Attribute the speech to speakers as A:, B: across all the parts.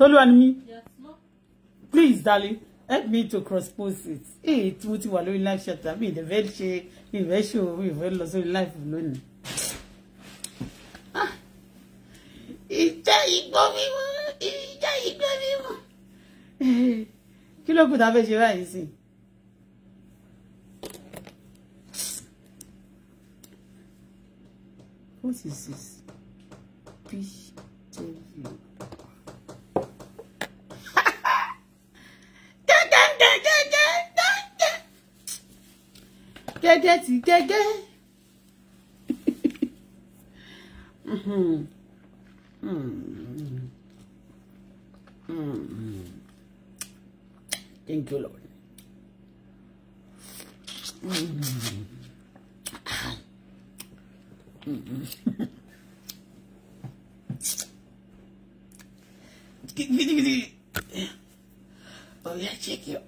A: Toluwanimi please darling help me to cross post it ee tí mo ti wà lórí live chat tàbí ìdẹ̀fẹ́ ṣe ìfẹ́ ṣe òun ìfẹ́ lọ sórí live lónìí. Ah, ìjà ìgbọ́ mímọ́
B: ìjà ìgbọ́ mímọ́
A: kí ló a fẹ́ ṣe What is this? P. J. V. gẹ́gẹ́ ti gege
B: hmm hmm
A: Mm-hmm. Thank you, Lord.
B: Oh, yeah, check it.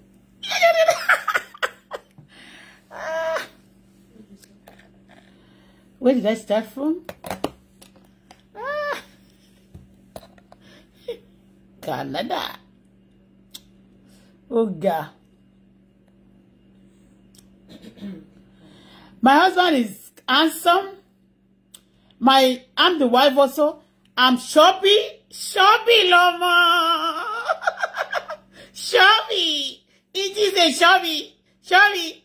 B: Where did I
A: start from? Ah! Canada. Oh, God. My husband is handsome. My, I'm the wife also. I'm shoppy. Shoppy, Loma. shoppy. It is a shoppy. Shoppy.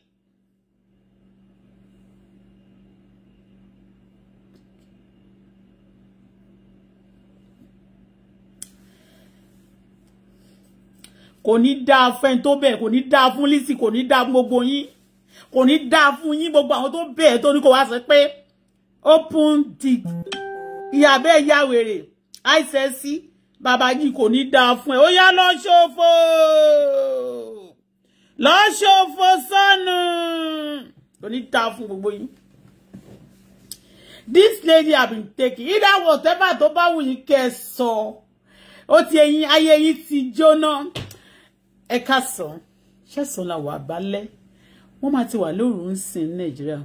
A: kò ní dáa fẹ́ni tó bẹ̀ kò ní dáa fún Lizzy kò ní dáa fún gbogbo yín kò ní dáa fún yín gbogbo àwọn tó bẹ̀ tó ní kò wá sọ pé open the ìyá bẹ́ẹ̀ yá wèrè icc bàbá yìí kò ní dáa fún ẹ ó yá lọ ṣòfò lọ ṣòfò sọnù kò ní dáa fún gbogbo yín this lady have been taking either whatever tó bá wù yín kẹ́ sọ ó ti ẹ̀yin ayé yín ti jóná ẹ kásán ṣẹ̀sán la wà bálẹ̀ wọ́n máa ti wà lóru ń sìn nàìjíríà.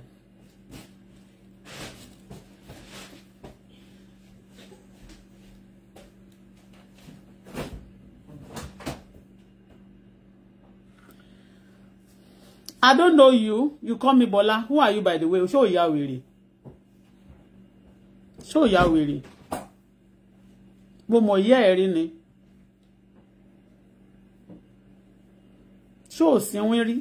A: I don't know you. You call me Bola. Who are you, by the way? Ṣé o ya wèrè? Ṣé o ya wèrè? Mo mọ̀ ìyá ẹ̀ ni. ṣó ò sínwín rí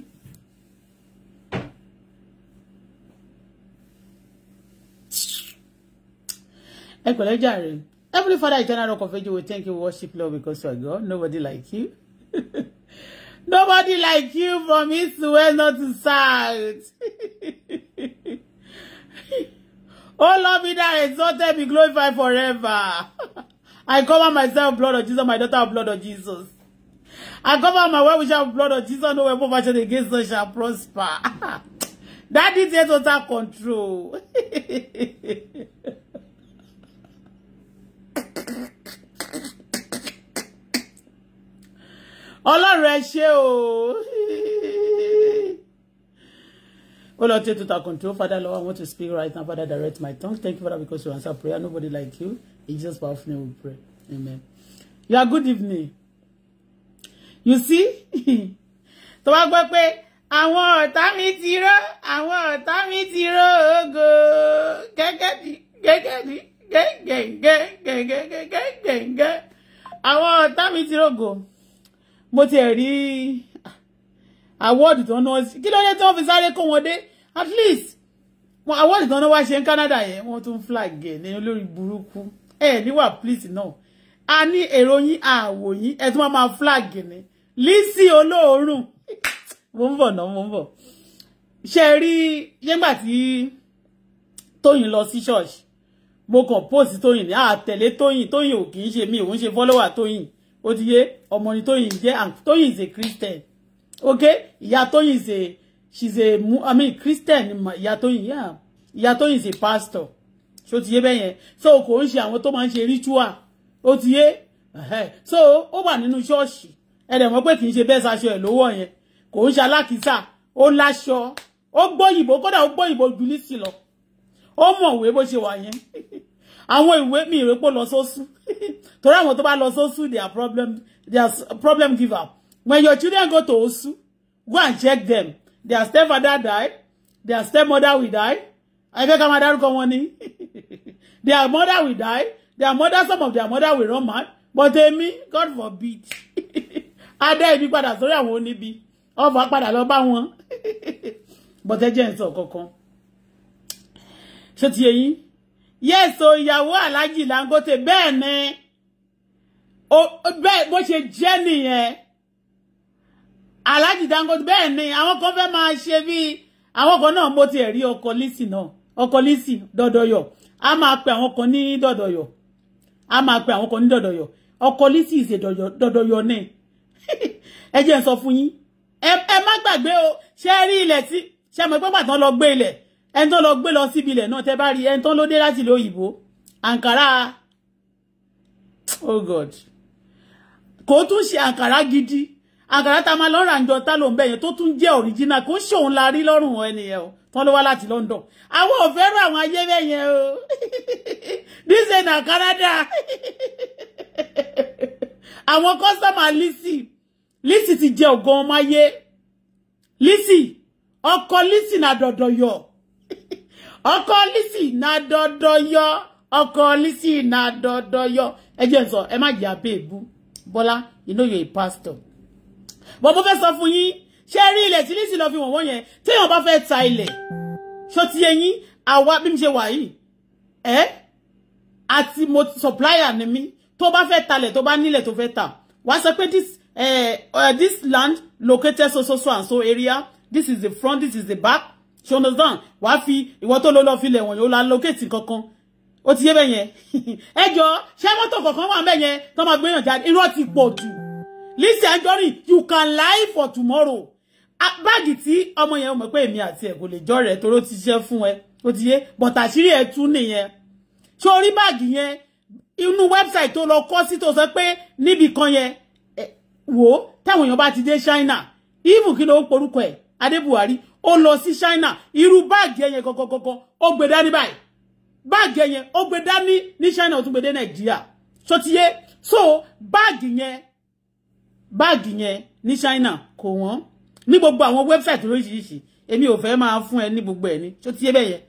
A: ẹ pẹ̀lẹ́ jàre Every father eternal rock of you. we thank you worship lord because you are god nobody like you nobody like you from east to west north to south. Oh Lord, be thou exalted, be glorified forever. I cover myself, blood of Jesus, my daughter, blood of Jesus. I cover my way with the blood of Jesus. No weapon fashioned against us shall prosper. That is yet total control. Ọlọ́run ẹ ṣé o. Oh Lord, total control. Father, Lord, I want to speak right now. Father, direct my tongue. Thank you, Father, because you answer prayer. Nobody like you. In Jesus' powerful name we pray. Amen. You are good evening you see tó bá gbọ́ pé àwọn ọ̀tá mi ti ró àwọn ọ̀tá mi ti ró ògo gẹ́gẹ́ bí gẹ́gẹ́ bí gẹ́gẹ́gẹ́gẹ́gẹ́gẹ́gẹ́gẹ́ àwọn ọ̀tá mi ti rògò mo tiẹ̀ rí awọ́ọ̀dù tó náà kí ló dé tí fi sáré kó wọn dé at least awọ́ọ̀dù tó náà wá ṣe in Canada yẹn wọ́n tún flag ẹ̀ ní olórí burúkú ẹ̀ níwà please no. Ani ní èrò yín àwò yín flag ni. Lizzy olóòórùn mo ń bọ̀ náà mo ń bọ̀ ṣe rí nígbà tí Tóyìn lọ sí ṣọ́ọ̀ṣì mo kàn post Tóyìn ní àtẹ̀lé Tóyìn Tóyìn ò kì ṣe mí òun ṣe fọ́lọ́wà Tóyìn ó ti yé ọmọ ni Tóyìn jẹ́ Tóyìn is a Christian ok ìyá Tóyìn is a she is a mu. I mean Christian ìyá Tóyìn yeah ìyá Tóyìn is a pastor ṣó ti yé bẹ́yẹn so kò ń ṣe àwọn tó máa ń ṣe ritual ó ti yé so ó wà nínú ṣọ́ọ̀ṣì ẹ̀rẹ̀ mọ́ pé kì í ṣe bẹ́ẹ̀ ṣaṣọ ẹ̀ lówó yẹn kò ń ṣe alákìísà ó láṣọ ó gbóyìnbó kódà ó gbóyìnbó ju lísì lọ ó mọ̀wé bó ṣe wà yẹn àwọn ìwé mi ìrèpò lọ sósù torí àwọn tó bá lọ sósù they are problem they are problem giver when your children go to osu go and check them their stepfather die their stepmother will die ẹgbẹ́ ká máa dárúkọ wọn ni their mother will die their mother some of their mother will run mad but èmi god forbid á dá ibi padà sórí àwọn oníbi ọ̀fà padà lọ bá wọn bọ́tẹ́ jẹ́ ń sọ kankan ṣé ti yẹ yín yẹ́sọ ìyàwó aláàjì Dangote bẹ́ẹ̀ ni bẹ́ẹ̀ bó ṣe jẹ́ nìyẹn aláàjì Dangote bẹ́ẹ̀ ni àwọn kan fẹ́ máa ṣe bíi àwọn kan náà mo ti rí ọkọ lisi náà ọkọ lisi dọdọyọ a máa pe àwọn kan ní dọdọyọ a máa pe àwọn kan ní dọdọyọ ọkọ lisi ìṣe dọdọyọ náà ẹ jẹ́ n sọ fún yín ẹ má gbàgbé o ṣe rí ilẹ̀ tí ṣe mọ̀ pẹ́pà tán lọ gbé ilẹ̀ ẹni tó lọ gbé lọ síbi ilẹ̀ náà tẹ́ bá rí ẹni tán ló dé láti ilé òyìnbó àǹkárá oh god kò tún ṣe àǹkárá gidi Ankara tá a máa lọ́ọ́ ràǹjọ tá ló ń bẹ̀yẹn tó tún jẹ́ òrìjínà kò ṣòun la rí lọ́rùn ẹnìyẹn o tán ló wá láti London àwọn ò fẹ́ràn àwọn ayé bẹ́yẹn o this is na Canada àwọn kọ́sọ́mà listen Lisi ti jẹ ògo ọmọ ayé Lizzy ọkọ Lizzy na dọ̀dọ̀yọ̀ ọkọ Lizzy na dọ̀dọ̀yọ̀ ọkọ Lizzy na dọ̀dọ̀yọ̀ ẹ jẹ́ n sọ ẹ má jẹ́ abẹ́ èbú you know you a pastor bọ́ mo fẹ́ sọ fún yín ṣé rí ilẹ̀ tí Lizzy lọ fi wọ̀n wọ́n yẹn téèyàn bá fẹ́ ta ilẹ̀ ṣó ti yẹ yín àwa bí mi ṣe wà yìí ẹ àti mo supplier ni mi. tó bá fẹ́ talẹ̀ tó bá nílẹ̀ tó fẹ́ tà wá sọ pé this uh, uh, this land located so so so and so area this is the front this is the back ṣe understand Wafi, fi ìwọ tó lọ lọ filẹ̀ wọ̀nyí ó la locate kankan ó ti yé bẹ́ẹ̀ yẹn ẹ jọ ṣé mọ́tò kankan wà bẹ́ẹ̀ yẹn tó máa gbéyàn jáde irọ́ ti pọ̀ Listen, Lizzy you can lie for tomorrow báàgì tí ọmọ yẹn mọ̀ pé èmi àti ẹ̀ kò lè jọ rẹ̀ toró ti ṣiṣẹ́ fún ẹ ó ti yé but àṣírí ẹ̀ tú nìyẹn ṣé orí báàgì yẹn inú wẹ́bsáìtì tó lọ kọ́ sí tó sọ pé níbi kan yẹn wò ó táwọn èèyàn bá ti dé China even kí ló ń porúkọ ẹ̀ Adé Buhari ó lọ sí China irú báàgì ẹ̀yẹn gọ́gọ́gọ́gọ́ ó gbé dání báyìí báàgì ẹ̀yẹn ó gbé dání ní China ó tún gbé dé Nàìjíríà so ti yé so báàgì yẹn báàgì yẹn ní China kò wọ́n ní gbogbo àwọn wẹ́bsáìtì lóríṣiríṣi èmi ò fẹ́ máa fún ẹ ní gbogbo ẹ̀ ní So ti yé bẹ́yẹn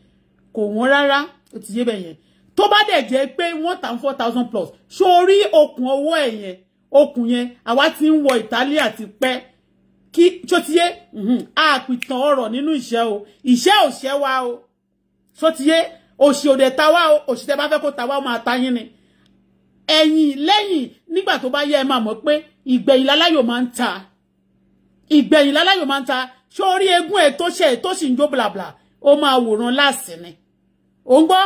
A: kò wọ́n rárá ó ti yé bẹ́yẹn tó bá dẹ̀ jẹ́ pé one thousand four thousand plus ṣó rí okùn owó ẹ̀ okùn yẹn àwa ti ń wọ Italia ti pẹ́ kí a àpìtàn ọ̀rọ̀ nínú ìṣẹ́ o ìṣẹ́ òṣẹ́ wa o ṣótiyé òṣì òdè ta wá o òṣì tẹ bá fẹ́ kó ta wá máa ta yín ni ẹ̀yìn lẹ́yìn nígbà tó bá yẹ ẹ máa mọ̀ pé ìgbẹ̀yìn láláyò máa ń ta ìgbẹ̀yìn láláyò máa ń ta ṣó orí eégún ẹ̀ tó ṣe ẹ̀ tó sì ń jó blabla ni ò ń gbọ́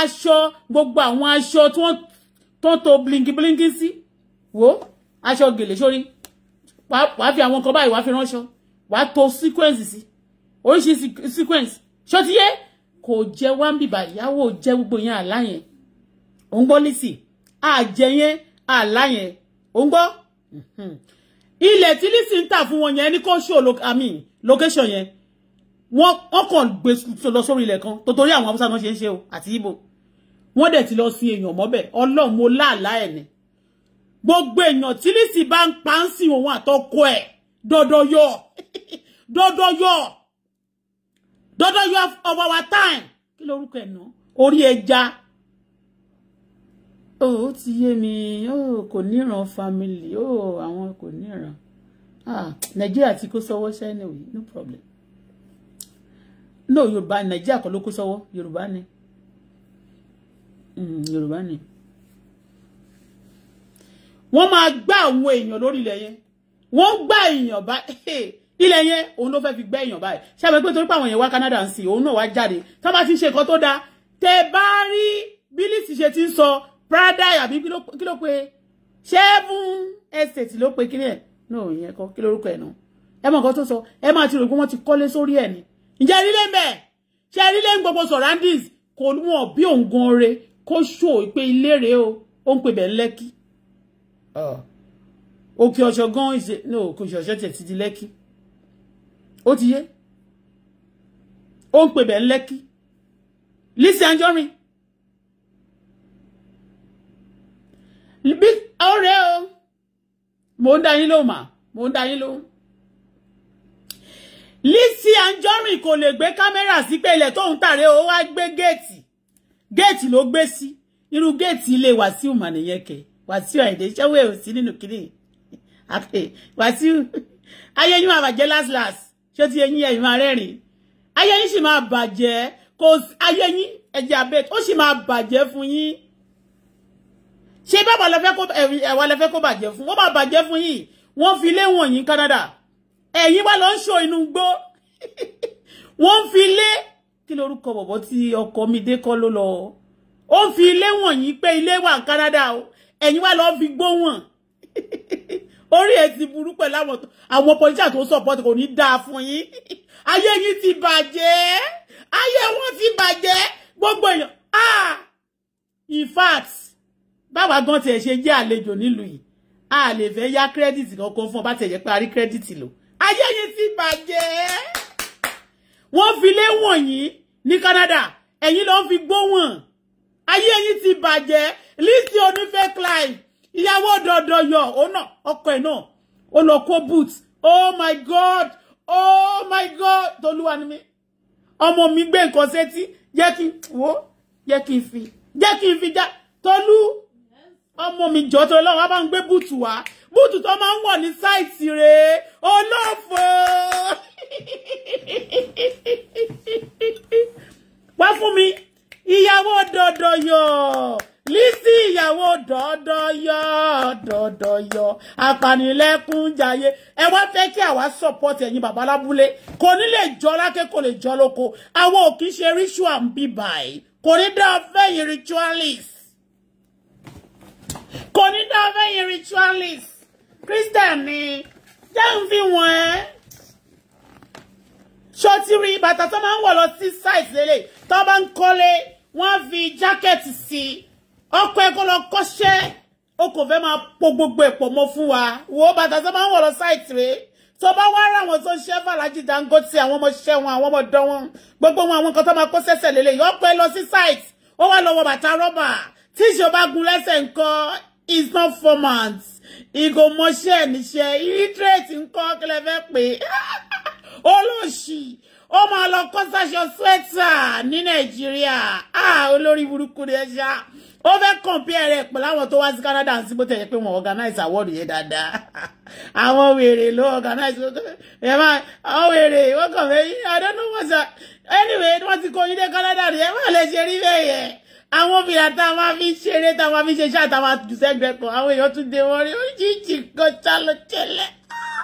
A: aṣọ gbogbo àwọn aṣọ tó ń to blingi blingi Si wo aṣọ gèlè sórí wàá fi àwọn kan báyìí wàá fi ránṣọ wàá to sequence sí oríṣi sequence ṣó ti yé kò jẹ́ wá ń bìbà ìyàwó jẹ́ gbogbo yẹn àlá yẹn òun gbọ́ lísì àjẹ yẹn àlá yẹn òun gbọ́ ilẹ̀ tí lísì ń tà fún wọn yẹn ní kò ṣó location yẹn wọ́n kàn gbé lọ sórí ilẹ̀ kan tó torí àwọn haúsá náà ṣe ń ṣe o àti ibo wọ́n dẹ̀ ti lọ sin èèyàn mọ́bẹ̀ ọlọ́run mo láàlá ẹ̀ ni gbogbo èèyàn tí Lizzy bá ń pa ń sìn òun àtọkọ ẹ̀ dọdọyọ dọdọyọ dọdọyọ of our time kí lorúkọ ẹ̀ náà orí ẹja ó ti yé mi kò níran family ó àwọn kò níran ah, nàìjíríà ti kó sọ́wọ́ sẹ́ni òyìn no problem no yorùbá nàìjíríà kọ́ ló kó sọ́wọ́ yorùbá ni yorùbá ni. Mm, yorùbá ni wọ́n máa gbá àwọn èèyàn lórí ilẹ̀ yẹn wọ́n gbá èèyàn báyìí ilẹ̀ yẹn òun ló fẹ́ fi gbẹ́ èèyàn báyìí ṣàbẹ̀ pé torí pé àwọn èèyàn wá Canada ń sìn òun náà wá jáde tó bá ti ṣe nǹkan tó dáa tẹ bá rí bílíìsì ṣe ti ń sọ Prada àbí kí ló pe seven estate ló pe kílẹ̀ náà yẹn kọ́ kí lórúkọ ẹ̀ náà ẹ mọ̀ nǹkan tó sọ ẹ máa ti rò pé wọ́n ti kọ́lé sórí ẹ̀ ni ǹjẹ́ rílé ń bẹ̀ ṣe rílé ń gbogbo surroundings kò wọ́n bí òun re kó ṣó pé ilé rèé o ó ń pè bẹ́ẹ̀ lẹ́kì Ah. òkè ọ̀ṣọ́ gan ìṣe no kò ṣe ọ̀ṣọ́ tiẹ̀ ti di lẹ́kì ó ti yé ó ń pè bẹ́ẹ̀ lẹ́kì Lizzy Anjorin bí ọ̀rẹ́ o mò ń dá yín lóhùn mà mò ń dá yín lóhùn Lizzy Anjorin kò lè gbé kámẹ́rà sí pé tó ń tàrẹ ó wá gbé géètì géètì ló gbé sí irú géètì ilé Wàsíù mà nìyẹn kẹ́ẹ́ Wàsíù Àyìndé ṣẹ́wé ò sí nínú kiri Wàsíù ayé yín máa bàjẹ́ last last ṣé ti eyín ẹ̀yìn máa rẹ́rìn ayé yín sì máa bàjẹ́ kò ayé yín ẹ̀jẹ̀ abẹ́ ó sì máa bàjẹ́ fún yín ṣé bàbá lẹ́fẹ́ kó ẹ̀wà lẹ́fẹ́ kó bàjẹ́ fún wọ́n máa bàjẹ́ fún yín wọ́n fi ilé wọ̀nyí Canada ẹ̀yin wá lọ ń ṣo inú gbó wọ́n fi ilé kí lorúkọ bọ̀bọ̀ tí ọkọ mi dé kọ́ ló lọ ó fi ilé wọ̀nyí pé ilé wà Canada o ẹ̀yin wá lọ́ọ́ fi gbóhùn orí ẹ̀ ti burú pẹ̀lú àwọn pọ̀lìṣà tó sọ̀pọ̀tì kò ní dáa fún yín ayé yín ti bàjẹ́ ayé wọn ti bàjẹ́ gbogbo èèyàn ah in fact báwa gan tiẹ̀ ṣe jẹ́ àlejò nílùú yìí a lè fẹ́ yá kírẹ́dìtì kankan fún ọ bá tiẹ̀ jẹ́ pé a rí kírẹ́dìtì lò ayé yín ti bàjẹ́ wọ́n fi lé wọ̀nyí ní Canada ẹ̀yin ló ń fi gbóhùn ayé yín ti bàjẹ́ Lizzy Onífẹ́kíláì ìyàwó dọ̀dọ̀ yọ òun náà ọkọ ẹ̀ náà ó lọ kó boot oh my god oh my god tolúwa ni mi ọmọ mi gbé nǹkan sétí jẹ́ kí wo jẹ́ kí n fi jẹ́ kí n fi já tolú ọmọ mi jọ tó lọ́wọ́ bá ń gbé búùtù wá búùtù tó máa ń wọ̀ ní sáìtì rẹ̀ olófò wá fún mi ìyàwó dọ̀dọ̀ yọ̀. Lizzy ìyàwó dọ́dọ́yọ́ dọ́dọ́yọ́ apanilẹ́kúnjayé ẹ wá fẹ́ kí àwa support ẹ̀yin bàbá lábúlé kò ní lè jọ lákè kò lè jọ lóko àwọn ò kì í ṣe ritual ń bí báyìí kò ní dá ọfẹ́ yìí ritualist kò ní dá ọfẹ́ yìí ritualist Christian ni jẹun fi wọn ẹ ṣọtiri bàtà tó máa ń wọ̀ lọ sí site lélẹ̀ tó bá ń kọ́lé wọ́n fi jákẹ́ẹ̀tì sí i ọkọ ẹ kó lọ kọ́ṣẹ́ o kò fẹ́ máa po gbogbo ẹ̀pọ̀ mọ́ fún wa wo bàtà tó máa ń wọ̀ lọ sáìtì rèé tó bá wá ra àwọn tó ń ṣe fàlájì Dangote àwọn ọmọọṣẹ́ wọn àwọn ọmọdọ́ wọn gbogbo wọn àwọn kan tó máa kó sẹ́sẹ̀ lélẹ̀ yọ pé lọ sí site ó wá lọ́wọ́ bàtà rọ́bà tí ìṣó bá gun lẹ́sẹ̀ nǹkan is not format ìgò mọṣẹ́ níṣẹ́ illiterate nǹkan kílẹ̀ fẹ́ pé olóòṣì ó máa lọ kọ́sàṣọ swẹ́tà ní nàìjíríà olórí burúkú ni ẹ ṣá ó fẹ́ kọ̀ǹpìẹ̀ rẹ̀ pẹ̀lú àwọn tó wá sí Canada sí bó tẹ̀yẹ pé wọ́n organize award yẹn dáadáa àwọn wèrè ló organize ẹ máa àwọn wèrè wọ́n kàn fẹ́ yín I don't know what's that anyway wọ́n ti kó yín dé Canada rẹ̀ ẹ máa lè ṣe rí bẹ́ẹ̀ yẹn àwọn obìnrin tá a máa fi ṣeré tá a máa fi ṣe ṣáà tá a máa jù sẹ́gbẹ̀ẹ́ kan àwọn èèyàn tún dé wọ́n rí oríṣiríṣi kan ṣá lọ tẹ́lẹ̀ ah!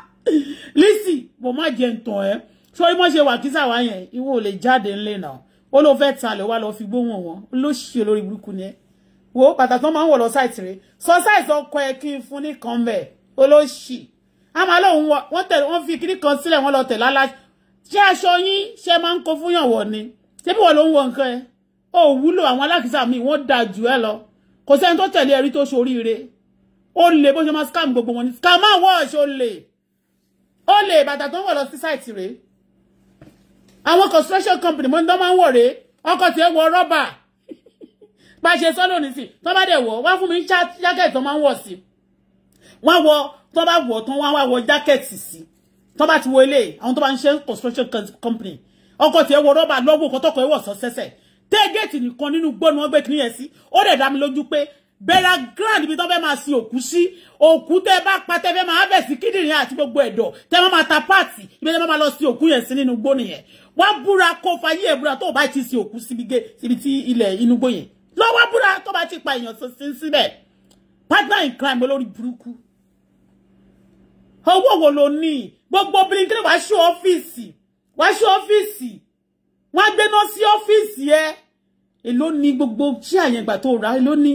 A: lísì mo má jẹun tán ẹ́ so bí wọ́n ṣe wà kísà wá yẹn ìwọ ò lè jáde ńlẹ̀ náà ó ló fẹ́ ta lè wá lọ fi gbóhùn wọn olóṣì olórí burúkú ni ẹ wo bàtà tó máa ń wọ̀ lọ sáìtì rẹ sọ sáìtì ọkọ ẹ kí n fún ní kan bẹ̀ olóṣì àmọ́ lóun wọ́n tẹ̀ wọ́n fi kíní kan sílẹ̀ wọ́n lọ tẹ̀ lálá ṣé aṣọ yín ṣe máa ń kó fún yàn wọ̀ ni ṣébí wọ́n ló ń wọ nǹkan ẹ ó wúlò àwọn alákìsà mi wọ́n da jù ẹ lọ kò sẹ́ni tó tẹ̀lé ẹrí tó ṣoríire ó lè bó ṣe máa scam gbogbo wọn ni scam máa wọ́ ọ̀ṣọ́ lè ó lè bàtà tó ń wọ̀ lọ àwọn construction company mọ́ ní tó máa ń wọ̀ rèé ọkọ̀ tiẹ̀ wọ rọ́bà bá a ṣe sọ́nà nísìn tó bá dẹ̀ wọ̀ wá fún mi jákẹ́ẹ̀tì tó máa ń wọ̀ sí wọ́n wọ tó bá wọ̀ tán wọ́n wá wọ jákẹ́ẹ̀tì sí tó bá ti wọ ilé àwọn tó bá ń ṣe construction company ọkọ̀ tiẹ̀ wọ rọ́bà lọ́gbọ̀n kan tọkọ̀ ẹ̀ wọ̀ sọ́sẹ́sẹ̀ tẹ́gẹ̀tì nìkan nínú gbọ́nù wọn gbé kí nìyẹn sí ó dẹ̀ dá mi lójú pé bẹ́ẹ̀rẹ̀ grand ibi tó fẹ́ máa sin òkú sí òkú tẹ́ bá pa tẹ́ fẹ́ máa bẹ̀ sí kíndìnrín àti gbogbo ẹ̀dọ̀ tẹ́ máa ta páàtì ibi tẹ́ máa lọ sin òkú yẹn sí nínú gbónìyẹn wá búra kó fayé ẹ̀ búra tó bá ti sin òkú síbi gé síbi tí ilẹ̀ inúgbó yẹn lọ wá búra tó ti pa èèyàn sí síbẹ̀ partner in crime olórí burúkú owó wo lo ní gbogbo obìnrin kí ni wàá ṣe ọ́fíìsì wàá ṣe ọ́fíìsì wọ́n á gbéná sí ọ́fíìsì ẹ èló ni gbogbo tí àyẹn gbà tó rà èló ni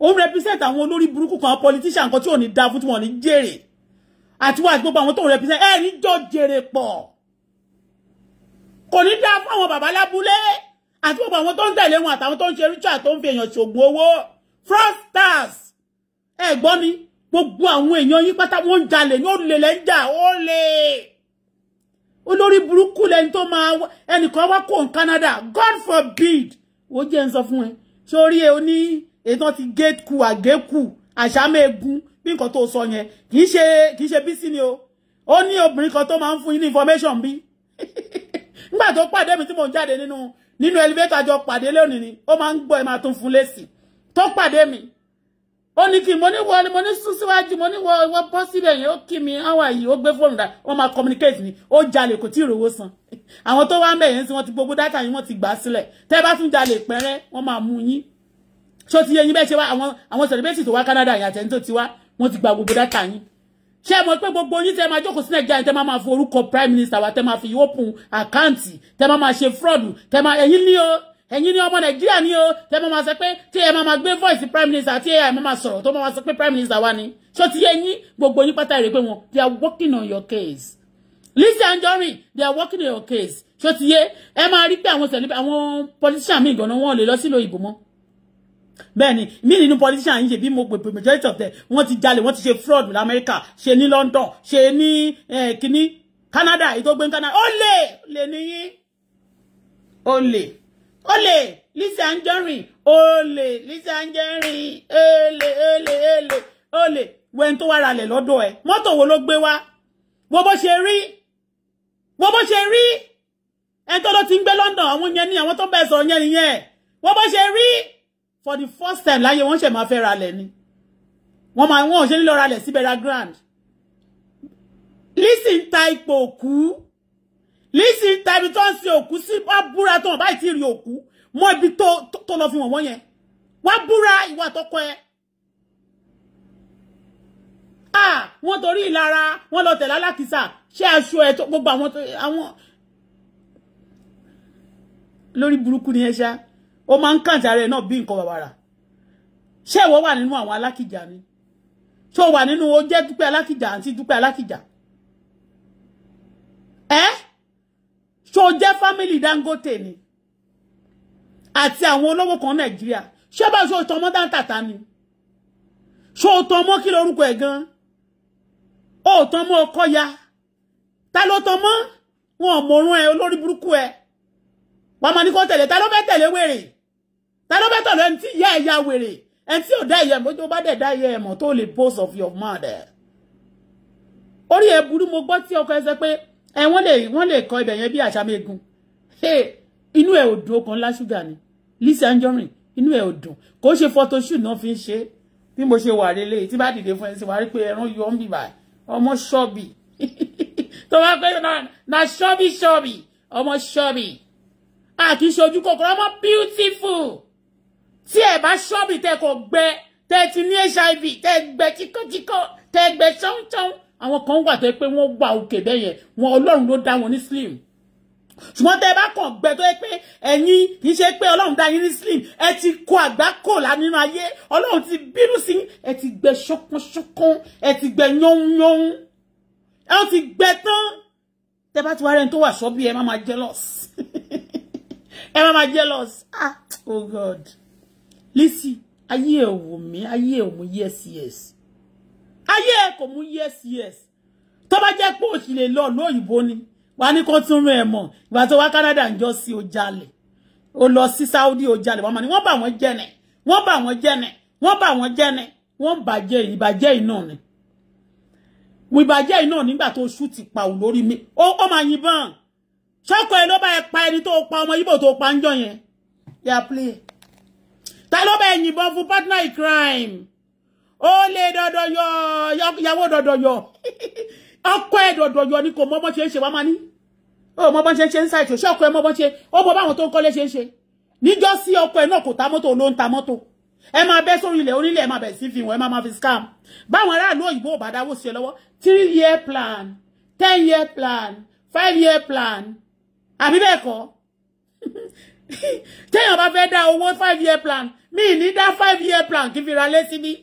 A: ó represent àwọn olórí burúkú kan politician kan tí ò ní da fún tí wọ́n ní jèrè àti wọ́n àti gbogbo àwọn tó ń represent ẹ̀ ní jọ jèrè pọ̀ kò ní dáa fún àwọn bàbá lábúlé àti gbogbo àwọn tó ń tẹ̀lé wọn àtàwọn tó ń ṣe richard tó ń fi èèyàn ṣògùn owó fraudsters ẹ gbọ́ mi gbogbo àwọn èèyàn yín pátá wọ́n ń jalè ní olè lẹ́ ń jà olè olórí burúkú lẹni tó máa ẹnìkan wá kó Canada God forbid wọ́n jẹ́ ń sọ fún ẹ sórí ẹ oní ètò ti géèkù àgékù àṣàmẹ́gun bí nǹkan tó sọ yẹn kì í ṣe kì í ṣe bí sí ni o ó ní obìnrin kan tó máa ń fún yín ní information bí nígbà tó pàdé mi tí mò ń jáde nínú nínú elevator àjọ pàdé lónìí ni ó máa ń gbọ́ ẹ máa tún fún lésì tó pàdé mi ó ní kí mo ní wọ ni mo ní sún síwájú mo ní wọ ìwọ bọ́ síbẹ̀ yẹn ó kí mi àwọn àyè ó gbé fóònù dá wọ́n máa communicate ni ó jalè kò tí ì rówó san àwọn tó wá ń bẹ̀ yẹn sí wọ́n ti gbogbo dátà yìí wọ́n ti gbà sílẹ̀ tẹ́ bá tún jalè pẹ́rẹ́ wọ́n máa mú yín ṣó ti yẹ yín bẹ́ẹ̀ ṣe wá àwọn àwọn celebrity tó wá Canada yẹn àtẹ̀yìn tó ti wá wọ́n ti gba gbogbo dátà yín ṣé ẹ mọ̀ pé gbogbo yín tẹ́ máa jókòó sí nàìjíríà tẹ́ máa máa fi orúkọ prime minister wa tẹ́ máa fi open àkáǹtì tẹ́ máa máa ṣe fraud tẹ́ máa ẹ̀yin ní o ẹ̀yin ní ọmọ nàìjíríà ní o tẹ́ máa máa sọ pé tí ẹ máa máa gbé voice prime minister tí ai máa máa sọ̀rọ̀ tó máa máa sọ pé prime minister wa ni ṣó ti yé yín gbogbo yín pátá rèé pé wọn they are working on your case Lizzy Anjorin they are working on your case ṣó ti yé ẹ máa rí pé àwọn tẹ̀lé àwọn politician míì gan-an wọn ò lè lọ sílùú ìbò mọ́ bẹ́ẹ̀ ni mí nínú politician yìí ṣe bí mo pèpè majority of them wọ́n ti jalè wọ́n ti ṣe fraud ní Amẹ́ríkà ṣe ní London ṣe ní kínní Canada èyí tó gbé ní Canada ó lè lè níyìn ó lè ó lè Lizzy Anjorin ó lè Lizzy Anjorin ó lè ó lè ó lè ó lè wẹ́n tó wá ralẹ̀ lọ́dọ̀ ẹ̀ mọ́tò wo ló gbé wá wo bó ṣe rí wo bó ṣe rí ẹni tó ló ti ń gbé London àwọn yẹn ní àwọn tó bẹ̀ sọ̀rọ̀ yẹn nìyẹn wo bó ṣe rí for the first time láyé wọ́n ṣẹ̀ máa fẹ́ ra lẹ̀ ni wọ́n máa wọ́n ṣe nílò ra lẹ̀ sí bẹ̀rẹ̀ grand Lizzy ń ta ipò òkú Lizzy ń ta ibi tó ń sin òkú sí wá búra tó wọn báyìí ti rí òkú mọ ibi tó lọ fi wọ̀n wọ́n yẹn wá búra ìwà àtọkọ ẹ ah wọ́n torí ìlara wọ́n lọ tẹ̀lé alákìsà ṣé aṣọ ẹ tó gbogbo àwọn àwọn lórí burúkú ni ẹ ṣáá. O máa ń kàǹtì ara ẹ̀ náà bí nǹkan bàbàrà ṣé ìwọ wà nínú àwọn alákìjà ni ṣé o wà nínú o jẹ́ dúpẹ́ alákìjà àǹtí dúpẹ́ alákìjà ẹ́ ṣé o jẹ́ fámìlì Dangote ni àti àwọn olówó kan Nàìjíríà ṣé bá So o tọmọ dáńtàtà ni ṣé o tọmọ kí lorúkọ gan o tọmọ ọkọ ya ta ló tọmọ wọn ò mọ̀rún ẹ olórí burúkú ẹ wàá máa ní kó tẹ̀lé ta ló fẹ́ tẹ̀lé wèrè ta ló fẹ́ tọ̀lé ẹni tí ìyá ẹ̀ ya wèrè ẹni tí ò dá ìyá ẹ̀ mọ́ tó bá dẹ̀ dá ìyá mọ́ tó lè post of your mother. orí ẹ burú mo gbọ́ tí ọkọ ẹ sẹ pé ẹ wọ́n lè wọ́n lè kọ ibẹ̀ yẹn bí àṣàmẹ́gun inú ẹ̀ ò dùn ọkàn láṣúgà ni Lizzy Anjorin inú ẹ̀ ò dùn kò ṣe photoshoot náà fi ń ṣe bí mo ṣe wà lélẹ̀ tí bá dìde fún ẹ sí wà rí pé ẹran yọ ń bì báyìí ọmọ ṣọ́ọ̀bì
B: tó bá
A: pẹ́ na ṣọ́ọ̀bì ṣọ́ọ̀bì ọmọ ṣọ́ọ̀bì àkìṣe ojú kòkòrò ọmọ beautiful tí ẹ bá ṣọ́ọ̀bì tẹ kò gbẹ tẹ ti ní hiv tẹ gbẹ tíkọ́tíkọ́ tẹ gbẹ ṣánṣán àwọn kan wà tó pé wọ́n wà òkè bẹ́ẹ̀ yẹn wọn ọlọ́run ló dá wọn ní slim ṣùgbọ́n tẹ bá kàn gbẹ tó yẹ pé ẹ̀yin kì í ṣe pé ọlọ́run dá yín ní slim ẹ ti kó ko la nínú ayé ọlọ́run ti bínú si ẹ ti gbẹ ṣọkànṣọkàn ẹ ti gbẹ yánnyán ẹ ti gbẹ tán tẹ bá ti wá rẹni tó wà sọ́bí ẹ má máa jealous e ma ma jealous ah oh god. Lisi, ayé ẹ̀ wò mí ayé ẹ̀ mú yes yes ayé ẹ̀ kò mú yes yes tó bá jẹ́ pé òsì lè lọ lóyìnbó ni wà ní kó tún rún ẹ̀ mọ̀ ìgbà tó Canada ń jọ o jalè o lọ sí Saudi o jalè wọ́n máa ní wọ́n bà wọ́n jẹ́nẹ̀ wọ́n bà wọ́n jẹ́nẹ̀ wọ́n bà wọ́n jẹ́nẹ̀ wọ́n bàjẹ́ ìbàjẹ́ iná ni ìbàjẹ́ iná nígbà tó ṣú ti pa ò lórí mi ó máa yìnbọn ṣọ́kọ̀ ẹ ló bá ẹ pa ẹni tó pa ọmọ Ìgbò tó pa ń jọ yẹn play ta ló bẹ yìnbọn fún partner in crime ó lè dọdọyọ yàwó dọdọyọ ọkọ ẹ dọdọyọ ni kò mọ bọ́n ṣe ń ṣe wá máa ní ó mọ bọ́n ṣe ń ṣe ń ṣàìṣò ṣé ọkọ ẹ mọ bọ́n ṣe ó mọ báwọn tó ń kọ́lé ṣe ń ṣe níjọ́ sí ọkọ ẹ náà kò ta mọ́tò ló ń ta mọ́tò ẹ máa bẹ́ sórí ilẹ̀ onílẹ̀ ẹ máa bẹ̀ sí fi wọn ẹ máa fi scam báwọn aráàlú òyìnbó ò bá dáwó sí ẹ lọ́wọ́ three year plan ten year plan five year plan àbí bẹ́ẹ̀ kọ́ téèyàn bá fẹ́ dá owó five year plan mi ní dá five year plan kí fi ra lé sí ní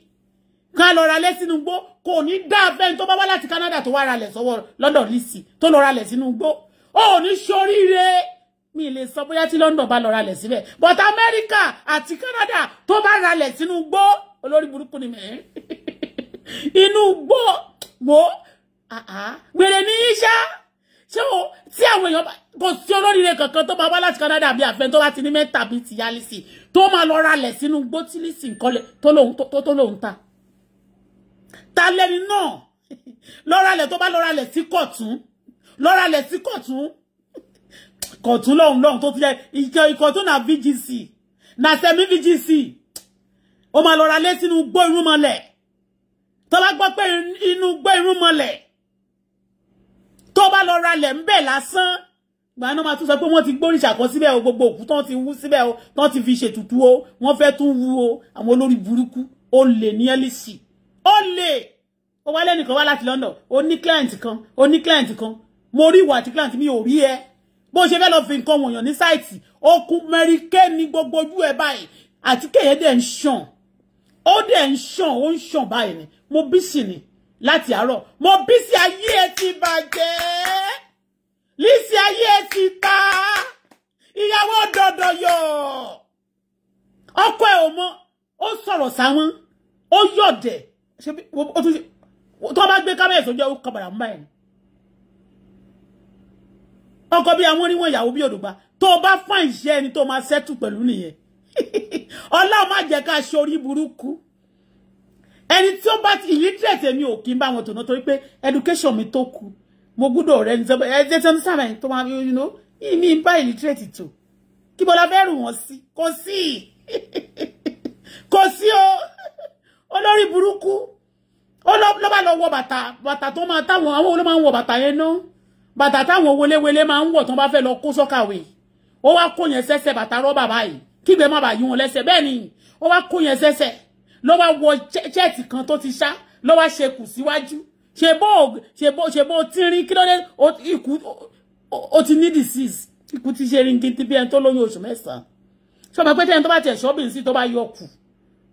A: ká lọ ra lé sínú gbó kò ní dá abẹ́ni tó bá wá láti Canada to wá ra lẹ̀ sọ́wọ́ London lisi To lọ ra lẹ̀ sínú gbó ó ní ṣoríire mi lè sọ bóyá tí London bá lọ ra lẹ̀ síbẹ̀ but America àti Canada to bá ra lẹ̀ sínú gbó olórí burúkú ni mẹ́rin inú ah. gbó gbèrè ní yíṣá se o tí àwọn èèyàn kò sí olóríire kankan tó máa wá láti Canada bí àfẹn tó bá ti ní mẹ́ta bíi ti yálísì tó máa lọ ralẹ̀ sínú gbótílísì nǹkanlẹ̀ tó lóun ta ta lẹni náà lọ ralẹ̀ tó bá lọ ralẹ̀ sí kọ̀tún lọ ralẹ̀ sí kọ̀tún kọ̀tún lọ́hùn lọ́hùn tó ti jẹ́ ìkẹ́ ìkọ̀tún náà VGC na semi VGC ó máa lọ ralẹ̀ sínú gbó irúnmọlẹ̀ tó bá gbọ́ pé inú gbó irúnmọlẹ̀ tó bá lọ ralẹ̀ ń bẹ̀ lásán gbà náà máa tún sọ pé wọ́n ti gbóríṣà kan síbẹ̀ o gbogbo òkú tán ti wú síbẹ̀ o tán ti fi ṣètùtù o wọ́n fẹ́ tún wú o àwọn olórí burúkú ó lè ní ẹ́lísì ó lè ó wá lẹ́nìkan wá láti London ó ní client kan ó ní client kan mo rí ìwà àti client mi ò rí ẹ bó ṣe fẹ́ lọ fi nǹkan wọ̀nyàn ní sáìtì ó kú mẹ́ríkẹ́ ní gbogbo ojú ẹ̀ báyìí àti kéèyàn dẹ̀ ń ṣàn ó dẹ̀ ń ṣàn ó ń ṣàn báyìí ni mo bí sì ni láti àárọ̀ mo bí sí ayé ẹ ti bàjẹ́ lísì ayé ẹ ti ta ìyàwó dọ̀dọ̀ yọ̀ ọkọ ẹ ò mọ ó sọ̀rọ̀ sáwọn ó yọ̀dẹ̀ ṣe ó tún ṣe tó bá gbé kámẹ́rà sójú ó kọ̀bàrà mú báyìí ọkọ bí àwọn oníwọ̀n ìyàwó bí òdògbà tó bá fáìn iṣẹ́ ẹni tó máa ṣẹ́tù pẹ̀lú nìyẹn ọlọ́run má jẹ́ ká ṣe orí burúkú ẹni tí ó bá ti illiterate èmi ò kí n bá wọn tòná torí pé education mi tó kù mo gbúdọ̀ rẹ ní sọ́bà ẹ̀jẹ̀ tó ń sábà yìí tó máa you know ìmí ń bá illiterate tò kí bọ́lá bẹ́rù wọn sí kò sí kò sí o olórí burúkú ó lọ́ bá lọ wọ bàtà bàtà tó máa táwọn àwọn olóò máa ń wọ bàtà yẹn náà bàtà táwọn welewele máa ń wọ̀ tó bá fẹ́ lọ kó sọ́kàwé ó wá kó yẹn sẹ́sẹ̀ bàtà rọ́bà báyìí kígbe má bàa yí wọn lẹ́sẹ̀ bẹ́ẹ̀ ni ó wá kó yẹn sẹ́sẹ̀ ló wá wọ ṣẹ́ẹ̀tì kan tó ti ṣá ló wá ṣe kù síwájú ṣe bó ṣe bó ṣe bó tínrín kí ló dé ikú ó ti ní disease ikú ti ṣe ringin ti bí ẹni tó lóyún oṣù mẹ́sàn-án ṣé ọmọ pé tẹ́ni tó bá tẹ̀ ṣọ́bìn sí tó bá yọ kù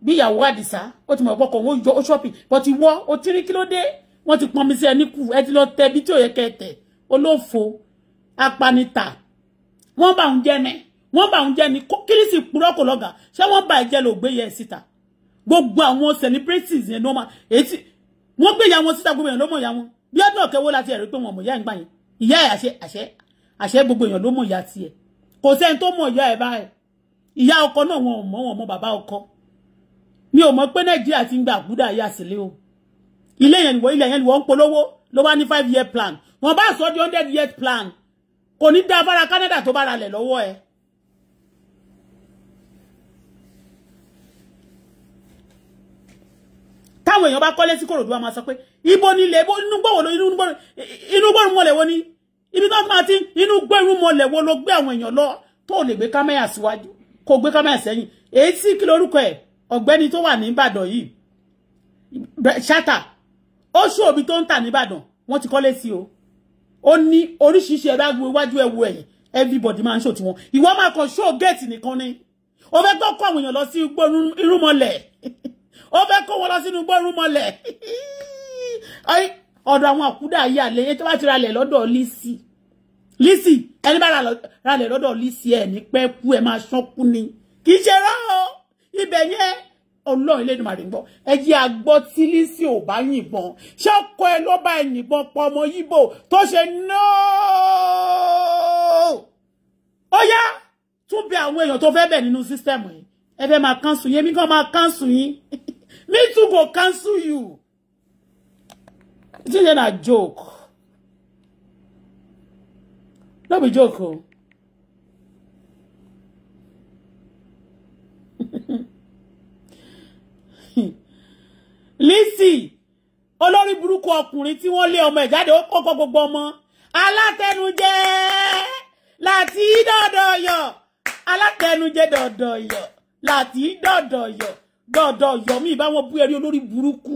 A: bí ìyàwó àdìsá ó ti mọ̀ pọ́kọ̀ wọ́n yọ ó ṣọ́bìn bọ́tí wọ́ ó tínrín kí ló dé wọ́n ti pọnmi sí ẹni kù ẹ ti lọ tẹ bí tí ò yẹ kẹ tẹ̀ apanita wọ́n bá òun jẹ́ ni wọ́n bá òun jẹ́ ni kí ní sì purọ́ kò lọ́gà ṣé wọ́n bá ìjẹ́ lò gbé yẹ gbogbo àwọn celebrities yẹn normal èyí wọ́n gbé ìyá wọn síta gbogbo èèyàn ló mọ̀ ìyá wọn bí ọdún ọ̀kẹ́ wo láti ẹ̀rí pé wọn mọ̀ ìyá ìgbà yẹn ìyá ẹ̀ àṣẹ àṣẹ àṣẹ gbogbo èèyàn ló mọ̀ ìyá tiẹ̀ kò sẹ́ni tó mọ̀ ìyá ẹ̀ báyìí ìyá ọkọ náà wọn ò mọ̀ wọn mọ̀ bàbá ọkọ mi ò mọ̀ pé nàìjíríà ti ń gba àkúdà ayé àsìlẹ̀ o ilé yẹn nìwọ ilé yẹn nìwọ ń polówó ló wá ní five year plan wọn bá sọ di hundred year plan kò ní dá afárá Canada tó bá ralẹ̀ lọ́wọ́ ẹ̀ táwọn èèyàn bá kọ́lé sí kòròdú wa máa sọ pé ibo nílé inú gbọ́ wo ló inú gbọ́ inú gbọ́ irun mọ̀lẹ̀ wo ni ibi tó máa ti inú gbọ́ irun mọ̀lẹ̀ wo ló gbé àwọn èèyàn lọ tó lè gbé kámẹ́yà síwájú kó gbé kámẹ́yà sẹ́yìn èyí sì kí lorúkọ ẹ̀ ọ̀gbẹ́ni tó wà ní Ìbàdàn yìí ṣátà ó ṣú òbí tó ń tà nìbàdàn wọ́n ti kọ́lé sí o ó ní oríṣiríṣi ẹ bá gbé iwájú ẹ wo everybody máa ń ṣò tiwọn ìwọ máa kàn ṣó géètì nìkan ni o fẹ́ gbọ́ kó àwọn èèyàn lọ sí irúmọlẹ̀ ó fẹ́ kó wọn lọ sínú gbọ́rú mọ́lẹ̀ ọ̀dọ̀ àwọn àkúdà ayé àlẹ́ yẹn tó bá ti ralẹ̀ lọ́dọ̀ Lizzy lisi ẹni bá ralẹ̀ lọ́dọ̀ Lizzy ẹ̀ ní pẹ́ kú ẹ máa ṣánkú ni kì í ṣe rán o ibẹ̀ yẹn ọlọ́run ilé ìdùnmọ̀ àdìgbọ́ ẹ jẹ́ àgbọ́ tí Lizzy ò bá yìnbọn ṣé ọkọ ẹ ló bá yìnbọn pa ọmọ yíbò tó ṣe nóò ó yá tún bẹ àwọn èèyàn tó fẹ́ bẹ̀ nínú sísítẹ̀mù yìí ẹ fẹ́ máa kánṣu yín èmi kàn máa kánṣu yín Me too go cancel you. This is a joke. No be joke o. Oh. Lizzy olórí burúkú ọkùnrin tí wọ́n lé ọmọ ẹ̀ jáde ó kọ́kọ́ gbogbo ọmọ alátẹnujẹ láti dọ̀dọ̀ Alatenuje alátẹnujẹ dọ̀dọ̀ yọ̀ láti dọ̀dọ̀ dọ̀dọ̀ yọ̀mí ìbá wọn bú ẹrí olórí burúkú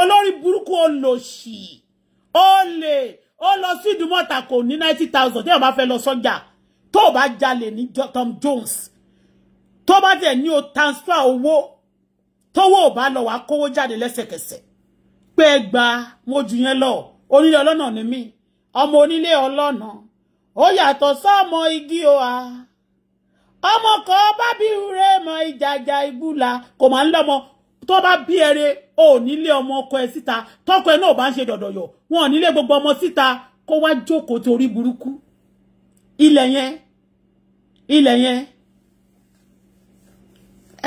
A: olórí burúkú olòṣì olè ó lọ sí ìdúmọ̀tà kò ní ninety thousand tí wọn bá ba lọ sọ́jà tó o bá jalè ní Tom Jones to ba tẹ̀ ní o transfer owó tówó ò bá lọ wá kówó jáde lẹ́sẹ̀kẹsẹ̀ pé gba mo jù yẹn lọ onílé ọlọ́nà ni mí ọmọ onílé ọlọ́nà ó yàtọ̀ sọ́mọ igi o a ọmọ kan bá bí rẹ mọ ìjàjà ìbúlà kò máa ń lọ́mọ tó bá bí ẹrẹ ò nílé ọmọ ọkọ ẹ síta tọkọ ẹ náà bá ń ṣe dọ̀dọ̀yọ̀ wọn ò nílé gbogbo ọmọ síta kó wá jókòó torí burúkú ilẹ̀ yẹn ilẹ̀ yẹn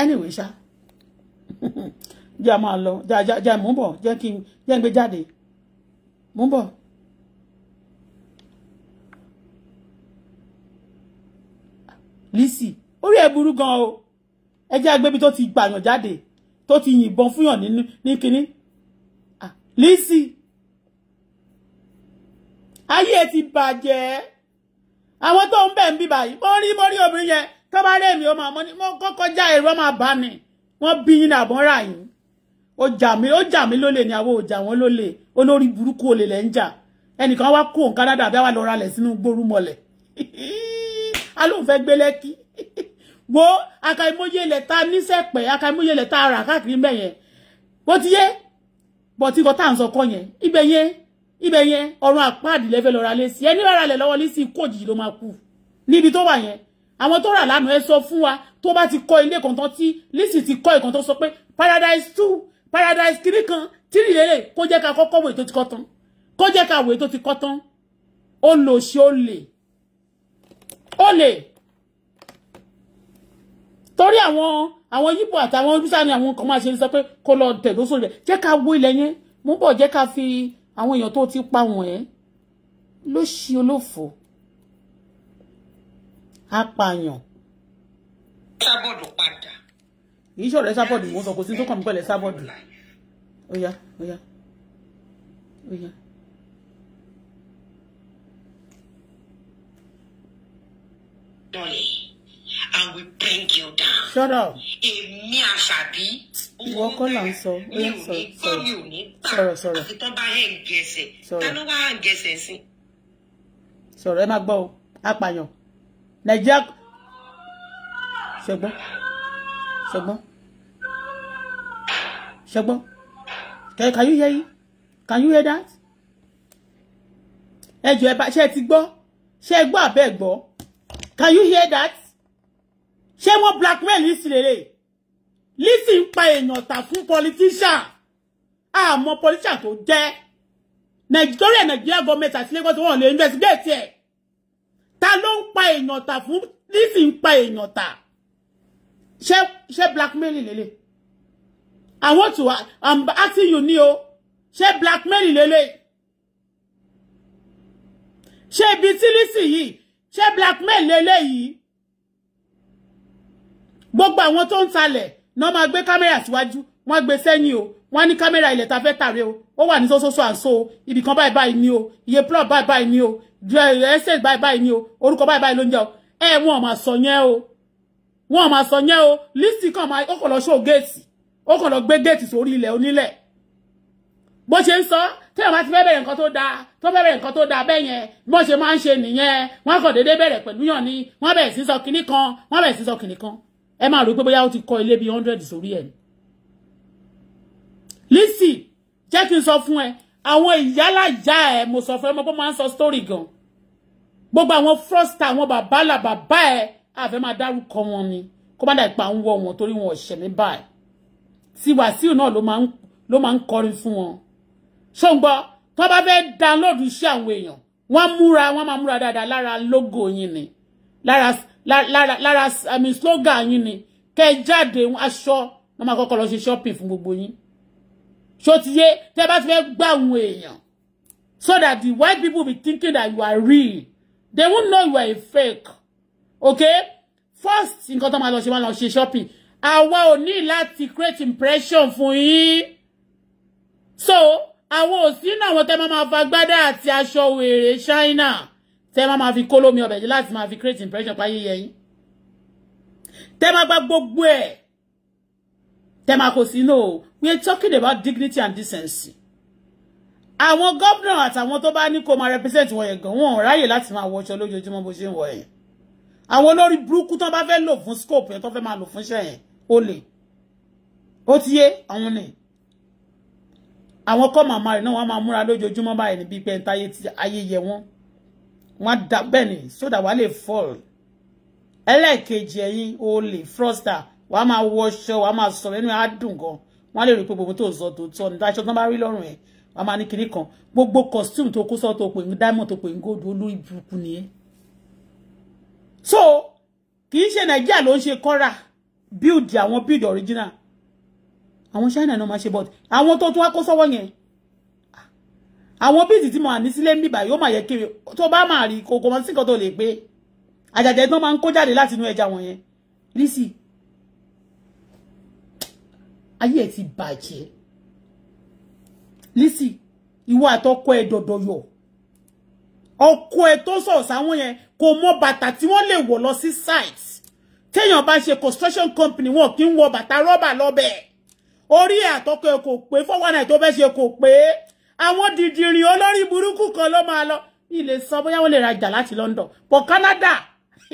A: anyway ṣá jẹ́ a máa lọ jẹ́ mú bọ̀ jẹ́ kí n gbé jáde mú bọ̀. Lisi, orí ẹ̀ burú gan o ẹ jẹ́ agbébi tó ti gbàyàn jáde tó ti yìnbọn fúnyàn nínú ní kínní Ah, Lisi, ẹ ti bàjẹ́ àwọn tó ń bẹ̀ ń bí báyìí mo rí mo rí obìnrin yẹn tó bá rẹ̀ mí ó máa mọ́ ni mo kọ́kọ́ já ẹ̀rọ máa bá ni wọ́n bí yín ní àbọ̀nrà yín ó jà mí o jà mí lólè ni àwọn òjà wọn lólè olórí burúkú olè lẹ́ ń jà ẹnìkan wá kó nǹkan dáadáa bí wàá lọ ralẹ̀ sínú gbórúmọlẹ̀ alóhùn fẹ́ gbé lẹ́kí wo akaimoye ilẹ̀ ta nísẹ̀pẹ̀ akaimoye ilẹ̀ ta rà káàkiri mbẹ̀ yẹn bó ti yé bọ̀ tí nǹkan tá à ń sọ kọ́ yẹn ibẹ̀ yẹn ibẹ̀ yẹn ọ̀run àpáàdì lẹ́fẹ̀ lọ́ra lé sí ẹni rárá lẹ̀ lọ́wọ́ lé sí ikú òjijì ló máa kú níbi tó wà yẹn àwọn tó rà lánàá ẹ sọ fún wa tó bá ti kọ́ ilé kan tán tí lísì ti kọ́ ìkan tó sọ pé paradise two paradise kiri kan tírì lélẹ̀ kó jẹ́ ká kọ́kọ́ wèé tó ti kọ́ tán kó jẹ́ ká wèé tó ti kọ́ tán ó lò ṣe ó lè olè torí àwọn àwọn yíbo àtàwọn bísà ni àwọn kan máa ṣe ń sọ pé kó lọ tẹ̀dó sórí rẹ̀ jẹ́ ká wó ilẹ̀ yẹn mú bọ̀ jẹ́ ká fi àwọn èèyàn tó ti pa wọ̀n ẹ́ ló ṣe olófò apààyàn. sábọ̀dù padà. kì í ṣọ̀rọ̀ ẹ sábọ̀dù mo sọ kò sí tó kàn mí pẹ̀lẹ́ sábọ̀dù. ó yá ó yá ó yá.
B: Dolly, and we bring you down. Shut up. Èmi àṣàbí. Ìwọ
A: kọ́ là ń sọ. Mi ò ní kọ́ mi ò ní gbà. Sọ̀rọ̀
B: sọ̀rọ̀. Àfi tán bá hẹ̀ǹgì ẹsẹ̀. Sọ̀rọ̀. Ta ló wá hẹ̀ǹgì ẹsẹ̀ sí?
A: Sọ̀rọ̀ ẹ máa gbọ́ o, apààyàn. Nàìjíríà can you hear you? Can you hear that? Ẹ jọ ẹ bá ṣe ti gbọ́ ṣe gbọ́ Can you hear that? Ṣé wọ́n blackmail yìí sì lélẹ̀? Lizzy ń pa èèyàn tà fún politician. Àmọ́ politician tó jẹ́. Nàìjíríà Nàìjíríà gọọmenti àti Lagos wọn lè investigate ẹ̀. Ta ló ń pa èèyàn tà fún Lizzy ń pa èèyàn tà? Ṣé ṣé blackmail lélẹ̀? I want to I'm asking you ní o. Ṣé blackmail lélẹ̀? Ṣé ibi tí Lizzy yìí? ṣé blackmail leléyìí gbogbo àwọn tó ń talẹ̀ náà máa gbé kámẹ́rà síwájú wọ́n gbé sẹ́yìn o wọ́n ní kámẹ́rà ilẹ̀ ta fẹ́ tààrẹ o ó wà ní sósósó àǹso o ibì kan báyìí báyìí ni o iye plot báyìí báyìí ni o estate báyìí báyìí ni o orúkọ báyìí báyìí ló ń jẹ o ẹ wọn ò máa sọ yẹn o wọn ò máa sọ yẹn o lísì kan máa ó kàn lọ ṣó géètì ó kàn lọ gbé géètì sórí ilẹ̀ onílẹ̀ bó ṣe ń sọ téèyàn bá ti fẹ́ bẹ̀rẹ̀ nǹkan tó dáa tó fẹ́ bẹ̀rẹ̀ nǹkan tó dáa bẹ́ẹ̀ yẹn bó ṣe máa ń ṣe nìyẹn wọ́n kàn déédéé bẹ̀rẹ̀ pẹ̀lú yàn ni wọ́n bẹ̀rẹ̀ sí sọ kinní kan wọ́n bẹ̀rẹ̀ sí sọ kinní kan ẹ máa rò pé bóyá ó ti kọ́ ilé bíi hundred sórí ẹ̀. Lizzy jẹ́ kí n sọ fún ẹ àwọn ìyálàyà ẹ mo sọ fún ẹ mo pé máa ń sọ story gan gbogbo àwọn frosta àwọn bàbá là bàbá ẹ àfẹ́ máa dárúkọ wọn ni kó má dà ìpa ń wọ wọn torí wọn ọ̀ṣẹ̀ mi báyìí tí Wàsíù náà ló máa ń kọrin fún wọn ṣó tó bá fẹ́ download iṣẹ́ àwọn èèyàn wọ́n múra wọ́n máa múra dáadáa lára logo yín ni lára lára lára àmì slogan yín ni kẹ́ jáde aṣọ wọ́n máa kọ́kọ́ lọ ṣe shopping fún gbogbo yín ṣó ti yé tẹ́ bá ti fẹ́ gbà àwọn èèyàn so that the white people be thinking that you are real they won't know you are a fake okay first nǹkan tó máa lọ ṣe máa lọ ṣe shopping àwa ò ní láti create impression fún yín so àwọn òsì náà àwọn tẹ́ máa máa fa gbádá àti aṣọ wèrè China tẹ́ máa máa fi kó lómi ọbẹ̀ jẹ́ láti máa fi create impression pa yíyẹ yín tẹ́ máa gba gbogbo ẹ̀ tẹ́ máa kò sí no we are talking about dignity and decency àwọn gómìnà àtàwọn tó bá ní kó máa represent wọn yẹn gan wọn ò ráyè láti máa wọṣọ lójoojúmọ́ bó ṣe ń wọ yẹn àwọn olórí burúkú tán bá fẹ́ lò fún scope yẹn tó fẹ́ máa lò fún iṣẹ́ yẹn ó lè ó ti yé àwọn nìyí àwọn kọ́ màmá rẹ̀ náà wọ́n máa múra lójoojúmọ́ báyìí níbi pé ntáyé ti ayé yẹ wọ́n wọ́n dá bẹ́ẹ̀ ni sódà wàá lè fall ẹlẹ́ẹ̀kejì ẹ̀yin olè froster wàá máa wọṣọ wàá máa sọ̀rọ̀ ẹnu á dùn gan wọ́n lè rí pé gbogbo tó sọ tó tọ́ ní aṣọ tó bá rí lọ́rùn ẹ̀ wàá máa ní kinní kan gbogbo costume tó kó sọ tó pè ní diamond tó pè ní gold olórí burúkú nìyẹn. so kì í ṣe nàìjíríà ló ń ṣe kọ́ra build àwọn build original àwọn China náà máa ṣe but àwọn tó tún wá kó sọ́wọ́ yẹn àwọn bíìtì tí mo wà ní sílé ń bìbà yóò máa yẹ kiri tó bá máa rí kò kò mọ sí nǹkan tó lè pé àjàjà iná máa ń kó jáde láti inú ẹja wọn yẹn Lizzy ayé ẹ ti bàjẹ́ Lizzy ìwọ àtọkọ ẹ dọdọ yọ ọkọ ẹ tó sọ̀rọ̀ sáwọn yẹn kò mọ bàtà tí wọ́n lè wọ̀ lọ sí site téèyàn bá ṣe construction company wọn kì í wọ bàtà rọ́bà lọ́bẹ̀ẹ́ orí ẹ̀ àtọ́kọ̀ ẹ̀ kò pé fọ́wọ́n náà tó fẹ́ ṣe kò pé àwọn dìdìrìn olórí burúkú kan ló máa lọ mi lè sọ bóyá wọ́n lè rajà láti London but Canada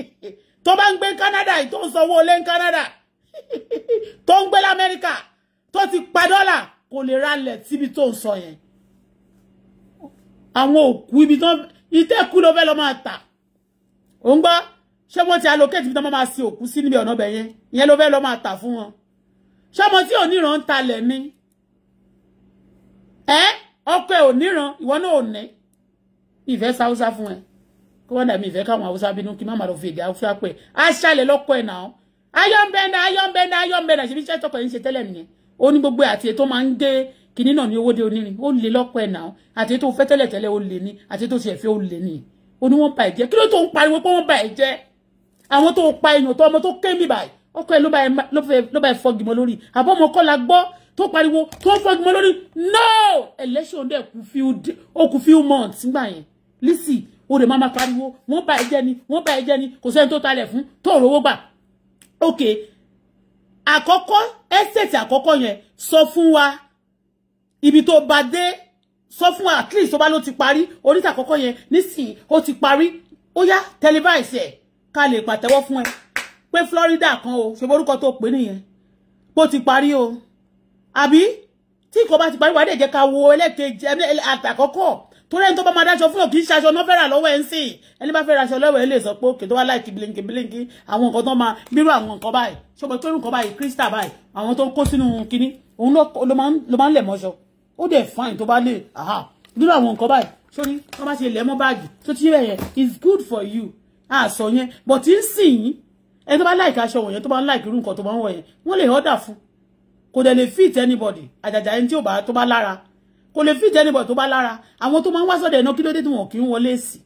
A: tó bá ń gbé Canada tó ń sanwó olé ń Canada tó ń gbé lamẹ́ríkà tó ti pa dọ́là kò lè ralẹ̀ síbi tó ń sọ yẹn àwọn òkú ibi tán ìtẹ́kù ló fẹ́ lọ máa tà ó ń gbọ́ ṣé wọ́n ti allocate ibi tán máa sin òkú sí níbi ọ̀nà bẹ̀yẹn ìyẹn ló fẹ́ lọ máa tà fún wọn ṣọmọ tí oníran ń talẹ̀ ni ẹ ọkọ ẹ oníran ìwọ náà ò ní ìfẹ́ sáúsá fún ẹ kí wọ́n dàbí ìfẹ́ káwọn haúsá bínú kí má má lọ fi èdè haúsá pẹ́ aṣálẹ̀ lọ́kọ ẹ̀ náà ayọ́nbẹ́ndà ayọ́nbẹ́ndà ayọ́nbẹ́ndà ṣe fi iṣẹ́ tọkọ ẹ̀ ń ṣe tẹ́lẹ̀ nìyẹn ó ní gbogbo àti ètò máa ń gé kinní náà ní owó dé onírin ó lè lọ́kọ ẹ̀ náà àti ètò fẹ́ tẹ́lẹ̀ tẹ́lẹ̀ ó lè ní àti ètò ṣe ẹ̀fẹ́ ó lè ní ó ní wọ́n bà ẹ̀ jẹ́ kí ló tó ń pariwo pé wọ́n bà ẹ̀ jẹ́ àwọn tó pa èèyàn tó ọmọ tó ké mi báyìí ọkọ ẹ ló bá ẹ fọ́gi mọ́ lórí àbọ̀ ọmọ kọ́ la gbọ́ tó pariwo tó fọ́gi mọ́ lórí no election dẹ̀ ó kù few months nígbà yẹn Lizzy o lè má má pariwo wọ́n bá ẹ jẹ́ ni wọ́n bá ẹ jẹ́ ni kò sẹ́ni tó talẹ̀ fún tó rówó gbà ok àkọ́kọ́ estate àkọ́kọ́ yẹn sọ fún wa ibi tó bá dé sọ fún wa at least tó bá ló ti parí oríta àkọ́kọ́ yẹn nísìnyí ó ti parí ó yá televise ẹ̀ ká lè pàtẹ́wọ́ fún ẹ pé Florida kan o ṣe borúkọ tó pè nìyẹn bó ti parí o àbí tí nǹkan bá ti parí wàá dẹ̀ jẹ́ ká wo ẹlẹ́kejì àtàkọ́kọ́ torí ẹni tó bá máa dáṣọ fún òkì í ṣaṣọ náà fẹ́ràn lọ́wọ́ ẹ̀ ń sìn ẹni bá fẹ́ raṣọ lọ́wọ́ ẹ̀ lè sọ pé òkè tó wá láìkí bílíǹkì bílíǹkì àwọn nǹkan tó máa bírò àwọn nǹkan báyìí ṣé mo pẹ́rù nǹkan báyìí kírísítà báyìí àwọn tó ń kó sínú kínní òun ló máa ń lẹ̀ mọ́ṣọ ó dẹ̀ fine tó bá lè aha bírò àwọn nǹkan báyìí sórí wọ́n bá ṣe lẹ̀ mọ́ báàgì tó ti yẹ it's good for you àṣọ yẹn but ń sìn yín ẹni tó bá like aṣọ wọ̀nyẹn tó bá like irú nǹkan tó bá ń wọ̀ yẹn wọ́n lè order fún kò dẹ̀ lè fit anybody àjàjà ẹni tí ò bá tó bá lára kò lè fit anybody tó bá lára àwọn tó máa ń wá sọ́dọ̀ ẹ̀nà kí ló dé tí wọn kì í wọlé sí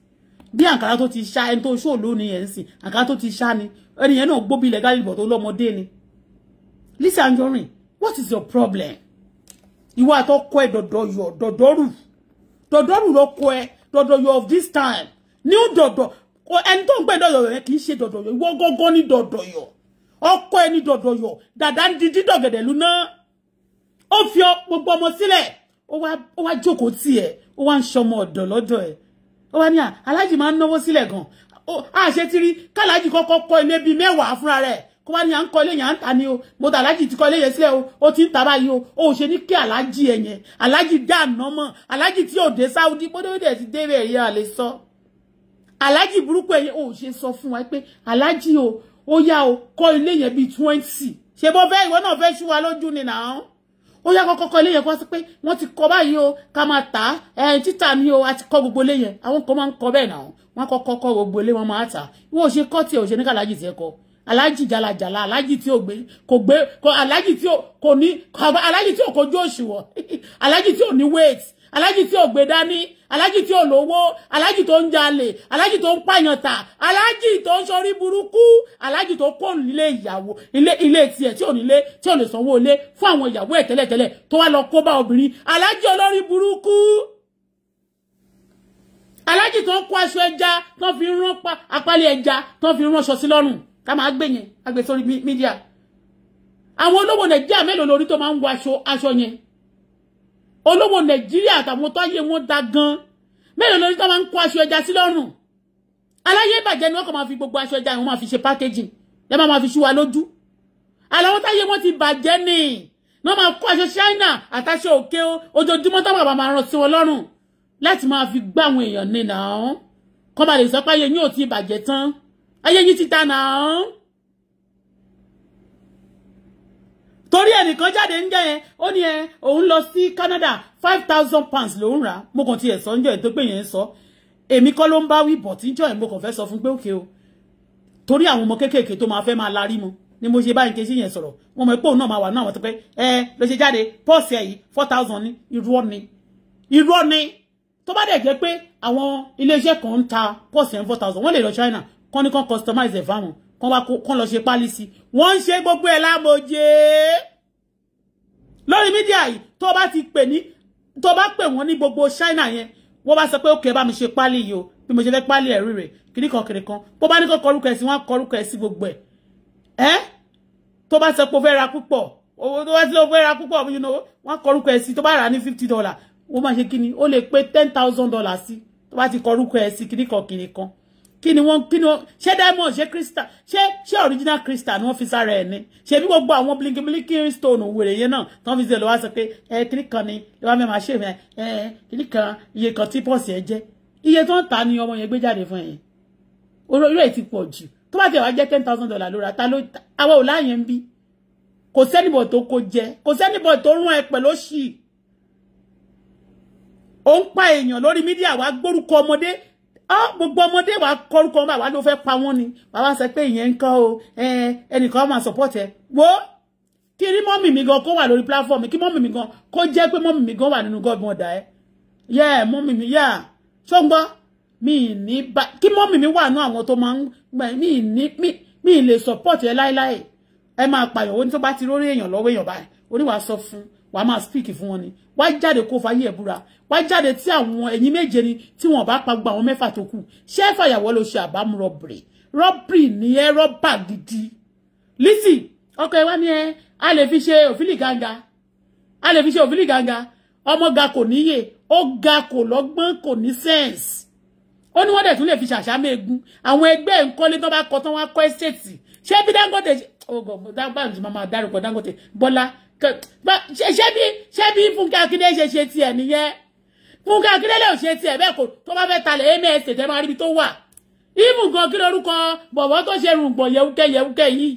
A: bí àǹkárá tó ti ṣá ẹni tó ṣó lónìí ẹ̀ ń sìn àǹkárá tó ti ṣá ni ẹni yẹn náà gbóbi ilẹ̀ gáàlì bọ̀ tó lọ́mọdé ni Lizzy Anjorin what is your problem ìwọ àtọkọ ẹ dọdọ yọ dọdọrù dọdọrù lọkọ ẹ dọdọ yọ of this time new dọdọ kò ẹni tó ń pè dọ̀dọ̀yọ̀ yẹn kì í ṣe dọ̀dọ̀yọ̀ ìwọ gọ́gọ́ ní dọ̀dọ̀yọ̀ ọkọ ẹni dọ̀dọ̀yọ̀ dàdá ń di dídọ̀gẹ̀dẹ̀ lúná ó fi gbogbo ọmọ sílẹ̀ ó wá jókòó tì ẹ̀ ó wá ń ṣọmọ ọ̀dọ̀ lọ́dọ̀ ẹ̀ ó wá ní à aláàjì máa ń náwó sílẹ̀ gan àṣetiri káláàjì kọ́kọ́ kọ́ ilé bíi mẹ́wàá fúnra rẹ̀ kó wá ní à ń kọ́ eléyàn à ń ta ni o mo tà aláàjì ti kọ́ eléyàn sílẹ̀ o ó ti ń ta báyìí o ó ṣe ní kí aláàjì ẹ̀yẹn aláàjì dáná mọ́ aláàjì tí ò dé sáúdí bódé ó dẹ̀ ti dé bẹ̀rẹ̀ yẹn à lè sọ. Alaji burúkú ẹ̀yẹ ò ṣe sọ fún wa pé aláàjì o ó yá o kọ́ ilé yẹn bíi twenty ṣe bó fẹ́ ìwọ náà fẹ́ ṣú wa lójú ni nà án ó yá kọ́kọ́ kọ́ ilé yẹn kọ́ sí pé wọ́n ti kọ́ báyìí o ká máa tà á ẹ̀ẹ́n títà mi o àti kọ́ gbogbo ilé yẹn àwọn kan máa ń kọ́ bẹ́ẹ̀ nà án wọ́n kọ́kọ́ kọ́ gbogbo ilé wọn máa tà á ìwọ ò ṣe kọ́ tiẹ̀ ò ṣe ní kàlájì tiẹ̀ kọ́ alájì jalajala alájì tí ò gbé kò gbé alájì tí ò kò ní alájì tí ò kojú òṣùwọ̀n alájì tí ò ní weight alájì tí ò gbé dání aláàjì tí ò lówó aláàjì tó ń jalè aláàjì tó ń pààyàn ta aláàjì tó ń sọrí burúkú aláàjì tó kó nílé ìyàwó ilé ilé tiẹ̀ tí ò nílé tí ò lè sanwó ilé fún àwọn ìyàwó ẹ̀ tẹ́lẹ̀tẹ́lẹ̀ tó wá lọ kó bá obìnrin aláàjì olórí burúkú aláàjì tó ń kó aṣọ ẹja tó fi rán apálẹ̀ ẹja tó fi ránṣọ sí lọ́rùn ká máa gbé yẹn agbè sórí mídíà àwọn olówó nàìjíríà mélòó lórí tó máa ń wọ aṣọ aṣọ yẹn olówó nàìjíríà àtàwọn tó ayé wọn da gan-an mélòó lórí tó máa ń kó aṣọ ẹja sí lọ́rùn aláyé ìbàjẹ́ ni wọ́n kàn máa fi gbogbo aṣọ ẹja ìwọ́n máa fi ṣe packaging lẹ́ máa fi ṣú wa lójú àlọ́wọ́ táyé wọn ti bàjẹ́ ni wọ́n máa kó aṣọ China àtàṣe òkè ojoojúmọ́ táwọn bàbá máa rán sí wọn lọ́rùn láti máa fi gbá àwọn èèyàn ní nàá kọ́ bá lè sọ pé ayé yín ò ti bàjẹ́ tán ayé yín ti ta nàá. torí ẹnìkan jáde ń jẹ yẹn ó ní ẹ òun lọ sí Canada five thousand pounds lòún rà mo kàn tiẹ̀ sọ ń jọ ẹ̀ tó pé yẹn ń sọ èmi kọ́ ló ń bá wí bọ̀ tí ń jọ ẹ̀ mo kàn fẹ́ sọ fún pé òkè o torí àwọn ọmọ kéékèèké tó máa fẹ́ máa larí mu ni mo ṣe báyìí kejì yẹn sọ̀rọ̀ wọn mọ̀ pé òun náà máa wà náà wọ́n ti pẹ́ ẹ ló ṣe jáde pọ́ọ̀sì ẹ̀ yìí four thousand ní irọ́ ni irọ́ ni tó bá dẹ̀ jẹ́ pé àwọn iléeṣẹ́ kan ń ta pọ́ọ̀sì ẹ̀ four thousand wọ́n lè lọ China kọ́ni kan customize ẹ̀ fáwọn kan wá kan lọ ṣe pálí sí wọ́n ń ṣe gbogbo ẹ̀ lámojé lórí mídíà yìí tó bá ti pè ní tó bá pè wọ́n ní gbogbo China yẹn wọ́n bá sọ pé ókè bá mi ṣe pálí yìí o bí mo ṣe fẹ́ pálí ẹ̀rí rẹ̀ kìnnì kan kìnnì kan bó bá ní kọ́ kọrúkọ ẹ̀ sí wọ́n kọrúkọ ẹ̀ sí gbogbo ẹ̀ ẹ́ tó bá sọ pé o fẹ́ ra púpọ̀ owó tó bá sí o fẹ́ ra púpọ̀ wọ́n kọrúkọ ẹ̀ sí tó bá rà ní fifty dollar wọ́n máa ṣe kí ni ó lè pé ten dollars sí tó bá ti kọrúkọ ẹ̀ sí kan kìnnì kan Kini ni kini. kí ni diamond ṣé crystal ṣé ṣé original crystal ni wọ́n fi sára ẹ̀ ni ṣé bí gbogbo àwọn blinky blinky stone wèrè yẹn náà tán fi ṣe lọ́wọ́ sọ pé ẹ kìnnì kan ni ẹ wá mẹ́ma ṣe mi ẹ kìnnì kan iye kan tí pọ́ọ̀sì ẹ jẹ́ iye tó ń ta ni ọmọ yẹn gbé jáde fún ẹ yẹn oró irú ẹ̀ ti pọ̀ jù tó bá ti wá jẹ́ ten thousand dollar ló ra ta ló àwa ò láàyè ń bí kò sẹ́nìbọ̀ tó kó jẹ kò sẹ́nìbọ̀ to rún ẹ pẹ̀lú òṣì ò ń pa èèyàn lórí mídíà wá gbórúkọ ọmọdé Ah, gbogbo ọmọdé wa kọrúkọ ọmọ àwa ló fẹ́ pa wọ́n ni bàbá sọ pé ìyẹn ń kọ́ o ẹnìkan máa support ẹ wo kí rí mọ́mì mi gan kó wà lórí platform kí mommy mi gan kó jẹ́ pé mọ́mì mi gan wà nínú god mother ẹ yẹ mọ́mì mi yà ṣó ń gbọ́ mi ní bá kí mọ́mì mi wà nú àwọn tó máa ń gbà mí ní mi lè support ẹ láéláé ẹ máa pààyàn ó ní tó bá ti rórí èèyàn lọ́wọ́ èèyàn báyìí oníwàá sọ fún wàá ma speak fún wọn ni wá jáde kó fayé ẹ búra wá jáde tí àwọn ẹ̀yin méje ni tí wọn bá pa gbogbo àwọn mẹ́fà tó kù ṣé fàyàwọ́ ló ṣe àbámu rọbìrì rọbìrì ni ẹ rọbà gidi lisi ọkọ ẹ wá ní ẹ a lè fi ṣe òfìlì gàǹgà a lè fi ṣe òfìlì gàǹgà ọmọ ga kò níyè ó ga kò lọ́gbọ́n kò ní sẹ́ǹsì ó ní wọ́n dẹ̀ tún lè fi ṣàṣàmì egun àwọn ẹgbẹ́ ńkọ́lé tó bá kọ́ tán wá kọ́ ẹ́sẹ̀tì ṣé bí Dangote ṣe ó oh gbọ́ Dangote máa dárúkọ Dangote Bola ṣe bí ṣe bí Fúnkẹ́ Akíndé ṣe ṣe tiẹ̀ nìyẹn Fúnkẹ́ Akíndé lè ṣe tiẹ̀ bẹ́ẹ̀ kò tó bá fẹ́ talẹ̀ ms tẹ̀ máa ríbi tó wà ibù gan kí lorúkọ bọ̀bọ̀ tó ṣe rùngbọ̀n yẹwúkẹ́ yẹwúkẹ́ yìí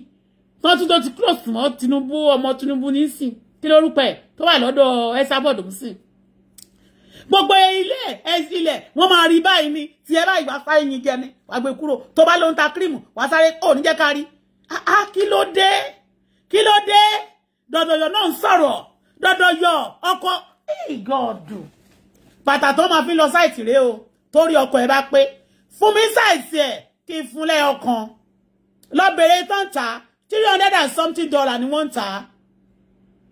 A: tó tún tó ti close mọ́ Tinubu ọmọ Tinubu nísìn kí lorúkọ ẹ̀ tó wà lọ́dọ̀ ẹ̀sàbọ̀dọ̀ nísìn gbogbo ilé ẹsílẹ̀ wọ́n máa rí báyìí ni tí ẹ báyìí wàá fáyín yín jẹni wàá gbé kúrò tó bá ló ń ta kírìmù wàá sáré kò ní jẹ́ ká rí ah, ah, kí ló dé kí ló dé dọ̀dọ̀yọ̀ náà ń sọ̀rọ̀ dọ̀dọ̀yọ̀ ọkọ ìgọ̀ọ̀dù bàtà tó máa fi lọ sáìtì rèé o torí ọkọ ẹ bá pé fún mi sáìtì ẹ kí n fún lẹ́ọ̀kan lọ́bẹ̀rẹ̀ tán ta three hundred and something dollar ni wọ́n ń ta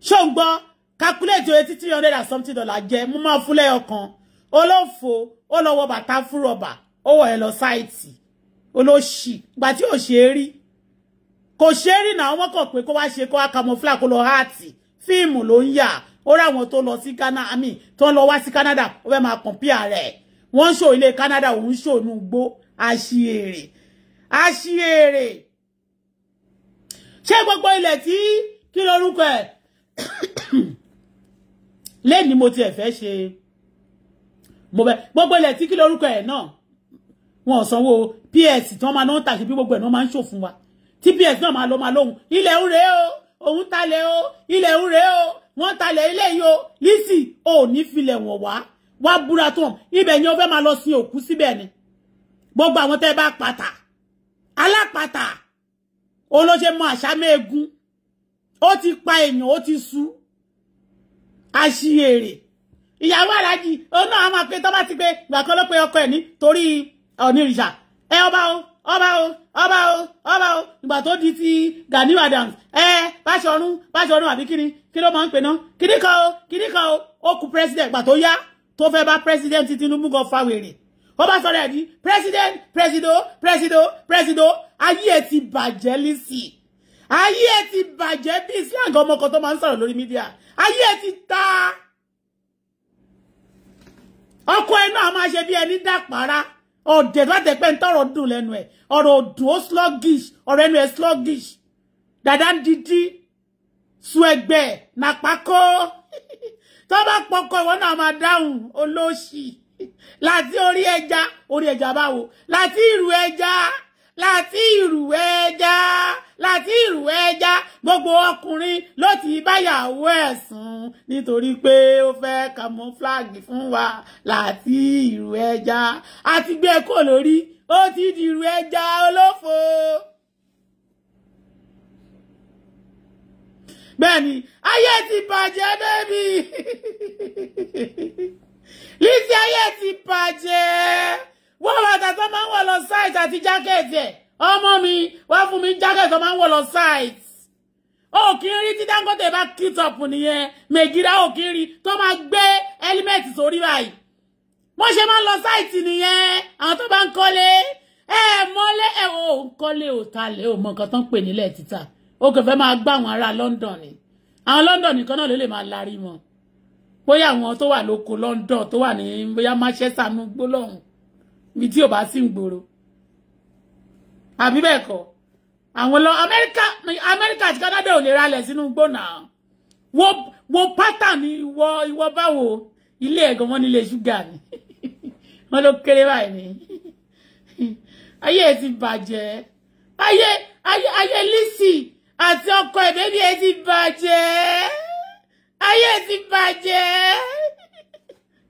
A: ṣó ń calculate oye tí three hundred and something dollar jẹ́ mo máa fún lẹ́ọ̀kan olófo ó lọ wọ bàtà fún rọ̀bà ó wọ̀ ẹ́ lọ sáìtì olóṣì gbà tí ò ṣe é kò ṣeé rìn náà wọ́n kàn pé kó wá ṣe kó wá camouflage kó lọ háàtì fíìmù ló ń yà ó ráwọn tó lọ sí Ghana àmì tó ń lọ wá sí Canada ó fẹ́ máa kàn píà rẹ̀ wọ́n ń ṣò ilé Canada òun ṣò nù gbó àṣìírè àṣìírè ṣé gbogbo ilẹ̀ tí kí lorúkọ ẹ̀ lẹ́ni mo tiẹ̀ fẹ́ ṣe mo bẹ gbogbo ilẹ̀ tí kí lorúkọ ẹ̀ náà wọn sanwó ps tí wọn máa ń tà bí gbogbo ẹ̀ náà máa ń ṣòfún wa TPS náà máa lọ máa lóhun ilẹ̀ ń rèé o òun talẹ̀ o ilẹ̀ ń rèé o wọ́n talẹ̀ ilé yìí o Lizzy ò ní filẹ̀ wọ̀n wá wá búra tó hàn ibẹ̀ ni ó fẹ́ máa lọ sin òkú síbẹ̀ ni gbogbo àwọn tẹ́ bá pàtà alápàtà òun ló ṣe mọ àṣà méegun ó ti pa èèyàn ó ti sú àṣìyèrè ìyàwó aláàjì òun náà á máa pe tọ́ bá ti pe gbàkan ló pe ọkọ ẹ̀ ní torí ọ̀nìrìṣà ẹ ọba o ọba o ọba o ọba o ìgbà tó di ti Gani Adams ẹ Báṣọ̀run Báṣọ̀run àbí kíni kí ló máa ń pè náà kíní kan o kíní kan o ó kú president ìgbà tó yá tó fẹ́ bá president Tinubu gan fa wèrè ó bá sọ̀rọ̀ ẹ̀ ní president presido presido presido ayé ẹ ti bàjẹ́ lísì ayé ẹ ti bàjẹ́ bí islam ọmọ kan tó máa ń sọ̀rọ̀ lórí mídíà ayé ẹ ti ta ọkọ ẹ náà máa ṣe bí ẹni dàpárá ọ̀dẹ̀ láti pẹ́ ń tọrọ dùn lẹ́nu ẹ̀ ọ̀rọ̀ òdùn ó sluggish ọ̀rọ̀ ẹnu ẹ̀ sluggish dàdá ń dídí sun ẹgbẹ́ nàpákó tó bá pọkọ ìwọ náà máa dáhùn olóṣì láti orí ẹja orí ẹja báwo láti ìrù ẹja láti ìrù ẹja láti ìrù ẹja gbogbo ọkùnrin ló ti báyàwó ẹ̀ sùn nítorí pé ó fẹ́ camouflage fún wa láti ìrù ẹja àti gbé e kò lórí ó ti dìrù ẹja olófo. bẹ́ẹ̀ni ayé ti bàjẹ́ bẹ́ẹ̀bi Lizzy ayé ti bàjẹ́ wọ́n bàtà tó máa ń wọ̀ lọ site àti jákẹ́ẹ̀tì ẹ̀ ọmọ mi wá fún mi jákẹ́ẹ̀tì tó máa ń wọ̀ lọ site òkín rí tí Dangote bá kìtọ̀pù nìyẹn mègìrá òkín rí tó máa gbé ẹ́límẹ́ǹtì sórí báyìí mo ṣe máa ń lọ sáìtì nìyẹn àwọn tó bá ń kọ́lé ẹ mọ́lé ẹ ò ń kọ́lé ò talè ò mọ nǹkan tó ń pè nílẹ̀ títà ó kò fẹ́ máa gbá àwọn ará London ni àwọn London nìkan náà ló lè máa larí mọ́ bóyá àwọn tó wà lóko London tó wà ní bóyá Manchester nugbó lọ́hùn bí tí ò bá sí ń gbòòrò àbí bẹ́ẹ̀ kọ́ àwọn lọ amẹ́ríkà amẹ́ríkà àti canada ò lè ralẹ̀ sínú gbòònà wo wo pattern ìwọ ìwọ báwo ilé ẹ̀gàn wọn nílé ṣúgà ni wọn ló kéré báyìí ni ayé ẹ ti bàjẹ́ ayé Aye ayé lisi àti ọkọ ẹ bébí ẹ ti bàjẹ́ ayé ti bàjẹ́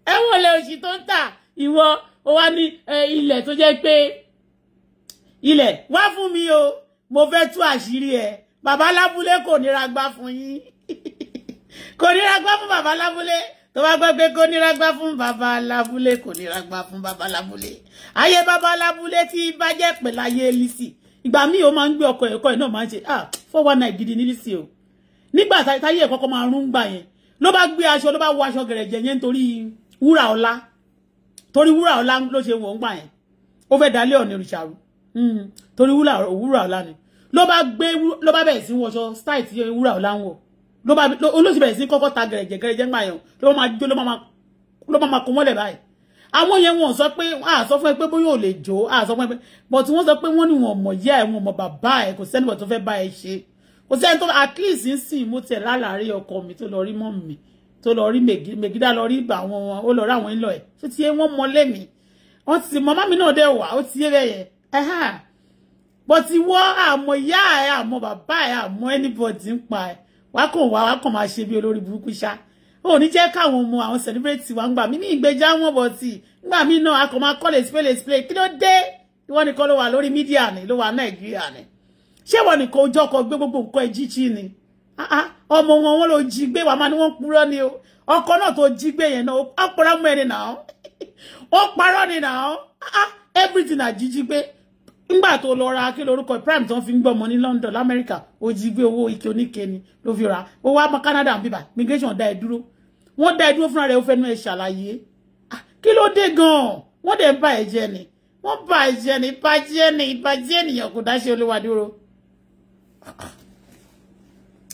A: ẹ wọlé òṣì tó ń tà ìwọ ó wá ní ilẹ̀ tó jẹ́ pé ilẹ̀ wá fún mi o mo fẹ́ tú àṣírí ẹ̀ bàbá lábúlé kò nira gbá fún yín kò nira gbá fún bàbá lábúlé tó bá gbọ́ pé kò nira gbá fún bàbá lábúlé kò nira gbá fún bàbá lábúlé ayé bàbá lábúlé tí bàjẹ́ pè láyé Lizzy ìgbà míì ó máa ń gbé ọkọ̀ ẹ̀kọ́ ẹ̀ náà máa ń ṣe ah four one nine gidi ní Lizzy o nígbà táyé ẹ̀ kọ́kọ́ máa rún gbà yẹn ló bá gbé aṣọ ló bá wọ aṣọ gẹ̀rẹ̀jẹ̀ yẹn nítorí wúrà ọlá torí wúrà ọlá ló ṣe wọ̀ ń gbà yẹn ó fẹ́ dalẹ́ ọ̀nà ìrìṣàrú hmm. torí wúrà ọlá ni ló bá gbé ló bá bẹ̀rẹ̀ sí wọṣọ style tí wúrà ọlá ń wọ̀ ló bá olóṣù bẹ̀rẹ̀ sí kọ́kọ́ ta gẹ̀rẹ̀jẹ̀ gẹ̀rẹ̀jẹ̀ gbà yẹn ló máa jó ló máa kó mọ́lẹ̀ báyìí àwọn yẹn wọn sọ pé a sọ fún ẹ pé bóyá ò lè jó a sọ fún ẹ pé but wọn sọ pé wọn ni wọn mọ ìyá ẹ wọn mọ bàbá ẹ kò sẹ́ni tó fẹ́ bá ẹ ṣe kò sẹ́ni tó at least ń sìn mú tẹ̀ lálàárí ọkọ mi tó lọ rí mọ́ mi tó lọ rí mègídà lọ rí bà wọn ó lọ rí àwọn ńlọ ẹ̀ tó ti yé wọ́n mọ lẹ́mí wọ́n ti mọ mami náà dẹ̀ wà ó ti yé bẹ́yẹn ẹ̀hà bọ́tí wọ́n àmọ́ ìyá ẹ̀ àmọ́ bàbá ẹ̀ àmọ́ anybody ń pa ẹ̀ wá kàn wá wá kàn máa ṣe bí olórí burúkú ṣá ò ní jẹ́ káwọn ọmọ àwọn celebrate wa ń gbà mí ní ìgbéjà wọn bọ̀ tì nígbà míì náà a kàn máa kọ́ lè spray lè spray kí ló dé ìwọ nìkan ló wà lórí mídíà ni ló wà nàìjíríà ni ṣé ìwọ nìkan ojú ọkọ̀ gbé gbogbo nǹkan ẹjí chi ni Ah, ah wọn wọn ló jí gbé wàá máa ní won purọ́ ni o ọkọ náà to jí gbé yẹn náà ó purọ́ mọ́ ẹni náà ó parọ́ ni náà ah, ah, everything àjíjí gbé ńgbà to lọ ra kí lorúkọ prime tó ń fi ń gbọmọ ní London America. O jí gbé owó ike oníke ni ló fi ra ó wá mọ Canada ń bíbà migration dá ẹ dúró wọ́n dá ẹ dúró fúnra rẹ̀ ó fẹnu ẹ ṣàlàyé kí ló dé gan-an wọ́n dẹ̀ ń bà ẹ jẹ́ ni wọ́n bà ẹ jẹ́ ni ìbàjẹ́ ni ìbàjẹ́ ènìyàn kò dá ṣe olúwa dúró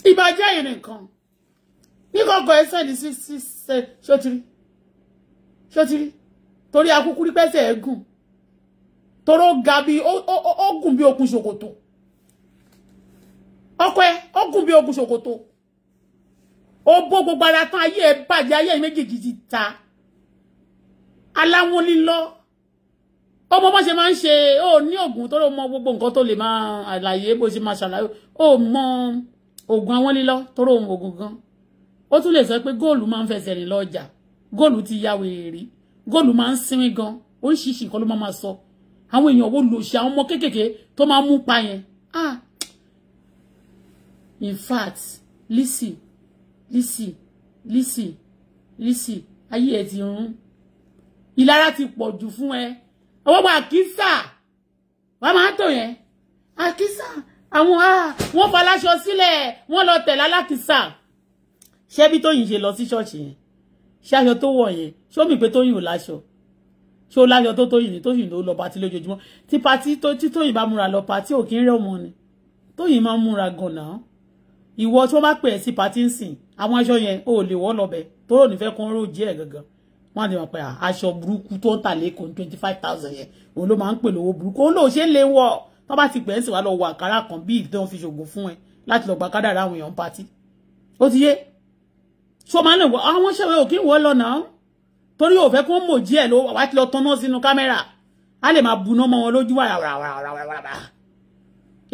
A: ìbàjẹ́ yẹn nìkan ní kọ̀ọ̀kan ẹ sẹ́ni sí si si ṣótìrí ṣótìrí torí akúkú rí pẹ́sẹ̀ ẹ̀ gùn toró ga bí ó gùn bí okùn ṣòkòtò ọkọ ẹ ó gùn bí okùn ṣòkòtò ó bó gbogbo ara tán ayé ẹ bàjẹ́ ayé ẹ méjèèjì ti ta aláwọn lílọ ọmọ bá ṣe máa ń ṣe ó ní oògùn tó ló gbogbo nǹkan tó lè máa àlàyé bó ṣe máa ṣàlàyé ó mọ oògùn àwọn lílọ tóró ohun oògùn gan ó tún lè sọ pé góòlù máa ń fẹsẹ̀ rìn lọ ọjà góòlù ti ya wèrè rí góòlù máa ń sinmi gan oríṣiríṣi nǹkan ló máa máa sọ àwọn èèyàn wo lò ṣe àwọn ọmọ kéékèèké tó máa mú pa yẹn ah in fact lisi lisi lisi lisi Aye ẹ ti rún ìlara ti pọ̀ jù fún ẹ ọwọ́ bá àkísà wàá máa tò yẹn àkísà àwọn a ah, wọ́n faláṣọ sílẹ̀ wọ́n lọ tẹ̀lé alákìsà ṣebí Tóyìn ṣe lọ sí ṣọ́ọ̀ṣì yẹn ṣé aṣọ tó wọ̀ yẹn ṣó mi pé Tóyìn ò láṣọ ṣé ó láṣọ tó Tóyìn ní Tóyìn ló lọ pàtí lójoojúmọ́ tí pàtí tí Tóyìn bá múra lọ pàtí ò kí ń rẹ́ ọmọ ni Tóyìn máa ń múra gan-an ìwọ tí wọ́n bá pè é sí pàtí ń sìn àwọn aṣọ yẹn ò lè wọ́ lọ́bẹ̀ tó rò nífẹ̀ẹ́ kan rò jí ẹ̀ gangan wọ́n á ti mọ̀ pé ah, aṣọ burúkú tó ń tà lẹ́kọ̀ọ́ twenty five thousand yẹn òun ló máa ń pè lówó burúkú òun ló ṣe ń lè wọ̀ tó bá ti pẹ̀ ń sì wá lọ wọ àkàrà kan bí ìdí tó ń fi ṣògùn fún ẹ láti lọ gba kádàrá àwọn èèyàn pati ó ti yé so máa ń lè wọ àwọn ṣẹ̀wé ò kí ń wọ́ lọ́nà torí ò fẹ́ kó ń mò jí ẹ̀ ló wá ti lọ tanná sínú kámẹ́rà á lè máa buná mọ́ wọn lójú wàràwàràwàràwàrà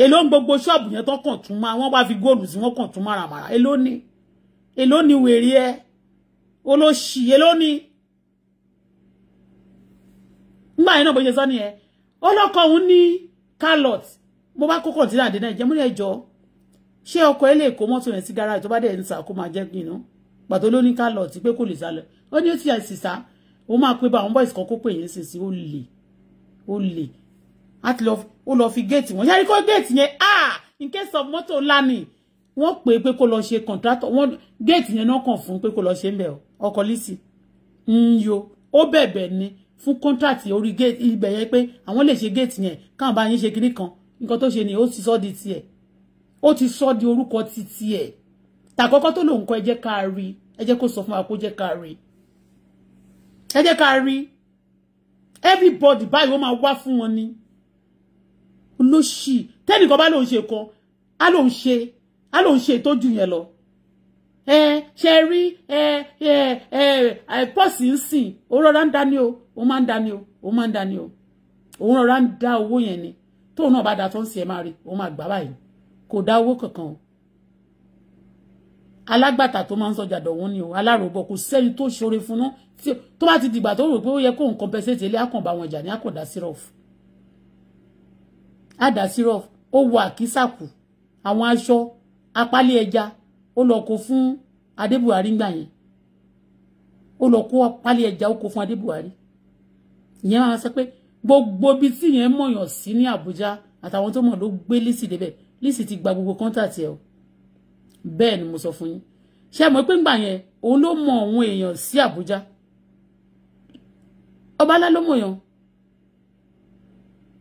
A: èló ń gbogbo ṣọ́ọ̀bù yẹn tó kàn tún máa wọ́n bá fi góòlù sí wọ́n kàn tún máramàrà èló ni èló ni wèrè ẹ olóṣì èló ni ńgbà yẹn náà bó ṣe sọ nìyẹn ọlọ́kọ̀ òun ní carrot bó bá kó kọ̀ǹtínà dé nàìjíríà mo ní ẹjọ́ ṣé ọkọ̀ ẹ lè kó mọ́tò yẹn sí gáràjì tó bá dẹ̀ ń sà kó máa jẹ́ gbìn náà pàtó ló ní carrot pé kò lè sá lọ ó ní ó ti àìsìsá òun máa pé bá àwọn boys kan kó pè yín sísìn ó lè ó lè àti ó lọ fi géètì wọn yàrá kó géètì yẹn ah in case of mọ́tò ńlá ni wọ́n pè é pé kó lọ ṣe contractor wọ́n géètì yẹn náà kàn fún pé kó lọ ṣe ń bẹ̀ ọkọ̀ lísì ń yo ó ni fún kọ́ńtàtì orí ibẹ̀ yẹn pé àwọn lè ṣe géètì yẹn káwọn bá yín ṣe kinní kan nǹkan tó ṣe ni ó ti sọ di tiẹ̀ ó ti sọ di orúkọ ti tiẹ̀ tàkọ́kọ́ tó lòun kọ́ ẹ jẹ́ ká rí ẹ jẹ́ kó sọ fún wa kó jẹ́ ká rí ẹ jẹ́ ká rí everybody báyìí wọ́n máa wá fún wọn ni olóṣì tẹ́nìkan bá lòun ṣe kan á lòun ṣe á lòun ṣe ìtọ́jú yẹn lọ ṣe rí àìpọ́sì ń sìn ó rọra ń dání o ó máa ń dání o ó máa ń dání o òun rọra ń dá owó yẹn ni tóun náà bá da tó ń sìn ẹ máa rí òun máa gbà báyìí kò dá owó kankan o alágbàtà tó máa ń sọjà dọ̀wọ́n ni o aláròbọ̀ kò sẹ́ni tó ṣoore fún un tó bá ti dìgbà tó rò pé ó yẹ kóun compensate ilé àkànbá wọn jà ní àkàndá syrup àdá syrup ó wọ àkísà àwọn aṣọ apálí ẹja ó lọ kó fún adébuhari gbà yẹn ó lọ kó pálí ẹja ó kó fún adébuhari ìyẹn máa sọ pé gbogbo ibi tí yẹn mọ̀yàn sí ní àbújá àtàwọn tó mọ̀ ló gbé lísì débẹ̀ lísì ti gba gbogbo kọ́ńtàtì ẹ̀ o bẹ́ẹ̀ ni mo sọ fún yín ṣé mọ̀ pé ńgbà yẹn òun ló mọ àwọn èèyàn sí àbújá ọbalá ló mọ̀ yàn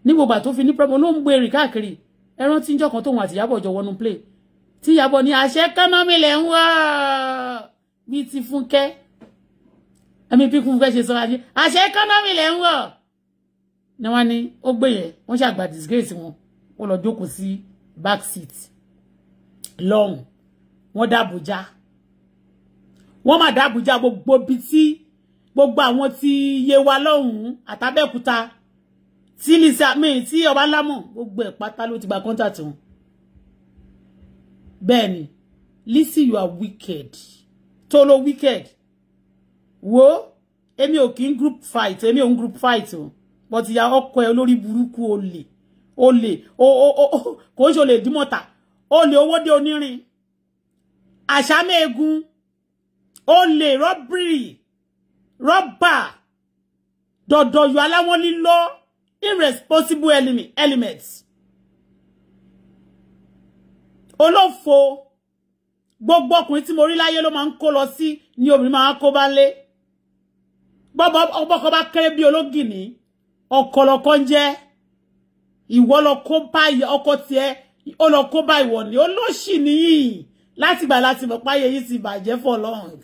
A: ní gbogbo àtòfin ní pẹ́ẹ́mọ́ ló ń gbé rìn káàkiri ẹran tí ń jọ́ tóun àtìyábọ̀ jọ wọnú play tí Ìyábọ̀ ní àṣẹ kánmọ́mí lẹ̀ ń wá bí ti Fúnkẹ́ ẹ̀mí bí Fúnkẹ́ ṣe sọ ajé àṣẹ kánmọ́mí lẹ̀ ń wá ni wọ́n ní ó gbé yẹn wọ́n ṣàgbà disgrace wọn wọ́n lọ jókòó sí back seat lọ́hùn wọ́n dàbújá wọ́n mà dàbújá gbogbo bíi tí gbogbo àwọn tí yé wa lọ́hùn-ún àtàbẹ́òkúta tí lisa mi tí ọba lámọ̀ gbogbo ẹ̀ pátá ló ti gba kọ́ńtà tiwọn Benny, ni you are wicked Tolo wicked wo èmi ò kí group fight èmi ò group fight but ìyá ọkọ ẹ Buruku ole. Ole. olè o o o kò Dimota. Ole. olè dímọ̀tà olè owó dé onírin àṣàmẹ́gun olè rọ́bìrì rọ́bà dọ̀dọ̀yọ̀ aláwọ̀ lílọ́ irresponsible element olófo gbogbo ọkùnrin tí mo rí láyé ló máa ń kó lọ sí ni obìnrin máa kó bá lé bọ́bọ́ ọgbọ́kọ bá kéré bí ológìní ọkọ lọkọ ń jẹ́ ìwọ lọ kó bá ọkọ tiẹ̀ ó lọ kó bá ìwọ ni olóṣì nìyí láti gbà láti mọ̀ páyé yìí ti bàjẹ́ for long.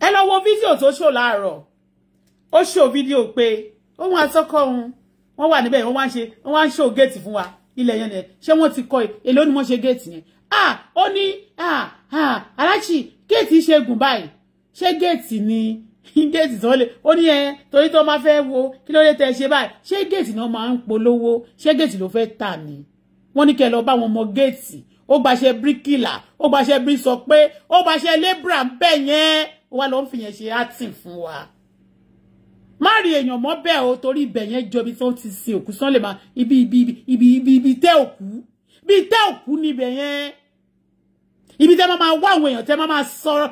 A: ẹ lọ wo fídíò tó ṣò láàárọ̀ O show video pé o àtọkọ òun wọ́n wà níbẹ̀ wọ́n wá ń ṣe wọ́n wá ń ṣò géètì fún wa ilẹ̀ yẹn nìyẹn ṣé wọ́n ti kọ èló ni wọ́n ṣe géètì yẹn ah oni ah ah aláṣì géètì ṣe gùn báyìí ṣé géètì ni géètì tó lè ó ní ẹ torí tó máa fẹ́ wo kí ló lè tẹ ṣe báyìí ṣé géètì náà máa ń polówó ṣé géètì ló fẹ́ tà ní wọ́n ní kẹ́ lọ bá wọn mọ géètì ó gbaṣẹ́ bíríkìlà ó gbaṣẹ́ bí sọ pé ó gbaṣẹ́ lébra bẹ́ẹ̀ yẹn ó wá lọ ń fìyẹn ṣe átì fún wa má rí èèyàn mọ́ bẹ́ẹ̀ o torí ibẹ̀ yẹn jọ ibi ti sin òkú sán lè máa ibi ibi ibi ibi ibi tẹ́ òkú bí tẹ́ òkú níbẹ̀ yẹn ibi tẹ́ máa wá àwọn èèyàn tẹ́ máa sọ̀rọ̀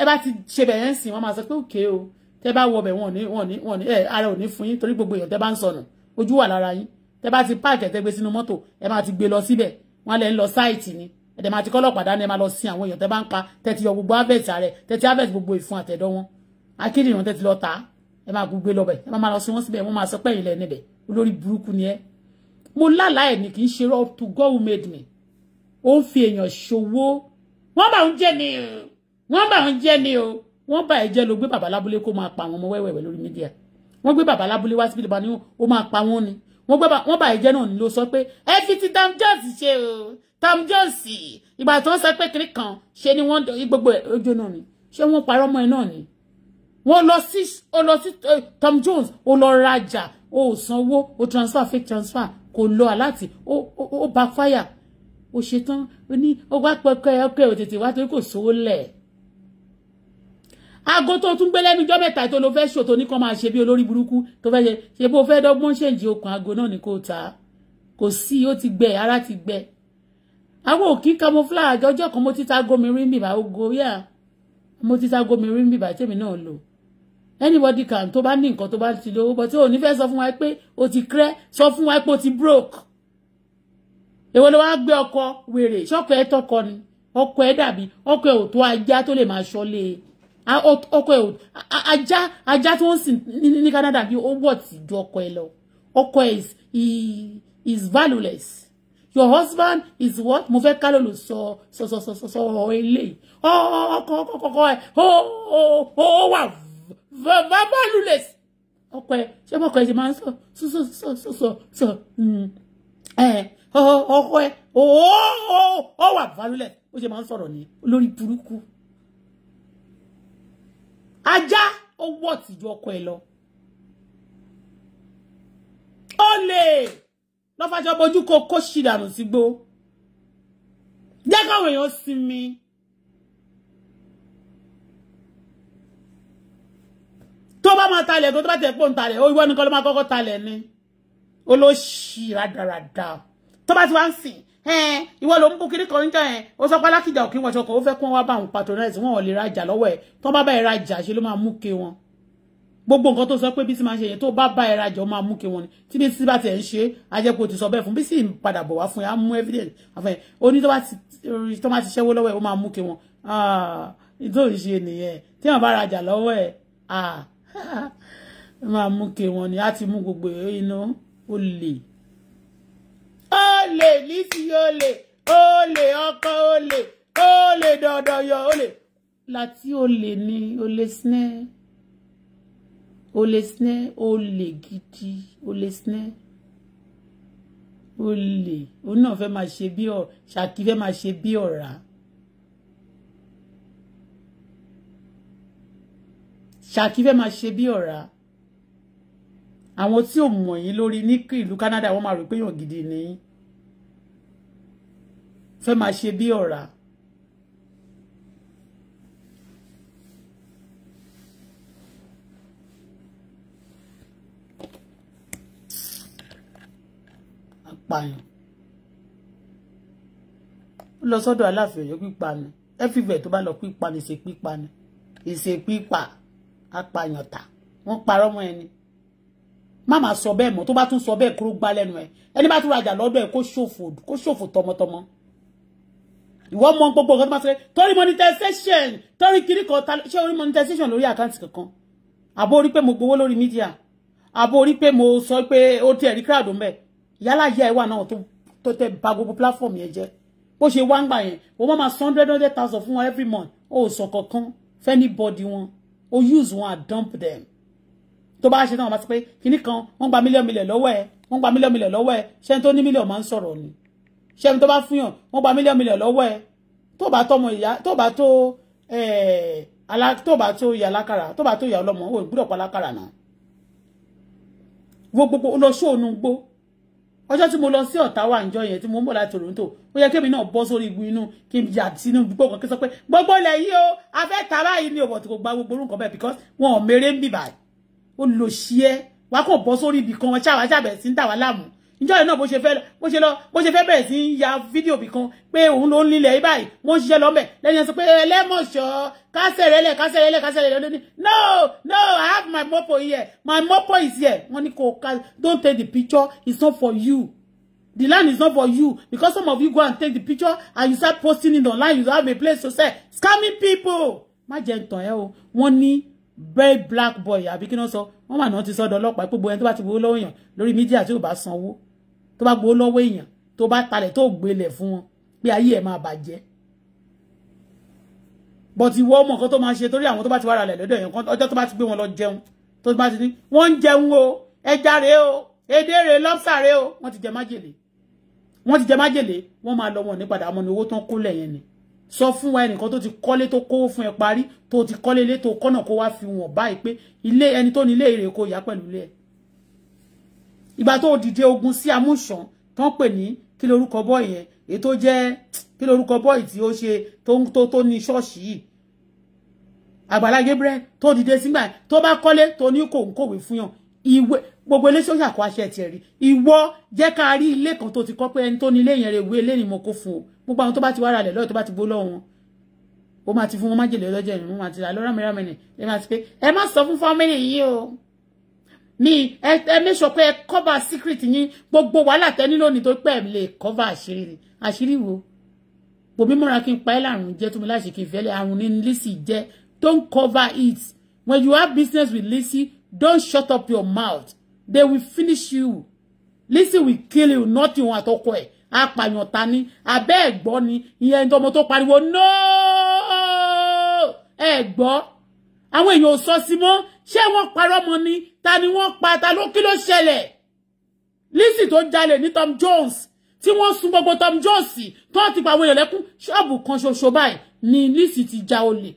A: ẹ bá ti ṣe bẹ̀ yẹn sìn wọ́n máa sọ pé òkè o tẹ́ bá wọ bẹ̀ wọ́n ní wọ́n ní wọ́n ní ẹ ara ò ní fún yín torí gbogbo èèyàn tẹ́ bá ń sọnù ojú wà lára yín tẹ́ bá ti páàkì ẹ̀ tẹ́ gbé sínú mọ́tò ẹ máa ti gbé lọ síbẹ̀ wọ́n lẹ́ ń lọ sáìtì ni ẹ̀dẹ̀ máa ti kọ́ lọ́pàá dání ẹ máa lọ sin àwọn èèyàn tẹ́ bá ń pa tẹ́ ti yọ gbogbo avẹ́ẹ̀tì ààrẹ tẹ́ ti avẹ́ẹ̀tì gbogbo ìfun àtẹ̀dọ́ wọn akíndìrán tẹ́ ti lọ tà á ẹ máa gbogbo lọ bẹ ẹ máa lọ sí wọn síbẹ̀ wọ́n máa sọ pé ìlẹ̀ níbẹ̀ olórí burúkú ni ẹ mo lálàá ẹ̀ ní kì í ṣe rọ to God who made me ó ń fi èèyàn ṣòwò wọ́n bá ń jẹ́ ni o wọ́n bá ń jẹ́ ni o wọ́n bá ẹ̀ jẹ́ ló gbé bàbá lábúlé kó máa pa àwọn ọmọ wẹ́wẹ́wẹ́ lórí mídíà wọ́n gbé bàbá lábúlé wá síbi ìbáni ó máa pa wọ́n ni wọ́n bá ẹ̀ jẹ́ náà ni ló sọ pé ẹ fi ti Tom Jones ṣe o Tom Jones ìgbà tó ń sọ kan ṣe ni wọ́n gbogbo ojú náà ni ṣé wọ́n parọ́ mọ́ ẹ náà ni wọ́n lọ sí o lọ sí eh, Tom Jones o lọ rajà o ò sanwó o transfer fake transfer kò lọ aláàtì o o backfire o ṣetán o ní o wá pẹkẹ ọkẹ o tètè wá torí kò sówó lẹ̀ aago tó tún gbé lẹ́nu ọjọ́ mẹ́ta tó ló fẹ́ ṣòtò ní kàn máa ṣe bí olórí burúkú tó fẹ́ ṣe ṣe bó fẹ́ dọ́gbọ́n ṣèǹjì okùn aago náà ni kò ta kò sí ó ti gbẹ ara ti gbẹ àwọn òkì camouflage ọjọ́ kan mo ti ta gomi rí mi bá ogo yá mo ti ta gomi rí mi bá tèmi náà lò anybody can tó bá ní nǹkan tó bá ti lówó but ó ní fẹ́ so, fún wa pé o ti crẹ́ so, fún wa pé o ti broke èwo ló wá gbé ọkọ wèrè ṣọkọ ẹ tọkọ ni ọkọ ẹ dàbí ọkọ ẹ ò tó ajá tó lè so, ṣọlé ọkọ ẹ ò ajá ajá tó ń sìn ní Canada bí ó wọ̀ tí ju ọkọ ẹ lọ ọkọ ẹ is valueless your husband is what mo fẹ́ ká lólu sọ sọ sọ sọ sọ ọ eléyìí ọ ọkọ ọkọ ọkọ ẹ ó ó ó wà bàbá lulẹ̀ ọkọ ẹ ṣé ọkọ ẹ ṣe máa ń sọ sọ sọ sọ sọ sọ mm. ọkọ ẹ ọ wà bàbá lulẹ̀ ó ṣe máa ń sọ̀rọ̀ ní lórí burúkú ajá ó wọ̀ tìjú ọkọ ẹ lọ ó lè lọ́fàjọ́ bojú kó kó ṣì dànù sígbó jẹ́ káwọn èèyàn sinmi. tó bá máa talẹ̀ tó bá tẹ̀ pò ń talẹ̀ ó ìwọ nìkan ló máa kọ́kọ́ talẹ̀ ni olóṣì rádaràda tó bá ti wá ń sìn ẹn ìwọ ló ń kú kiri kan níjọ yẹn ó sọ pé alákìjà òkè wọn ṣọkọ ó fẹ́ kí wọ́n wá bá àwọn patronize wọn ò lè rajà lọ́wọ́ ẹ̀ tó bá bá ẹ̀ rajà ṣe ló máa mú ké wọn gbogbo nǹkan tó sọ pé bísí máa ń ṣe yẹn tó bá bá ẹ rajà ó máa mú kí wọn ni tí bísí bá tiẹ̀ ń ṣe ajẹ́pọ̀ ti sọ bẹ́ẹ̀ fún bísí padà bọ̀ wá fún yà á mú evidence àfẹ́ oní tó bá ti ṣẹ́wó lọ́wọ́ ẹ̀ ó máa mú kí wọn nítorí ah, ṣe nìyẹn tí wọ́n bá rajà lọ́wọ́ ẹ̀ ah, máa mú kí wọn ni á ti mú gbogbo iná ó lè ó lè Lizzy ó lè ó lè ọkọ ó lè ó lè dọdọ yọ ó lè láti ó lè ní ó lè sinẹ́ ó lè sinẹ́ ó lè gidi ó lè sinẹ́ ó lè òun náà fẹ́ máa ṣe bí ọ̀ ṣàkí fẹ́ máa ṣe bí ọ̀rá. Ṣàkí fẹ́ máa ṣe bí ọ̀rá àwọn tí ò mọ̀ yín lórí ní ìlú Canada wọ́n máa rò pé èèyàn gidi ni fẹ́ máa ṣe bí ọ̀rá. pààyàn ó lọ sọ́dọ̀ aláàfin Ọ̀yọ́ pípa ni everywhere tó bá lọ pípa ni ṣe pípa ni ìṣe pípa apààyàn ta wọ́n parọ́ mọ́ ẹni má má sọ bẹ́ẹ̀ mọ́ tó bá tún sọ bẹ́ẹ̀ kúrò gbá lẹ́nu ẹ̀ ẹni bá tún rajà lọ́dọ̀ ẹ̀ kó ṣòfò kó ṣòfò tọmọtọmọ ìwọ mọ gbogbo nǹkan tó máa ṣe torí monetization torí kiri kan ṣé orí monetization lórí àkáǹtì kankan àbó orí pé mo gbowó lórí mídíà àbó orí pé mo sọ pé ó tiẹ̀ rí crowd mbẹ̀ yálà yẹ ẹ wà náà tó tẹ ba gbogbo platform yẹn jẹ bó ṣe wá ń gbà yẹn wọ́n máa san hundred hundred thousand fún wọn every month ó sọ kankan fẹ́ ní bọ́ọ̀dì wọn o use one dump them tó bá ṣe náà wọn bá sọ pé kinní kan wọ́n gba mílíọ̀nù mílíọ̀nù lọ́wọ́ ẹ̀ wọ́n gba mílíọ̀nù mílíọ̀nù lọ́wọ́ ẹ̀ ṣẹ́ni tó ní mílíọ̀nù máa ń sọ̀rọ̀ ni ṣẹ́ni to bá fúnyàn wọ́n gba mílíọ̀nù mílíọ̀nù lọ́wọ́ ẹ̀ tó bá tọmọ ìyá tó bá tó tó bá tó ìyá lákàrà tó bá tó ìyá ọlọ́mọ ò gbúdọ̀ pa lákàrà náà wo gbogbo lọ sóònù gbó ọjọ́ tí mo lọ sí Ọ̀tá wà níjọ́ yẹn tí mo ń láti Toronto ó yẹ kémi náà bọ́ sórí igun inú kí n yà sínú gbogbo kan kí n sọ pé gbogbo ilẹ̀ yìí o afẹ́ ta báyìí ni òbọ̀tò gba gbogbo orúkọ bẹ́ẹ̀ because wọn ò mèrè ń bì báyìí ó lò sí ẹ wàá kò bọ́ sórí ibì kan wọn ṣáà wá ṣàbẹ̀ sí ń dà wá láàmú níjọ́ yẹn náà bó ṣe fẹ́ bó ṣe lọ bó ṣe fẹ́ bẹ̀rẹ̀ sí í ya fídíò bì kan pé òun ló ń lílẹ̀ yìí báyìí wọ́n ń ṣiṣẹ́ lọ́mẹ̀ lẹ́yìn sọ pé ẹlẹ́mọ̀ṣọ́ kásẹ̀rẹ́lẹ̀ kásẹ̀rẹ́lẹ̀ kásẹ̀rẹ́lẹ̀ lónìí no no i have my mopo here my mopo is here wọ́n ní kò ká don't take the picture it's not for you the land is not for you because some of you go and take the picture and you start posting it online you don't have a place to sell scamming people má jẹ́ ntàn ẹ́ o wọ́n ní very black boy àbí kí ni wọ́n sọ wọ́n mà náà ti sọ́dọ̀ ọlọ́pàá pé gbogbo ẹni tó bá ti gbowó lọ́wọ́ èèyàn lórí mídíà tí ò bá sanwó tó bá gbowó lọ́wọ́ èèyàn tó bá talẹ̀ tó gbélé fún wọn pé ayé ẹ̀ máa bàjẹ́ but ìwọ ọmọ kan tó máa ṣe torí àwọn tó bá ti wá ra lẹ̀ lọ́dọ̀ èèyàn kan ọjọ́ tó bá ti gbé wọn lọ jẹun tó bá ti ní wọ́n ń jẹun o ẹja rèé o edé rèé lọ́fà rèé o wọ́n ti jẹ májèlé wọ́n ti jẹ májèlé wọ́n máa lọ wọn ní padà àmọ́ ní owó tán kó lẹ̀ yẹn ni sọ fún wa ẹnìkan tó ti kọ́lé tó kówó fún ẹ parí tó ti kọ́lé ilé tó kọ́nà kó wá fi wọ̀n báyìí pé ilé ẹni tó ní ilé èrè kó pẹ̀lú ilé ẹ̀ ìgbà tó dìde ogun sí amúṣàn tó ń pè ní kí lorúkọ bọ́ yẹn èyí tó jẹ́ kí lorúkọ bọ́ yìí tí ó ṣe tó tó ní ṣọ́ọ̀ṣì yìí Àgbàlá Gabriel tó dìde sígbà tó bá kọ́lé tó ní kò ń kòwé fún yàn ìwé gbogbo ilé sọ́jà kó aṣẹ tiẹ̀ rí ìwọ jẹ́ ká rí ilé kan tó ti kọ́ pé ẹni tó ní ilé yẹn rẹ̀ wé ilé ni mo kó fún o gbogbo àwọn tó bá ti wá ra lẹ̀ lọ́yọ̀ tó bá ti gbó lọ́wọ́ wọn ó máa ti fún wọn májèlé ọlọ́jọ́ ìrìn wọn àti àlọ́ rámẹ́rámẹ́ ni ẹ máa sọ fún fámílì yìí o mi ẹ ẹ make sure pé ẹ cover secret yín gbogbo wàhálà tẹ́ nílò ní tó pẹ́ lè cover àṣírí àṣírí wo bòmí múra kí n pa ẹ́ lárùn jẹ́ tó mi láṣẹ kí n fẹ́lẹ́ àrùn ní Lizzy jẹ́ don't cover it when you have business with Lizzy don't shut up your mouth they will finish you Lizzy will kill you Nothing not you àtọkọ ẹ̀ apàyàn ta ni abẹ́ ẹ̀gbọ́ ni ìyẹn ní ọmọ tó pariwo no ẹ̀gbọ́ àwọn èèyàn ò sọ sí ṣé wọ́n parọ́ mọ́ ni ta ni wọ́n pa ta ló kí ló ṣẹlẹ̀ Lizzy tó jalè ní Tom Jones tí wọ́n sun gbogbo Tom Jones tó ti pa àwọn èèyàn lẹ́kún ṣọ́ọ̀bù kan ṣoṣo báyìí ni Lizzy ti ja olè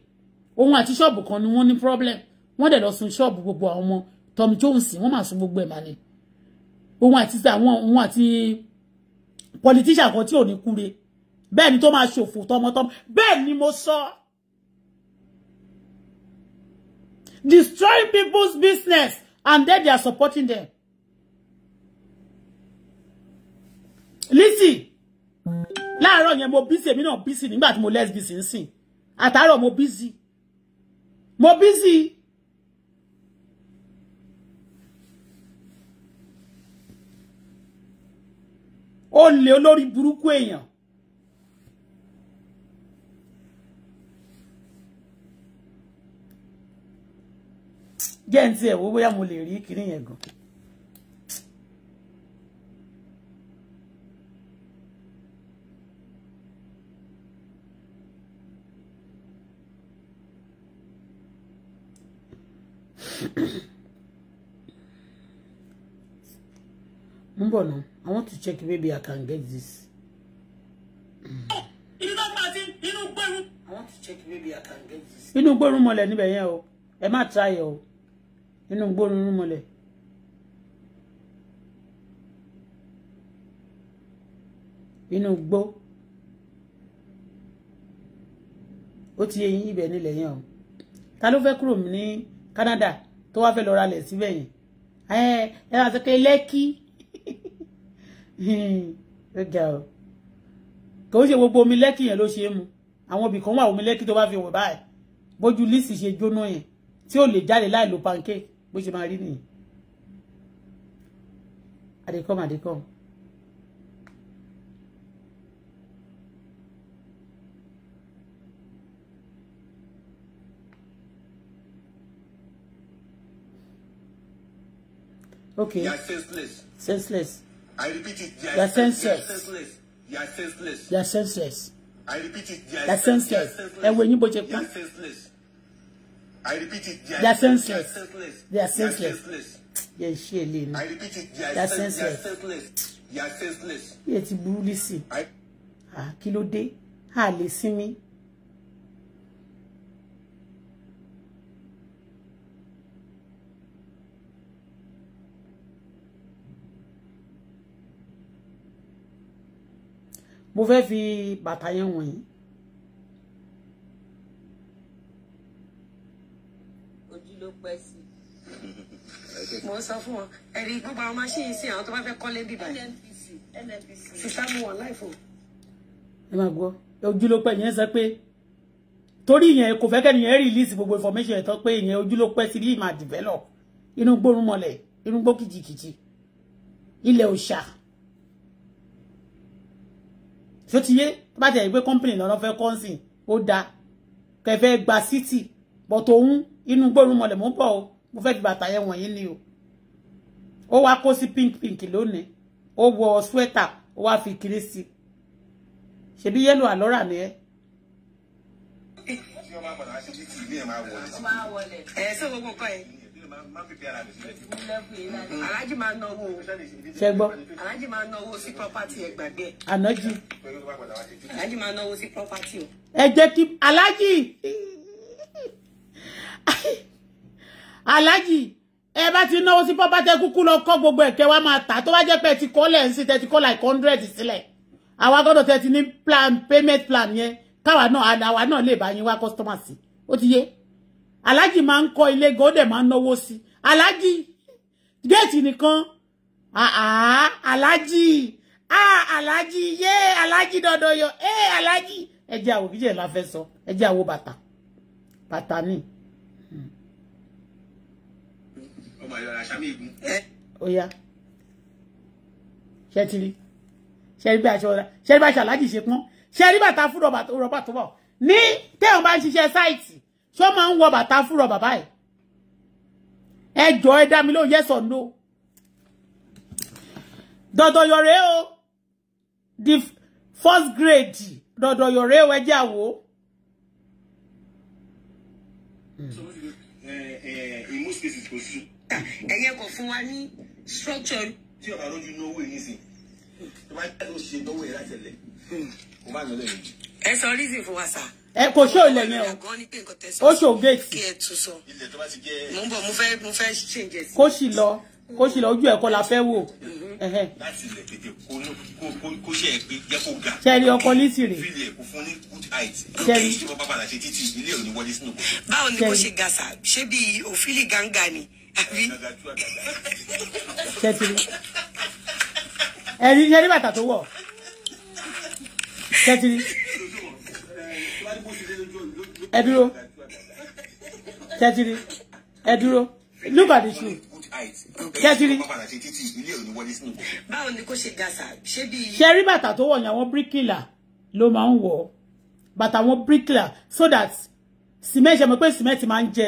A: òun àti ṣọ́ọ̀bù kan ni wọ́n ní problem wọ́n dẹ̀ lọ sun ṣọ́ọ̀bù gbogbo àwọn ọmọ Tom Jones wọ́n máa sun gbogbo ẹ̀ máa ní òun àti àwọn òun àti politician kan tí ò ní kúre bẹ́ẹ̀ ni tó máa ṣòfò tọmọtọmọ bẹ́ẹ̀ ni mo sọ. So destroying people's business, and then they are supporting them. Listen, láàárọ̀ yẹn mo busy, èmi náà busy nígbà tí mo less busy ń sìn. Àtàárọ̀ mo busy. Mo busy. Olè olórí burúkú èèyàn. jẹ́ ń tiẹ̀ bóyá mo lè rí yẹn gan. I want to check maybe I can get Oh, I want to check maybe I can get this. Inú gbórùn mọ́lẹ̀ níbẹ̀ yẹn o. Ẹ má try o. nínú gbórùnrún mọ́lẹ̀. inú gbó ó ti yẹyin ibẹ̀ nílẹ̀ yẹn o ta ló fẹ́ kúrò ní Canada tó wá fẹ́ lọ ra lẹ̀ síbẹ̀ yẹn ẹ ẹ máa sọ pé lẹ́kí ó ga o kò ó ṣe gbogbo omi lẹ́kì yẹn ló ṣe é mu àwọn ibì kan wà omi lẹ́kì tó bá fi wọ̀ báyìí bójú lísì ṣe jóná yẹn tí ò lè jáde láì lo pancake bó ṣe máa rí nìyí àdékọ́m àdékọ́m. Okay. They are senseless. Senseless.
B: I repeat it. They are, senseless. They are senseless.
A: They are senseless.
B: I repeat it. They
A: are, senseless. Ẹ wo yín bó ṣe pọ́n.
B: I repeat it. They
A: are, senseless. they are senseless. They are senseless. Yes, are I repeat it. They are senseless.
B: They are senseless.
A: Yẹ ti burú lísì. Ah, kilo de. Ah,
B: listen me. sinmi.
A: Mo fẹ́ fi bàtà
B: ló pẹ́ sí mo sọ fún wọn ẹ̀rí gbogbo àwọn máṣíìnì sí àwọn tó bá fẹ́ kọ́lé bíbá nnpc nnpc ṣùṣà mú wọn láìfò.
A: ẹ máa gbọ́ ojú ló pẹ́ yẹn sọ pé torí ìyẹn kò fẹ́ kẹ́ni yẹn release gbogbo information ẹ̀ tán pé ìyẹn ojú ló pẹ́ sí bí ìmọ̀ develop inú gbórùn mọ́lẹ̀ inú gbó kìjìkìjì ilẹ̀ òòṣà tó ti yé tó bá tẹ̀ pé company lọ́nà fẹ́ kọ́ńsìn ó dáa kẹfẹ́ gba city bọ́tò òun inú gbóòórùn mọ̀lẹ̀ mò ń bọ̀ o mo fẹ́ fi bàtà yẹn wọ̀nyí ni o ó wá kó sí pink pink lónìí ó wọ sweater ó wá fi kiri sí ṣebí yẹ́lò àlọ́rà ni
B: ẹ́ alájí máa náwó ṣẹgbọ́ alájí máa náwó sí property ẹ gbàgbé alájí alájí máa náwó sí property o.
A: ẹ jẹ́ kí alájí. aláàjì ẹ bá ti náwó sí pápá tẹ kúkú lọ kọ́ gbogbo ẹ̀kẹ́ wa máa tà tó bá jẹ́ pé ẹ ti kọ́ lẹ̀ ń sí tẹ ti kọ́ like hundred sílẹ̀ àwa gbọ́dọ̀ tẹ ti ní plan payment plan yẹn káwa náà àwa náà lè bá yín wá customer sí ó ti yé aláàjì máa ń kọ́ ilé gan ó dẹ̀ máa ń náwó sí aláàjì géètì nìkan àá aláàjì ah aláàjì yé aláàjì dọdọ yọ ẹ aláàjì ẹ jẹ́ àwò kíjẹ la fẹ́ sọ ẹ jẹ́ àwò bàtà bàtà ni.
B: ọmọ ìlọra sami igun. ẹ
A: ó yá ṣe ti rí ṣe rí bí aṣọ ọ̀la ṣe rí bí aṣọ aláàjì ṣe pọ́n ṣe rí bàtà fún rọ́bà tó bọ̀ ní téèyàn bá ń ṣiṣẹ́ sáìtì ṣó máa ń wọ bàtà fún rọ́bà báyìí ẹ jọ ẹ dá mi lóhùn yes or no dọ̀dọ̀yọ̀rẹ́ o the first grade dọ̀dọ̀yọ̀rẹ́ o ẹ jẹ́ àwò.
B: Eh, eh, in most cases kò sí ẹ̀yẹ kò fún wa ní structure. tí ọ̀rọ̀ lójú náwó yìí sí tó bá yẹ kó ṣe náwó yẹn láti ẹlẹ kó má nà lẹ́yìn. ẹ sọ reason fún wa sá.
A: ẹ kò ṣó ilẹ̀ yẹn o ó ṣó gate.
B: kí ẹ tún sọ ilẹ̀ tó bá ti jẹ́. mo ń bọ̀ mo fẹ́ mo fẹ́ change ẹ̀ sí. kó sì
A: lọ kó sì lọ ojú ẹ̀kọ́ la fẹ́ wò.
B: Mm-hmm. láti ilẹ̀ tètè kó ṣe é pé jẹ́ kó ga. sẹ́ẹ̀rì ọkọ nísìrè. fílẹ̀ kò fún ní good height. sẹ́ẹ̀rì kí ṣe bá bàbá àṣẹ títì ilé ò ní wọlé sínú kòtò. báwo ni kò ṣe gàṣà ṣé bí òfìlì gàǹgà ni àbí. ṣẹ́tìrì
A: ẹ̀rí ẹ̀rí bàtà tó wọ̀ ṣẹ́tìrì ẹ dúró ṣẹ́tìrì ẹ dúró look at the shoe
B: ṣẹ́tìrì. báwo ni kò ṣe gàṣà ṣé bí.
A: ṣẹ́rí bàtà tó wọ̀ ni àwọn bíríkìlà ló máa ń wọ̀ bàtà àwọn bíríkìlà so that cement ṣe mọ̀ pé cement máa ń jẹ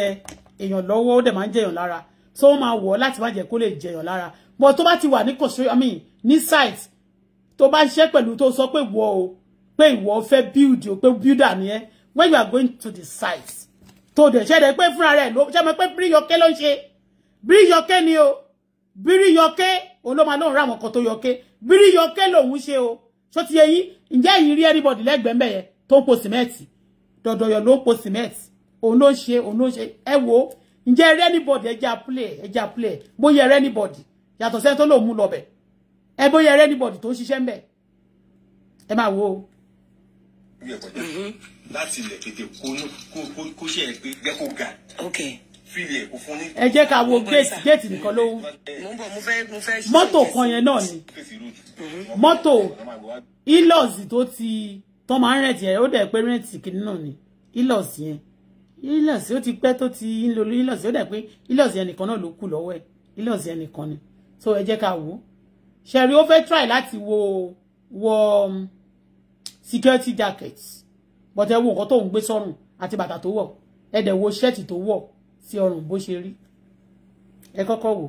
A: èèyàn lọ́wọ́ ó dẹ̀ máa ń jẹ èèyàn lára so wọ́n máa wọ̀ láti má jẹ́ kó lè jẹyàn lára but tó bá ti wà ní construction i mean ní site tó bá ń ṣe pẹ̀lú tó sọ pé o pé ìwọ fẹ́ build o pé builder ni ẹ́ when you are going to the site tó dẹ̀ ṣẹ̀dẹ̀ pé fúnra rẹ̀ ló ṣe mọ̀ pé bíríyọkẹ́ ló ń ṣe bíríyọkẹ́ ni o bíríyọkẹ́ olóma lóun rà wọn kan tó yọkẹ́ bíríyọkẹ́ lòun ṣe o ṣó ti yẹ yín ǹjẹ́ yìí rí anybody lẹ́gbẹ̀ẹ́ mẹ́yẹ tó ń po sìmẹ́ẹ̀tì dọ̀dọ̀yọ̀ ló ń po sìmẹ́ẹ̀tì òun ló ń ṣe òun ló ń ṣe ẹ wo ǹjẹ́ ẹrẹ́ anybody ẹja play ẹja play Boye ẹrẹ́ anybody yàtọ̀ sẹ́ni tó lòun mú lọ bẹ̀ ẹ bóyá ẹrẹ́ anybody tó ń ṣiṣẹ́ ń bẹ̀ ẹ máa wo.
B: Mm-hmm. láti ilẹ̀ kété kó ṣe é pé gẹ́kọ̀ọ́ ga ẹ jẹ́ ká
A: wo géètì géètì nìkan ló ń
B: mọ́tò kan yẹn náà ni mm-hmm. mọ́tò
A: ilọ̀sì tó ti tọ́ máa ń rẹ̀tì ẹ̀ ó dẹ̀ pé rẹ̀tì kìnnìún ni ilọ̀sì yẹn ilọ̀sì ó ti pẹ́ tó ti ń lo ilọ̀sì ó dẹ̀ pé ilọ̀sì ẹnìkan náà ló kù lọ́wọ́ ẹ̀ ilọ̀sì ẹnìkan ni so ẹ jẹ́ ká wò ó ṣẹ̀rí ó fẹ́ try láti wo wọ um, security jacket but ẹ wo nǹkan tó ń gbé sọ́rùn àti bàtà tó wọ̀ ẹ dẹ̀ wo ṣẹ́ẹ̀tì tó wọ̀ sí ọrùn bó ṣe rí ẹ kọ́kọ́ wò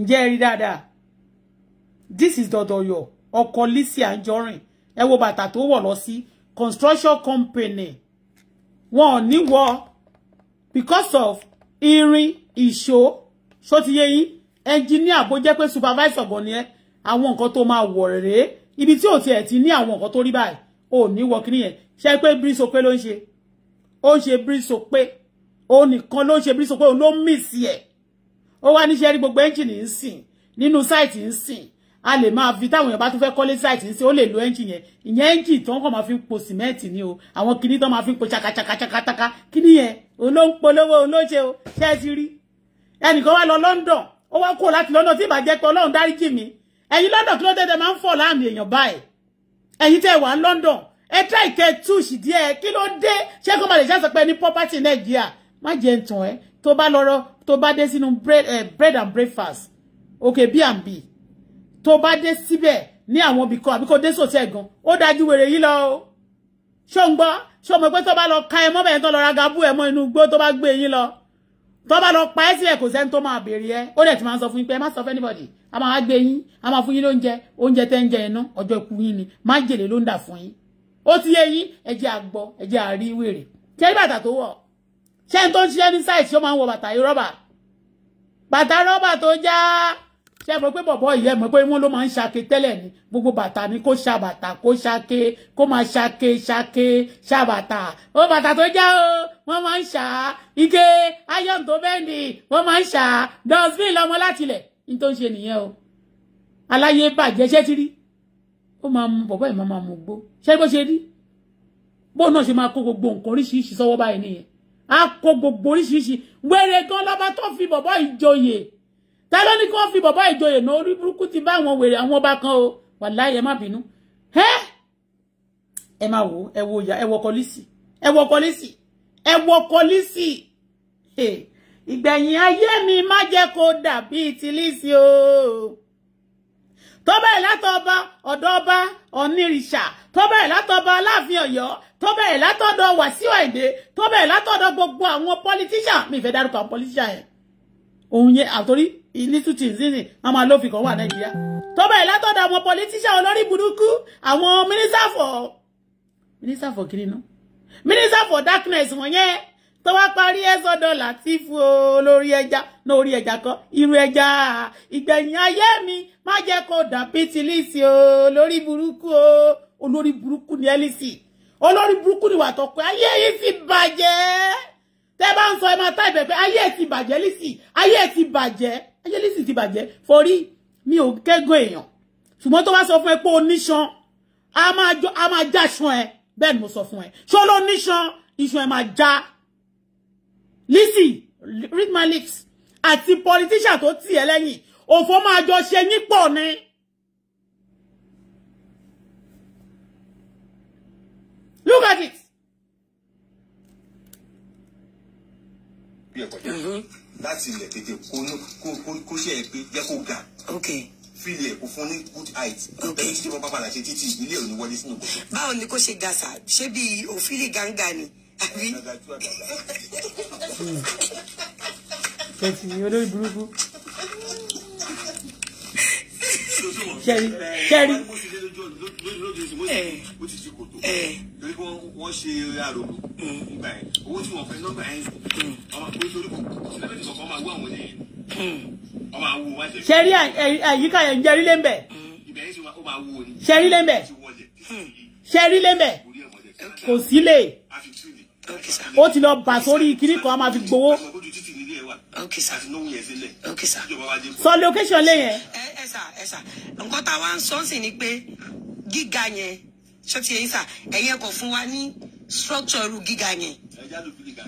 A: ǹjẹ́ ẹ rí dáadáa this is dọ̀dọ̀yọ̀ ọkọ̀ Lizzy Anjorin ẹ wo bàtà tó wọ̀ lọ sí construction company wọn ò ní wọ because of irin ìṣó ṣó ti yé yín ẹnjíníà bó jẹ́ pé supervisor gan ni ẹ àwọn nǹkan tó máa wọ̀ rèé ibi tí ò tiẹ̀ ti ní àwọn nǹkan tó rí báyìí ò ní wọ kí nìyẹn ṣe pé bírísọ pé ló ń ṣe ó ń ṣe bírísọ pé òun nìkan ló ń ṣe bírísọ pé òun ló ń mì sí ẹ̀ ó wá níṣẹ́ rí gbogbo ẹ́ńjìnì ń sìn nínú sáìtì ń sìn a lè máa fi táwọn èèyàn bá tún fẹ́ kọ́lé site ní sí ó lè lo ẹ́ńjì yẹn ìyẹn ẹ́ńjì tó ń kàn máa fi ń po sìmẹ́ǹtì ni o àwọn kinní tó máa fi ń po ṣakaṣakaṣakataka kinní yẹn olóńpolówó olóṣè o ṣé ẹ ti rí ẹnìkan wá lọ London ó wá kó láti London tí ìbàjẹ́ pé Ọlọ́run dáríjì mi ẹ̀yin London kí ló tẹ́tẹ́ máa ń fọ̀ láàmì èèyàn báyìí ẹ̀yin tẹ́ wà London ẹ tẹ́ ìkẹ́ túùṣì díẹ̀ kí ló dé ṣé kó má lè ṣàṣọ pé ní property Nàìjíríà má jẹ́ ń tàn ẹ́ tó bá lọ́rọ́ tó bá dé sínú eh, bread and breakfast okay B and B tó bá dé síbẹ̀ ní àwọn ibìkan àbí kò dé sòtẹ́ gan ó dájú wèrè yìí lọ o ṣó ń gbọ́ ṣó mọ̀ pé tó bá lọ ka ẹ mọ́ bẹ́ẹ̀ tó lọ ra gabu ẹ mọ́ inú igbó tó bá gbé yín lọ tó bá lọ pa ẹ́ sílẹ̀ kò sẹ́ni tó máa béèrè ẹ ó dẹ̀ ti máa sọ fún yín pé ẹ anybody a máa gbé yín a máa fún lo lóúnjẹ oúnjẹ tẹ́ ń jẹ iná ọjọ́ ikú yín ni májèlé ló ń dà fún yín ó ti yé yín ẹ jẹ́ a gbọ́ ẹ jẹ́ a rí wèrè ṣé rí bàtà tó wọ̀ ṣé n tó ń ṣiṣẹ́ ní sáìtì ó máa ń wọ bàtà yìí rọ́bà bàtà rọ́bà ṣe mọ̀ pé bọ̀bọ̀ ìyẹ́ mọ̀ pé wọ́n ló máa ń ṣake tẹ́lẹ̀ ni gbogbo bàtà ni kó ṣàbàtà kó ṣake kó máa ṣake ṣake ṣàbàtà ó bàtà tó já o wọ́n máa ń ṣà ike ayọ̀n tó bẹ́ẹ̀ni wọ́n máa ń ṣà dọ́sbìn lọ́mọ látilẹ̀ ní tó ń ṣe nìyẹn o aláyé bàjẹ́ ṣé ti rí ó máa mú bọ̀bọ̀ ìmọ̀ máa mú gbó ṣé bó ṣe rí bó náà ṣe máa kó gbogbo nǹkan oríṣiríṣi sọ́wọ́ báyìí nìyẹn á kó gbogbo oríṣiríṣi wẹ́rẹ́ gan lọ́ba tó fi bọ̀bọ̀ ìjòyè ta ló ní kí wọ́n fi bàbá ìjòyè náà orí burúkú ti bá àwọn wèrè àwọn ọba kan o wàláhì ẹ má bínú ẹ máa wò ẹ wo ìyá ẹ wọ kọlísì ẹ wọ kọlísì ẹ wọ kọlísì ìgbẹ̀yìn ayé mi má jẹ́ kó dàbí tìlísì o tó bẹ̀rẹ̀ látọba ọ̀dọ́ba ọ̀nìrìṣà tó bẹ̀rẹ̀ látọba aláàfin ọ̀yọ́ tó bẹ̀rẹ̀ látọ̀dọ̀ wàsíù àìdè tó bẹ̀rẹ̀ látọ̀dọ̀ gbogbo àwọn pọlitíṣà mi ìfẹ́ dárúkọ pọlitíṣà yẹn òun yẹn àtòrí little things nísìn wọn máa lófin kan wà nàìjíríà tó bẹ̀rẹ̀ látọ̀dọ̀ àwọn politician olórí burúkú àwọn minister for minister for kiri náà minister for darkness wọ̀nyẹn tó wá parí ẹ́sọ́dọ̀ látìfù olórí ẹja náà orí ẹja kan irú ẹja ìgbẹ̀yìn ayé mi má jẹ́ kó dàbí ti lísì olórí burúkú olórí burúkú ni ẹ́lísì olórí burúkú ni wàtọ̀pẹ́ ayé yìí fi bàjẹ́ tẹ́ bá ń sọ ẹ máa tá ìbẹ̀pẹ̀ ayé ẹ̀ ti bàjẹ́ lísì ayé ẹ̀ ti bàjẹ́ ayé lísì ti bàjẹ́ forí mi ò kẹ́gàn èèyàn ṣùgbọ́n tó bá sọ fún ẹ pé o níṣan a máa jọ a máa já ṣan ẹ bẹ́ẹ̀ ni mo sọ fún ẹ ṣó ló níṣan iṣan ẹ máa já lísì read my lips àti politician tó tì ẹ lẹ́yìn òfò máa jọ ṣe yín ni. Look at it.
B: bí ẹ kọjá mm-hmm. láti ilẹ̀ tètè kó ṣe ẹ pé jẹ́ kó ga fílẹ̀ kó fún ní good height bẹ́ẹ̀ tí wọ́n bá padà ṣe títí ilé ò ní wọlé sínú kòtò. báwo ni kò ṣe ga sá ṣé bí òfìlì gángan ni àbí.
A: ẹ̀sìn olórí burúkú ṣẹ́rí ṣẹ́rí. mo ti ṣe kòtò yẹn
B: owó tí wọ́n fẹ́ nọ́mbà yẹn ọmọ pé torí kò
A: sí lẹ́bẹ̀ẹ́ o ti lọ bà sórí kiri kan a máa fi gbowó.
B: sọ location lẹ́yìn ẹ̀sà ẹ̀sà nǹkan tá a wá ń sọ sí ni pé gíga yẹn ṣó ti yẹn sà ẹ̀yẹn kò fún wa ní structure gíga yẹn. ẹja ló fi lè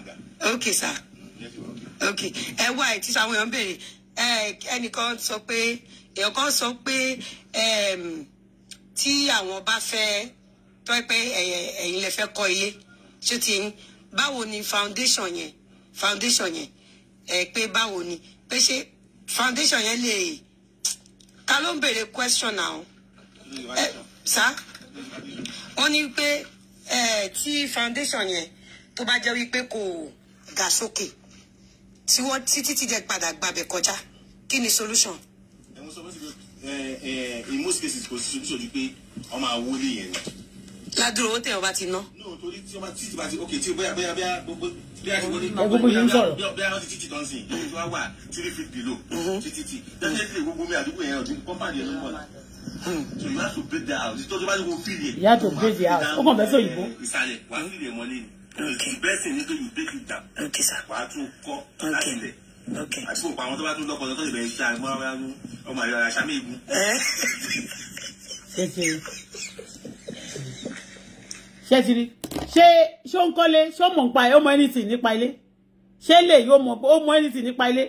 B: ok sà mm, ok ẹ wá ẹ ti àwọn èèyàn béèrè ẹnìkan sọ pé èèyàn kan sọ pé ehm, tí àwọn bá fẹ́ tọ́ ẹ lè fẹ́ kọ́ ilé ṣó ti yẹn báwo ni foundation yẹn foundation yẹn ẹ pé báwo ni pé ṣé foundation yẹn lè ta ló ń béèrè question now ẹ eh, sá wọ́n ní pé eh, tí foundation yẹn tó bá jẹ́ wípé kò ga sókè tí wọ́n títí ti jẹ́ padà gbàbẹ̀ kọjá kí ni solution. ẹ wọ́n sọ fún mi pé eh, in most cases kò sí solution ju pé ọmọ àwòlé yẹn ni ládùúrò owó tẹ̀yọ̀ bá ti ná. gbogbo yìí ń sọ̀rọ̀ bóyá tó wà three feet
A: you have to break that house you have to break the house ó kàn fẹ́ sọ òyìnbó.
B: ìsàlẹ̀ wà á hmm
A: ṣé ti rí ṣé ṣé ó ń kọ́lé ṣé ó mọ̀ nípa ẹ̀ ó mọ anything nípa ilé ṣé lè yóò mọ̀ ó mọ anything nípa ilé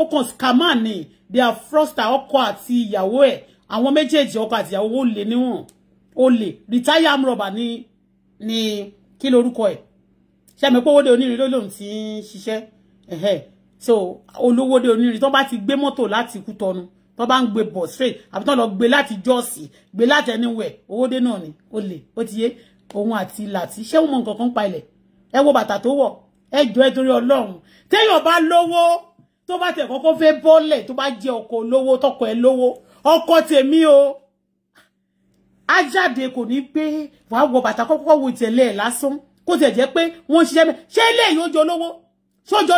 A: ó kàn scammer ni they are froster ọkọ àti ìyàwó ẹ̀ àwọn méjèèjì ọkọ àti ìyàwó ó lè níwọ̀n ó lè retire arm ni ni kí lorúkọ ẹ̀ ṣé mi pé de onírin ló lòun ti ń ṣiṣẹ́ ẹ̀hẹ́ so olówó de onírin tó bá ti gbé mọ́tò láti kú tọnu tó bá ń gbé bọ̀ straight àbí tó lọ gbé láti jọ́ọ̀sì gbé láti anywhere owó de náà ni ó lè ó ti yé òun àti làtí ṣé wọn mọ nǹkan kan pa ilẹ̀ ẹ wo bàtà tó wọ̀ ẹ jọ ẹ torí Ọlọ́run téèyàn bá lówó tó bá tẹ̀ kọ́kọ́ fẹ́ bọ́lẹ̀ tó bá jẹ́ ọkọ lówó tọkọ ẹ lówó ọkọ tèmi o á jáde kò ní pé wàá wọ bàtà kọ́kọ́ wo tẹ̀lé ẹ̀ lásán kó tẹ̀ jẹ́ pé wọ́n ṣiṣẹ́ bẹ́ẹ̀ ṣé ilé yìí ó jọ lówó ṣé ó jọ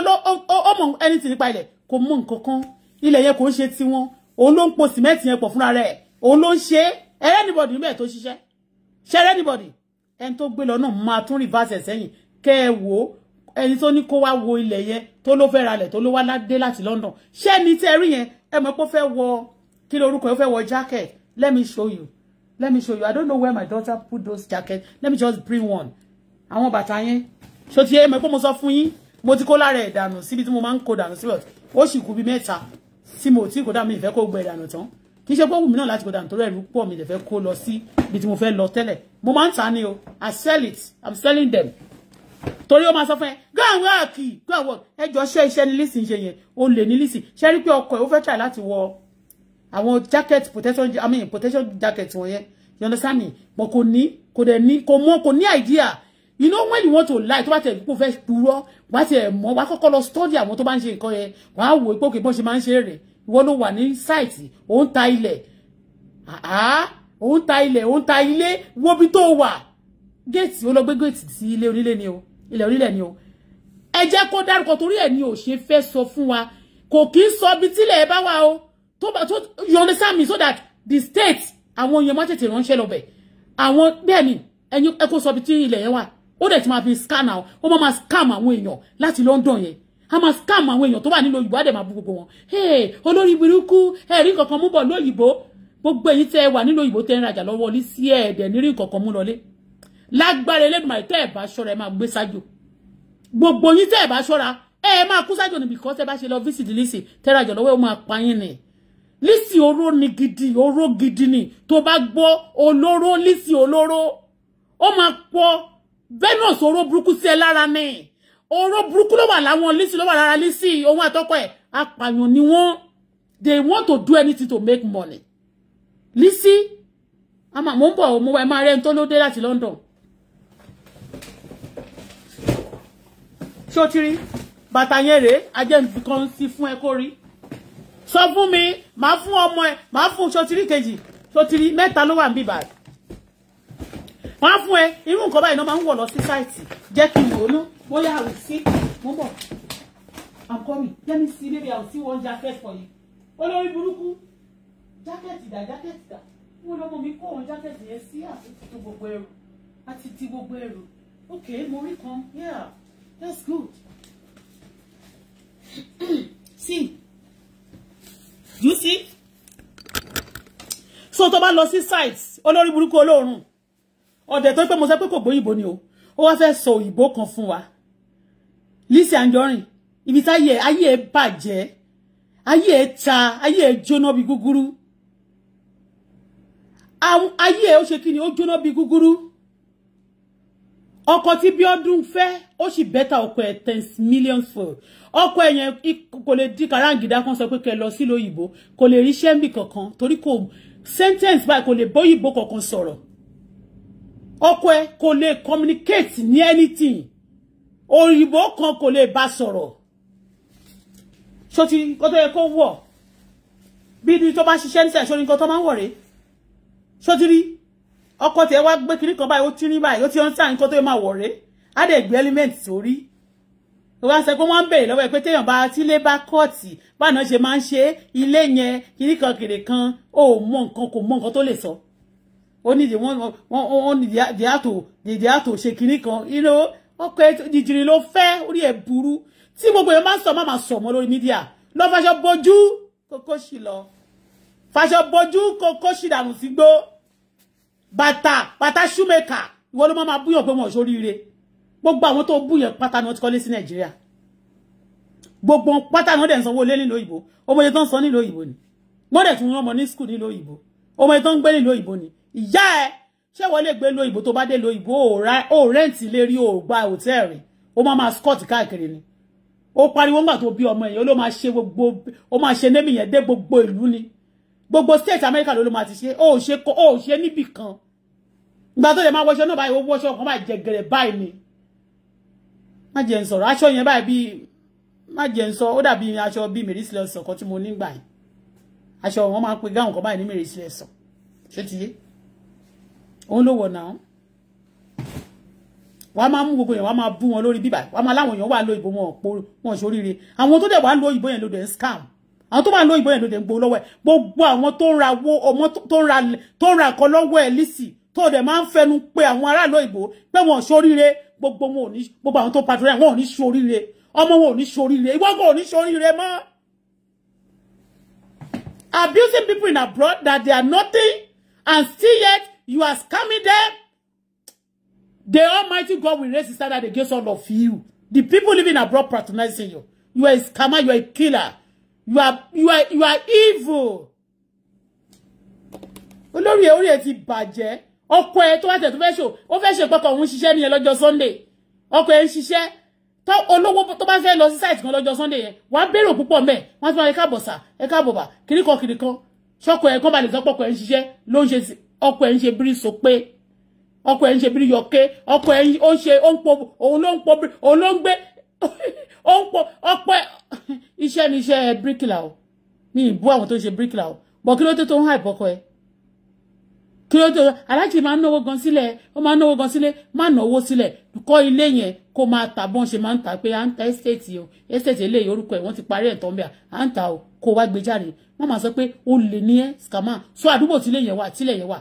A: ọmọ ẹni tì nípa ilẹ̀ kò mú nǹkan kan ilẹ̀ yẹn kò ń ṣe tiwọn òun ló ń po sìmẹ́ǹtì yẹn pọ̀ fúnra rẹ̀ òun ló ń ṣe é ẹ̀rẹ́ anybody níbẹ̀ tó ṣiṣẹ́ ṣẹ́rẹ́ anybody ẹni tó gbé lọ náà máa tún reverse ẹ̀ sẹ́yìn kẹ́ ẹ wò ó ẹni tó ní kó wá wo ilẹ̀ yẹn tó ló fẹ́ ralẹ̀ tó ló wá dé láti London ṣé ẹni tẹ́ rí yẹn ẹ mọ̀ pé ó fẹ́ wọ kí lorúkọ ẹ ó fẹ́ wọ jacket let me show you let me show you i don't know where my daughter put those jackets let me just bring one àwọn bàtà yẹn ṣó ti yẹ mọ̀ pé mo sọ fún yín mo ti kó lára ẹ̀ dànù síbi tí mo máa ń kó dànù síbẹ̀ ó sì kú bí mẹ́ta tí mo ti kó dànù ìfẹ́ kó gbẹ dànù tán kì í ṣe pé wù mí náà láti kó dànù torí ẹ̀rù pọ̀ mi lè fẹ́ kó lọ sí ibi tí mo fẹ́ lọ tẹ́lẹ̀ mo máa ń tà ní o I sell it I'm selling them torí ó máa sọ fún ẹ go and work go and work ẹjọ ṣe iṣẹ́ ní lísìn ṣe yẹn o lè ní lísìn ṣe rí pé ọkọ ẹ ó fẹ́ try láti wọ àwọn jacket protection I mean protection jacket wọn yẹn you understand me but kò ní kò dẹ̀ ní kò mọ̀ kò ní idea you know when you want to lie tó bá tẹ̀ kó fẹ́ purọ́ wá tiẹ̀ mọ́ wá kọ́kọ́ lọ study àwọn tó bá ń ṣe nǹkan yẹn wàá wò ó pé òkè bọ́n ṣe máa ń ṣe rèé wọ́n ló wà ní sáìtì ò ń ta ilẹ̀ ò ń ta ilẹ̀ ò ń ta ilé wo bí tó wà géètì ó lọ gbé géètì sí ilé onílé ni o ilẹ̀ onílẹ̀ ni o ẹ jẹ́ kó dárúkọ torí ẹ̀ ni ò ṣe fẹ́ sọ fún wa kò kí ń sọ bí tílẹ̀ ẹ bá wà o tó bá tó yọ̀ọ́ni sáàmì so that the state àwọn èèyàn má tètè ránṣẹ́ lọ bẹ̀ àwọn bẹ́ẹ̀ ni ẹ̀yin ẹ kó sọ bí tí ilẹ̀ yẹn wà ó dẹ̀ ti máa fi scan àwọn ó máa scam àwọn èèyàn láti London yẹn a máa scam àwọn èèyàn tó wà nínú òyìnbó àdèmà gbogbo wọn olórí burúkú ẹ̀rí kankan mú bọ̀ lóyìnbó gbogbo èyí tẹ́ ẹ wà nínú òyìnbó tẹ́ ń rajà lọ́wọ́ ní sí ẹ̀ẹ́dẹ̀ nírí kankan mú lọlé lágbára elédùnmá ìtẹ́ ẹ̀ bá ṣọ́ra ẹ máa gbé sájò gbogbo yín tẹ́ ẹ̀ bá ṣọ́ra ẹ máa kú sájò níbi kọ́ tẹ́ bá ṣe lọ visit lisi tẹ́ rajà lọ́wọ́ ẹ máa pa yín nìyẹn lisi oró ni gidi oró gidi ni tó bá gbọ́ olóró lisi olóró ó máa pọ̀ venus oró burúkú sí ẹ lára ni Oro burúkú ló wà láwọn Lizzy ló wà lára Lizzy òun àtọkọ ẹ̀ apààyàn ni wọ́n they want to do anything to make money Lizzy àmà mò ń bọ̀ mo wà ẹ̀ máa rẹ́ ní tó ló dé láti London ṣé o ti rí bàtà yẹn rèé ajẹ́ nǹkan sí fún ẹ kó rí sọ fún mi màá fún ọmọ ẹ màá fún sotiri kejì sotiri mẹ́ta ló wà ń bíbà wọ́n fún ẹ irú nǹkan báyìí náà máa ń wọ̀ lọ sí sáìtì jẹ́ kí n wò ó ná bóyá àwìn sí mo bọ̀ I'm coming let me see maybe I will see one jacket for you olórí burúkú jákẹ́ẹ̀tì dà jákẹ́ẹ̀tì dà wọ́n lọ́mọ mi kó òun jákẹ́ẹ̀tì yẹn sí àti ti gbogbo ẹrù àti ti gbogbo ẹrù okay mo rí kan yeah that's good see you see so tó bá lọ sí sites olórí burúkú olóòórùn ọ̀dẹ̀ tó pé mo sọ pé kò gbóyìnbó ni o ó wá fẹ́ sọ òyìnbó kan fún wa Lizzy Anjorin ibi táyé ayé ẹ bàjẹ́ ayé ẹ ta ayé ẹ jóná bí gúgúrú ayé ẹ ó ṣe kí ni ó jóná bí gúgúrú ọkọ tí Bíọ́dún fẹ́ ó sì bẹ́tà ọkọ ẹ̀ ten million fold ọkọ ẹ̀ kò lè di kàráǹgídá kan sọ pé kẹ lọ sílùú òyìnbó kò lè ríṣẹ́ mbì kankan torí kò sentence báyìí kò lè bóyìnbó kankan sọ̀rọ̀ ọkọ ẹ kò lè communicate ní anything òyìnbó kan kò lè bá sọ̀rọ̀ sọtí kó tó yẹ kó wọ̀ bí ibi tó bá ṣiṣẹ́ nísẹ̀ sórí nǹkan tó máa ń wọ̀ rè sọtí rí ọkọ tiẹ̀ wá gbé kiri kan báyìí ó ti rí báyìí ó ti ń sàn nǹkan tó yẹ máa wọ̀ rè á dẹ̀ gbé element sórí ìwà sẹ pé wọ́n ń béèrè lọ́wọ́ ẹ pé téèyàn bá tílé bá kọ́ọ̀tì báná ṣe máa ń ṣe ilé yẹn kiri kan kiri kan ó mọ nǹkan kò mọ nǹkan tó lè sọ. So ó ní wọ́n wọ́n wọ́n ní they have to they have to ṣe kinní kan you know ọkọ̀ jìjìrì ló fẹ́ orí ẹ̀ burú tí gbogbo èèyàn máa ń sọ máa máa sọ mọ́ lórí mídíà lọ fàṣọ bojú kókó sì lọ fàṣọ bojú kókó sì dànù sí gbó Bata, bàtà ṣúmẹ́kà ìwọ ló máa búyàn pé wọn ò ṣoríire gbogbo àwọn tó búyàn pátá ni wọ́n ti kọ́lé sí nàìjíríà gbogbo pátá ni wọ́n dẹ̀ ń sanwó lé nílò òyìnbó ọmọdé tó ń san nílò òyìnbó ni wọ́n dẹ̀ tún rán ọmọ ní skul nílò òyìnbó ọmọdé tó ń gbé nílò òyìnbó ni ìyá ẹ ṣé wọlé gbé lo ìbò tó bá dé lo ìbò ò rẹ́ǹtì lè rí ò gba ó máa máa scott káàkiri ni ó pariwo ńgbà tó bí ọmọ yẹn ó ló máa ṣe gbogbo ó máa ṣe némi yẹn dé gbogbo ìlú ni gbogbo state America ló ló máa ti ṣe ó ṣe kó ó ṣe níbì kan ìgbà tó lè máa wọṣọ náà báyìí ó wọṣọ kan máa jẹ gẹrẹ báyìí ni má jẹ ń sọ̀rọ̀ aṣọ yẹn báyìí bíi má jẹ ń sọ ó dàbí aṣọ bíi mèrè sílẹ̀ sọ̀kan tí mo ní gbà yẹn aṣọ wọn máa ń pe gáwọn kan báyìí ní mèrè sílẹ̀ ṣé ti yé òun ló wọ̀ náà wàá máa mú gbogbo yẹn wàá máa bú wọn lórí bíbà wàá máa láwọn èèyàn wà lóyìnbó wọn òpó wọn ṣoríire àwọn tó dẹ̀ wà lóyìnbó yẹn ló dẹ̀ ń scam àwọn tó máa lóyìnbó yẹn ló dẹ̀ ń gbowó lọ́wọ́ ẹ̀ gbogbo àwọn tó ń ra wo ọmọ tó ń ra tó ń ra nǹkan lọ́wọ́ ẹ̀ lísì tó dẹ̀ máa ń fẹnu pé àwọn ará lóyìnbó pé wọn ṣoríire gbogbo wọn ò ní gbogbo àwọn tó patrol wọn ò ní ṣoríire ọmọ wọn ò ní ṣoríire ìwọ́gbọ̀n ò ní ṣoríire mọ́ abusing people in abroad that they are nothing and still yet You are scamming them. The Almighty God will raise his standard against all of you. The people living abroad patronizing you. You are a scammer. You are a killer. You are you are you are evil. Olórí ẹ orí ẹ ti bàjẹ́. Ọkọ ẹ tó wá tẹ̀ tó fẹ́ ṣò. Ó fẹ́ ṣe pọ́kọ̀ òun ṣiṣẹ́ ní ẹ Sunday. Ọkọ ẹ ń ṣiṣẹ́. Tó olówó tó bá fẹ́ lọ sí site kan lọ́jọ́ Sunday yẹn. Wàá bèrò púpọ̀ mẹ́. Wọ́n ti máa ẹ káàbọ̀ sà. Ẹ káàbọ̀ bà. Kìnìkan kìnìkan. Ṣọ́kọ ẹ kán balẹ̀ sọ́pọ̀ ọkọ ẹ ń ṣiṣẹ́ ló ń ṣe ọkọ ẹ̀ ń ṣe bírí so pé ọkọ ẹ̀ ń ṣe bírí yọké ọkọ ẹ̀ ó ń ṣe ó ń po òun ló ń po òun ló ń gbé ó ń po ọpọ iṣẹ́ ni iṣẹ́ bíríkìlà o ní ìbú àwọn tó ń ṣe bíríkìlà o bọ̀ kí ló tó tó ń hàì bọ́kọ ẹ̀ kí ló tó aláàjì máa ń náwó gan sílẹ̀ ó máa ń náwó gan sílẹ̀ má náwó sílẹ̀ kọ́ ilé yẹn kó máa tà bọ́n ṣe máa ń tà pé à ń ta estate o estate eléyìí orúkọ ẹ̀ wọ́n ti parí ẹ̀ tán bẹ́ẹ̀ à ń ta o kó wá gbé jáde má máa sọ pé o lè ní ẹ́ scammer sọ àdúgbò tílé yẹn wà tílé yẹn wà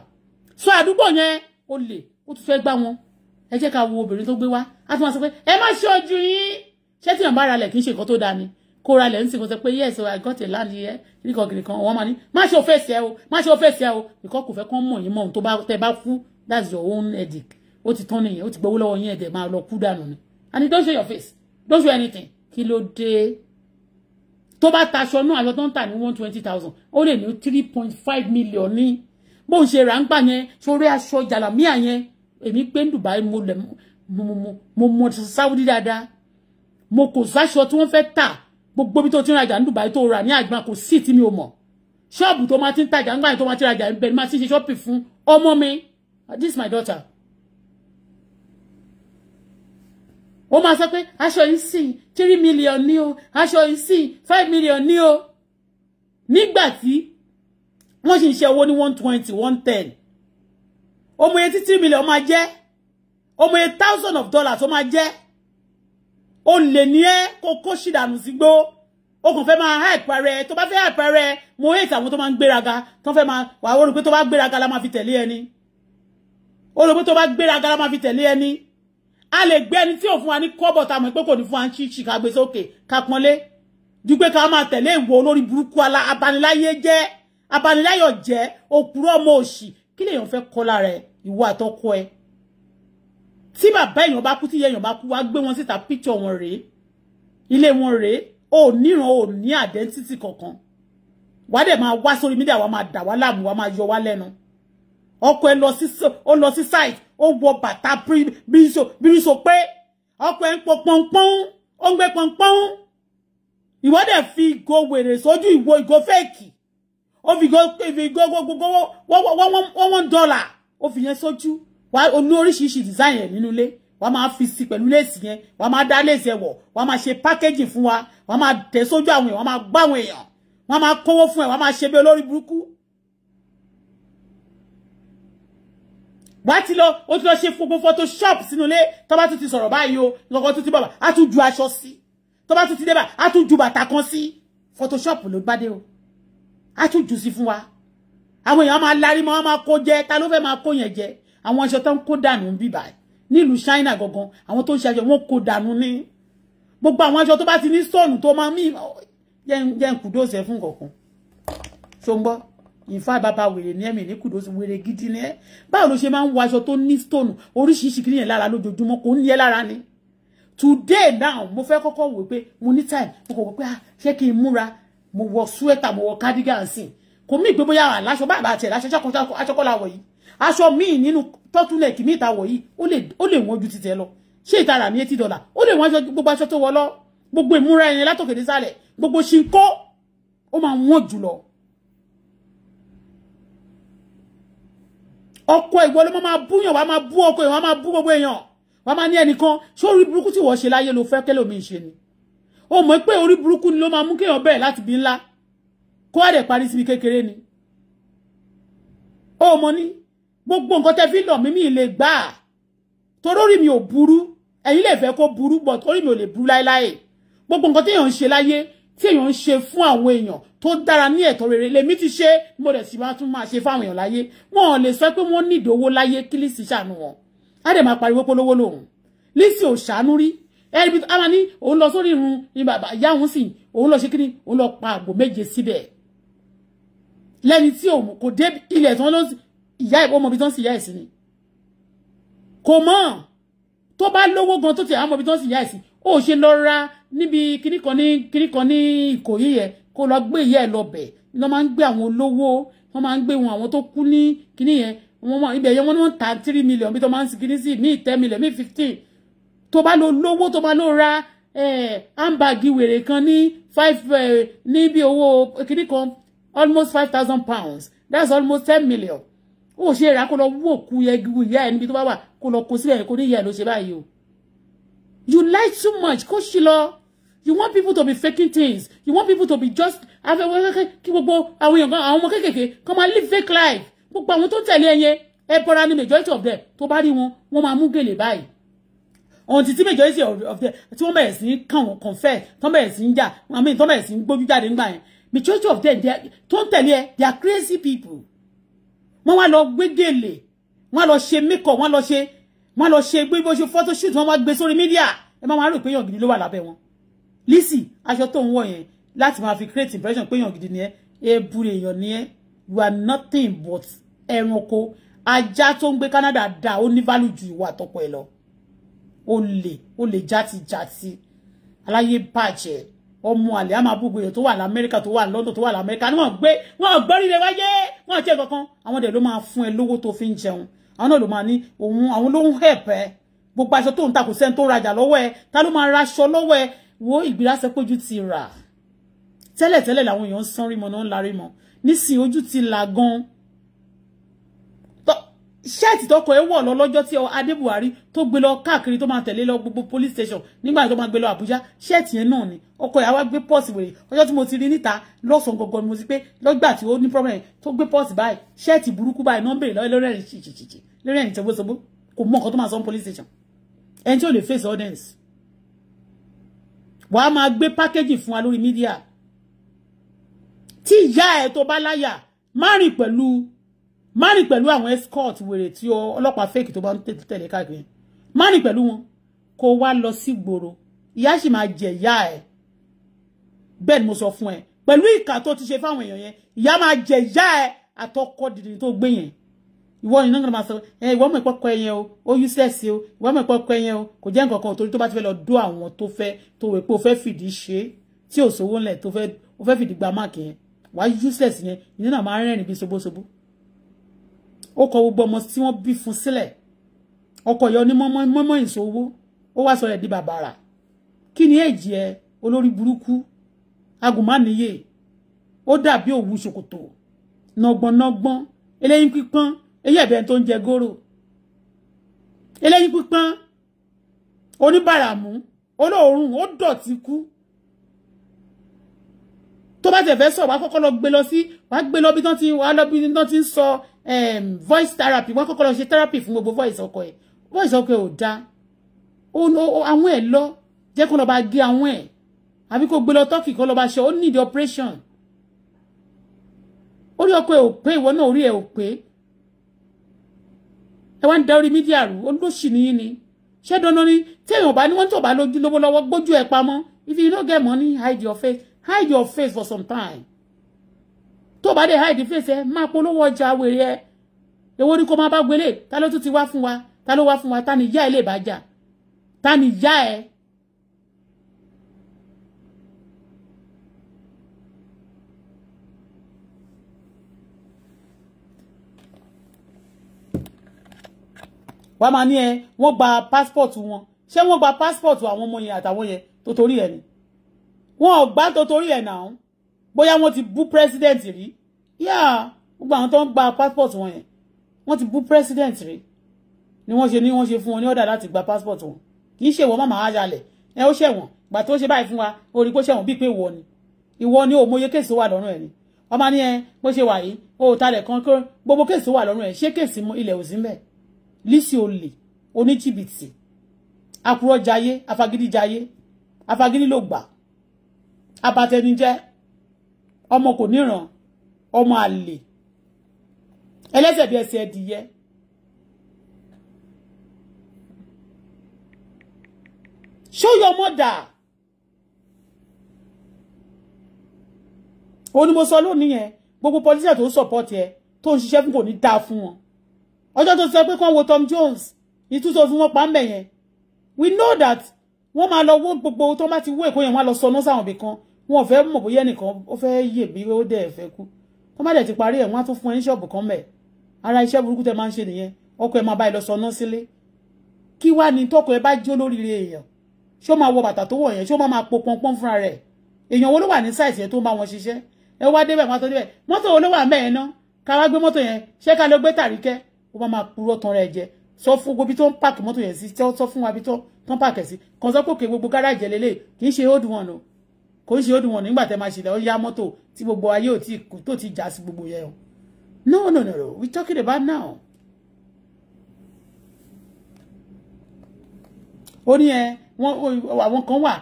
A: so àdúgbò yẹn ó lè ó tún fẹ́ gbá wọn ẹ jẹ́ ká wo obìnrin tó gbé wá á tún máa sọ pé ẹ má ṣe ojú yín ṣé tíyàn bá ralẹ̀ kì í ṣe nǹkan tó dáa ni kó ralẹ̀ ń sìn sọ pé yes I got a land yẹ nìkan kìnìkan wọ́n máa ní má ṣe òfé sí ẹ o má ṣe òfé sí ẹ o nìkan kò fẹ́ kán mọ̀ yín mọ̀ ohun tó bá tẹ bá kú that's your own headache ó ti tán nìyẹn ó ti gbowó lọ́wọ́ yín ẹ̀dẹ̀ máa lọ kú dànù ni and don't show your face don't show anything kí ló dé tó bá taṣọ náà àjọ tó ń tà ní one twenty thousand ó lè ní three point five million ní bó ń ṣe rà ń gbà yẹn sórí aṣọ jàlámíà yẹn èmi gbé ní Dubai mo lẹ̀ mo mọ Saudi dáadáa mo kò sáṣọ tí wọ́n fẹ́ tà gbogbo bí tó ti ń rajà ní Dubai tó rà ní àgbà kò sí tí mi ò mọ̀ ṣọ́ọ̀bù tó máa ti ń tajà ńgbà yẹn tó máa ti rajà bẹ́ẹ̀ ni máa ti ṣe ṣọ́ọ̀pì fún ọmọ mi this my daughter ó máa sọ pé aṣọ yìí sì three million ní o aṣọ yìí sì five million ní o nígbà tí wọ́n sì ń ṣe owó ní one twenty one ten ọmọ yẹn tí three million máa jẹ́ ọmọ yẹn thousand of dollars ó máa jẹ́ o lè ní ẹ́ kó kó ṣìdànù sígbó o kàn fẹ́ máa help rẹ tó bá fẹ́ help rẹ mo hate àwọn tó máa ń gbéraga tó fẹ́ máa wà ó rò pé tó bá gbéraga la máa fi tẹ̀lé ẹni ó rò pé tó bá gbéraga la máa fi tẹ̀lé ẹni a lè gbé ẹni tí ò fún wa ní kọ́bọ̀ tá a mọ̀ pé kò ní fún wa ń ṣíṣì ká gbé sókè ká pọ́nlé ju ká máa tẹ̀lé ìwọ olórí burúkú abániláyé jẹ́ abaniláyọ̀ jẹ́ òpùrọ̀ ọmọ òṣì kí lèèyàn fẹ́ kọ́ lára ẹ̀ ìwọ àtọkọ ẹ̀ tí bàbá èèyàn bá kú tí èèyàn bá kú wá gbé wọn síta píkṣọ wọn rèé ilé wọn rèé ò níran ò ní àdẹ́ntítì kankan wàá dẹ̀ máa wá sórí mídíà wàá máa dà wá láàmú wàá máa yọ wá lẹ́nu ọkọ ẹ lọ sí site ó wọ bàtà bíríṣò pé ọkọ ẹ ń pọ pọnpọ́n ó ń gbé pọnpọ́n ìwọ fi ìgò wèrè sójú ìwo ìgò fẹ́ẹ̀kì o fi go fi go go go one one dollar o fi yẹn sójú wá onú oríṣiríṣi design yẹn nínú ilé wá máa fi sí pẹ̀lú léèsì yẹn wá máa dá léèsì ẹ̀wọ̀ wá máa ṣe packaging fún wa wá máa tẹ̀ sójú àwọn èèyàn wá máa gbá àwọn èèyàn wá máa kówó fún ẹ̀ wá máa ṣe bí olórí burúkú. wá o lọ ó ti lọ ṣe gbogbo photoshop sínú ilé tó bá tún ti sọ̀rọ̀ báyìí o lọ́kọ́ tún ti bàbà á tún ju aṣọ sí tó bá tún ti débà á tún ju bàtà kan sí photoshop ló bá dé o á tún jù sí fún wa àwọn èèyàn máa larí mọ́ wọn máa kó jẹ ta ló fẹ́ máa kó yẹn jẹ àwọn aṣọ tó ń kó dànù ń bíbà nílùú China gangan àwọn tó ń ṣe aṣọ wọn kó dànù ní gbogbo àwọn aṣọ tó bá ti ní sọ̀nù tó máa mí jẹ́ ń kùdóòsì ẹ̀ fún kankan ṣó ń gbọ́ ìfá bàbá wèrè ní ẹ̀mí ní kùdóòsì wèrè gidi ní ẹ́ báwo ló ṣe máa ń wọ aṣọ stone oríṣiríṣi kìnìyàn lára lójoojúmọ́ kò ní ẹ́ lára ni today now mo fẹ́ kọ́kọ́ wò pé mo ní time mo kò wò pé ah ṣé kí n mo wọ súwẹ́tà mo wọ cardigan sí kò mí ìgbé bóyá aláṣọ bá àbá tiẹ̀ láṣọ aṣọkọ́lá wọ̀ yìí aṣọ míì nínú tọ́túnẹ̀kì míì ta wọ̀ yìí ó lè wọ́n ju ti tẹ̀ lọ ṣé ìtara mi eighty dollar o lè wọ́n ju gbogbo aṣọ tó wọ lọ gbogbo ìmúra ẹni látòkè nísàlẹ̀ gbogbo ṣinkó ó máa wọ́n jù lọ. ọkọ ìwọ ló máa búyàn wàá máa bú ọkọ ìwọ máa bú gbogbo èèyàn wàá máa ní ẹnìkan ṣó orí burúkú tí wọ́n ṣe láyé ló fẹ́ kẹ́lòmíì ṣe ni o mọ̀ pé orí burúkú ni ló máa mú kéèyàn bẹ̀rẹ̀ láti bí ńlá kó wá parí síbi kékeré ni o mọ̀ ní gbogbo nǹkan tẹ́ fi lọ̀ mí mi lè gbà á torórí mi ò burú ẹ̀yin lè fẹ́ kó burú bọ̀ torí mi ò lè burú láéláé gbogbo nǹkan téèyàn ń ṣe láyé tí èèyàn ń ṣe fún àwọn èèyàn tó dára ní ẹ̀tọ́ rere lèmi ti ṣe mo dẹ̀ sì máa tún máa ṣe fáwọn èèyàn láyé wọn ò lè sọ pé wọ́n ní ìdówó láyé kí ṣàánú wọn á dẹ̀ máa pariwo polówó lòun Lizzy ò ṣàánú rí ẹ̀rí bí àwọn ní òun lọ sórí irun ní bàbá ìyá òun sì òun lọ ṣe kíni òun lọ pa àgbò méje síbẹ̀ lẹ́ni tí òun kò dé ilẹ̀ tí wọ́n lọ ìyá ìbọn ọmọbi tó ń sì ìyá ẹ̀sìn ni kò mọ̀ tó bá lówó gan tó ti àwọn ọmọbi tó ń sì ìyá ẹ̀sìn ó ṣe lọ ra níbi kíní kan ní kíní kan ní ìkòyí yẹ kó lọ gbé ìyá ẹ̀ lọ bẹ̀ ni wọ́n máa ń gbé àwọn olówó wọ́n máa ń gbé wọn àwọn tó kú ní kíní yẹn wọ́n ibẹ̀ yẹn wọ́n ní wọ́n ta three million bí tó máa ń sì kíní sí míì ten million míì fifteen tó bá lọ lówó tó bá lọ ra ámbàgì eh, wèrè kan ní five eh, ní bí owó kìíní kan almost five thousand pounds that's almost ten million ó ṣe rà kó lọ wó òkú yẹgiwu ìyá ẹ níbi tó bá wà kó lọ kó sílẹ̀ kó ní ìyá ẹ ló ṣe báyìí o you lie too much kó ṣì lọ you want people to be faking things you want people to be just afẹ́wẹ́kẹ́kẹ́ kí gbogbo àwọn èèyàn kan àwọn ọmọ kéékèèké kan máa live fake life gbogbo àwọn tó ń tẹ̀lé ẹyẹ ẹ bọ́ra ní majority of them tó bá rí wọn wọ́n máa mú gèlè báyìí On ọ̀ntì tí majority of the tí wọ́n bẹ̀rẹ̀ sí ń kàn confess tí wọ́n bẹ̀rẹ̀ sí I mean tí wọ́n bẹ̀rẹ̀ sí ń gbójú jáde ńgbà yẹn of them they ń tell you, they are crazy people wọ́n wá lọ gbé gèlè wọ́n lọ ṣe make up wọ́n lọ ṣe wọ́n lọ ṣe gbé photo shoot wọ́n wá gbé sórí media ẹ máa wá rò pé èèyàn gidi ló wà lábẹ́ wọn Lizzy aṣọ tó ń wọ̀ yẹn láti fi create impression pé èèyàn gidi ni ẹ ebure èèyàn ni ẹ you are nothing but ẹranko ajá tó ń gbé Canada dà ó ní value ju ìwà àtọkọ ẹ lọ olè olè jati jati. bàjẹ́ ọmọ Omo á máa bú gbèrè tó wà lamẹ́ríkà tó wà lọ́dọ̀ tó wà lamẹ́ríkà ni wọ́n gbé wọ́n gbọ́ rírẹ wáyé wọ́n jẹ́ kankan àwọn dẹ̀ ló máa fún ẹ lówó tó fi ń jẹun àwọn náà ló máa ní òun àwọn ló ń hẹ̀pẹ́ gbogbo aṣọ tó ń ta kò sẹ́ni tó rajà lọ́wọ́ ẹ ta ló máa raṣọ lọ́wọ́ ẹ wo ìgbéra sẹ pé ti rà tẹ́lẹ̀tẹ́lẹ̀ làwọn èèyàn ń sán rímọ náà ń larí mọ nísìnyí ti là ṣẹ́ẹ̀tì tọkọ ẹ wọ̀ lọ lọ́jọ́ tí adé buhari tó gbé lọ káàkiri tó máa tẹ̀lé lọ gbogbo police station nígbà tó máa gbé lọ àbújá ṣẹ́ẹ̀tì yẹn náà ni ọkọ ẹ̀ wá gbé pọ́ọ̀sì wèrè ọjọ́ tí mo ti rí níta lọ́sàn gọgọ ni mo ti pé lọ́gbà tí ó ní problem tó gbé pọ́ọ̀sì báyìí ṣẹ́ẹ̀tì burúkú báyìí nọ́mbè lọ́rẹ́rìn ṣìṣìṣìṣì lọ́rẹ́rìn tẹ́gbọ́sọ́gbó kò mọ nǹkan tó máa sọ police station ẹni tí ò lè face audience wàá máa gbé pákéjì fún wa lórí mídíà tí ìyá ẹ tó bá láyà má rìn pẹ̀lú márìn pẹ̀lú àwọn escort wèrè tí ọlọ́pàá fake tó bá ń tẹ̀lé káàkiri márìn pẹ̀lú wọn kó wá lọ sí gbòòrò ìyá sì máa jẹ ìyá ẹ bẹ́ẹ̀ ni mo sọ fún ẹ pẹ̀lú ìkà tó ti ṣe fáwọn èèyàn yẹn ìyá máa jẹ ìyá ẹ àtọkọ dìdì tó gbé yẹn ìwọ ni náà máa sọ ẹ ìwọ mọ̀ ìpọkọ ẹyẹn o ó useless o ìwọ mọ̀ ìpọkọ ẹyẹn o kò jẹ́ nǹkan kan torí tó bá ti fẹ́ lọ dó àwọn tó fẹ́ tó wẹ̀ pé o fẹ́ fìdí ṣe tí ò sówó ńlẹ̀ tó fẹ́ o fẹ́ fìdí gba máàkì yẹn wàá useless yẹn ìyẹn náà máa rẹ́rìn bí ṣobóṣobó ó kọ gbogbo ọmọ tí wọ́n bí fún sílẹ̀ ọkọ ìyá oní mọ́mọ́ ìṣòwò ó wá sọ rẹ̀ di babara, kini ni èjì ẹ olórí burúkú agùnmáníyè ó dàbí òwú ṣòkòtò nọgbọnọgbọn eléyín pípọ́n eyín ẹ̀bẹ̀ tó ń jẹ góró eléyín pípọ́n oníbàràmú olóòórùn ó dọ̀tí kú tó bá tẹ̀ fẹ́ sọ wàá kọ́kọ́ lọ gbé lọ sí wàá gbé lọ bí tán ti wàá lọ bí tán ti ń um, voice therapy wọ́n kọ́kọ́ lọ ṣe therapy fún gbogbo voice ọkọ ẹ̀ voice ọkọ ẹ̀ ò da àwọn ẹ̀ lọ jẹ́ kó lọ bá gé àwọn ẹ̀ àbí kó gbé lọ tọ́kì kó lọ bá ṣe ó need operation orí ọkọ ẹ̀ ò pé ìwọ náà orí ẹ̀ ò pé ẹ wá ń da orí mídíà rú lo nìyí ni ṣé dandan ni téèyàn bá ní wọ́n tó bá lójú lówó lọ́wọ́ gbójú ẹ̀ pamọ́ if you no get money hide your face hide your face for some time tó bá dé hide face ẹ máa polówó ọjà wèrè ẹ èwo ni kó máa bá gbélé ta ló tún ti wá fún wa ta ló wá fún wa ta ni ìyá ẹ lè bá jà ta ni ìyá ẹ. wàá máa ní ẹ wọ́n gba passport wọn ṣé wọ́n gba passport àwọn ọmọ yẹn àtàwọn yẹn tó torí ẹ̀ ni wọ́n ò gbà tó torí ẹ̀ náà bóyá wọ́n ti bú president rí yá gbogbo àwọn tó ń gba passport wọn yẹn wọ́n ti bú president rí ni wọ́n ṣe ni wọ́n ṣe fún wọn ní ọ̀dà láti gba passport wọn kì í ṣèwọ́n màmá ayalẹ̀ ẹ ó ṣẹ̀wọ̀n gbà tó ṣe báyìí fún wa orí kó ṣẹ̀wọ̀n bíi pé ìwọ ni ìwọ ni òmòye kéèsì wà lọ́rùn ẹ̀ ni ọmọ ní ẹ bó ṣe wà yìí o ò talẹ̀ kan kó gbogbo kéèsì wà lọ́rùn ẹ̀ ṣé kéèsì ilẹ̀ ò sí mbẹ̀ lísì olè oníjìbìtì akurọ̀ jayé afagídí jayé afagídí ló gbà abatẹnijẹ́ ọmọ kò níran ọmọ àlè ẹlẹ́sẹ̀ bí ẹsẹ̀ ẹdìyẹ. show your mother. ó ní mo sọ lónìí yẹn gbogbo politician tó ń support ẹ tó ń ṣiṣẹ́ fún kò ní dáa fún wọn ọjọ́ tó sọ pé kán wo Tom Jones ìtúsọ fún wọn pa ń bẹ̀ we know that wọ́n máa lọ wó gbogbo tó bá ti wó èkó yẹn wọ́n á lọ sọ sáwọn ibì kan wọn ò fẹ́ mọ̀ bóyá ẹnìkan ó fẹ́ yè bí ó dẹ̀ fẹ́ kú wọ́n má dẹ̀ ti parí ẹ̀ wọ́n á tún fún ẹ ní ṣọ́ọ̀bù kan mẹ́ ara iṣẹ́ burúkú tẹ máa ń ṣe nìyẹn ọkọ ẹ máa bá ẹ lọ sọnà sílé kí wàá ní tọkọ ẹ bá jó lóríire èèyàn ṣé ó máa wọ bàtà tó wọ̀ yẹn ṣé ó máa máa po pọnpọ́n fúnra rẹ̀ èèyàn wo ló wà ní sáìsì yẹn tó ń bá wọn ṣiṣẹ́ ẹ wá débẹ̀ wá tó débẹ̀ mọ́tò wo ló wà mẹ́ẹ̀ ná ká wá gbé mọ́tò yẹn ṣé ká ló gbé tàríkẹ́ ó máa máa purọ́ tan rẹ̀ jẹ sọ fún gbogbo tó ń pààkì mọ́tò yẹn sí sọ fún wa ibi tó ń pààkì sí kàn sọ pé òkè gbogbo gáràjì ẹ̀ kì í ṣe old one o kò ń ṣe ó dùn wọn nígbà tẹ máa ṣe ilẹ̀ ó yá mọ́tò tí gbogbo ayé ò tí tó ti já sí gbogbo yẹn o no no no we talking about now. ó ní ẹ eh, wọn àwọn kan wà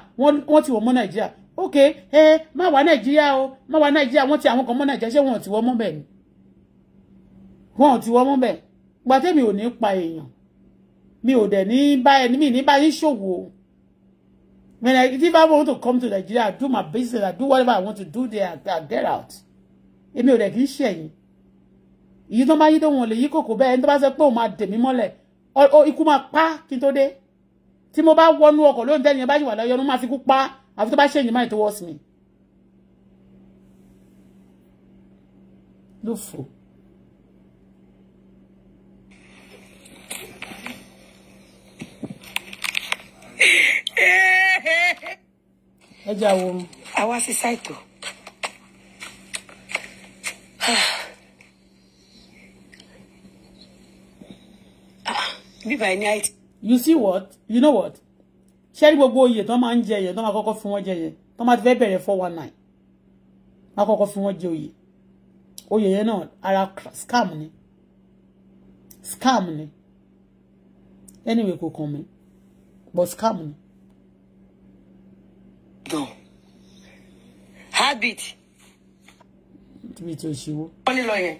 A: wọn ti wọ mọ nàìjíríà ok ẹ eh, má wá nàìjíríà o má wá nàìjíríà wọn ti àwọn kan mọ nàìjíríà ṣé wọn ò ti wọ mọ bẹ́ẹ̀ ni wọn ò ti wọ mọ bẹ́ẹ̀ gbàtẹ́mi ò ní pa èèyàn mi ò dẹ̀ ní bá ẹni mi ní bá yín ṣòwò o When I, if I want to come to Nigeria, I do my business, I do whatever I want to do there, I, I get out. Èmi ò dẹ̀ kì í ṣe ẹ̀yìn. Èyí tó máa yí tó wọn lè yí kòkò to ẹni tó bá sọ pé òun máa dèmí mọ́lẹ̀. Ikú máa pa kí n tó dé. Tí mo bá wọnú ọkọ̀ lóun tẹ́lẹ̀ yẹn bá ṣèwà lọ́yọ́ ló máa fi kú pa àfi tó bá ṣèyìn máa towards me. Lófo.
B: Yeah ẹ jẹ́ àwọn oorun. àwa sí ṣáìtò.
A: bíbá ẹni àìtí. you see what you know what ṣé ní gbogbo oyè tó máa ń jẹ yẹn tó máa kọ́kọ́ fi wọ́n jẹ yẹn tó máa ti fẹ́ bẹ̀rẹ̀ four one nine máa kọ́kọ́ fi wọ́n jẹ oyè oyè yẹn náà ara scam ni scam ni anyway kò kàn mí but scam ni
B: gan habit.
A: níbi tí o ṣíwó.
B: wọ́n ní lọ yẹn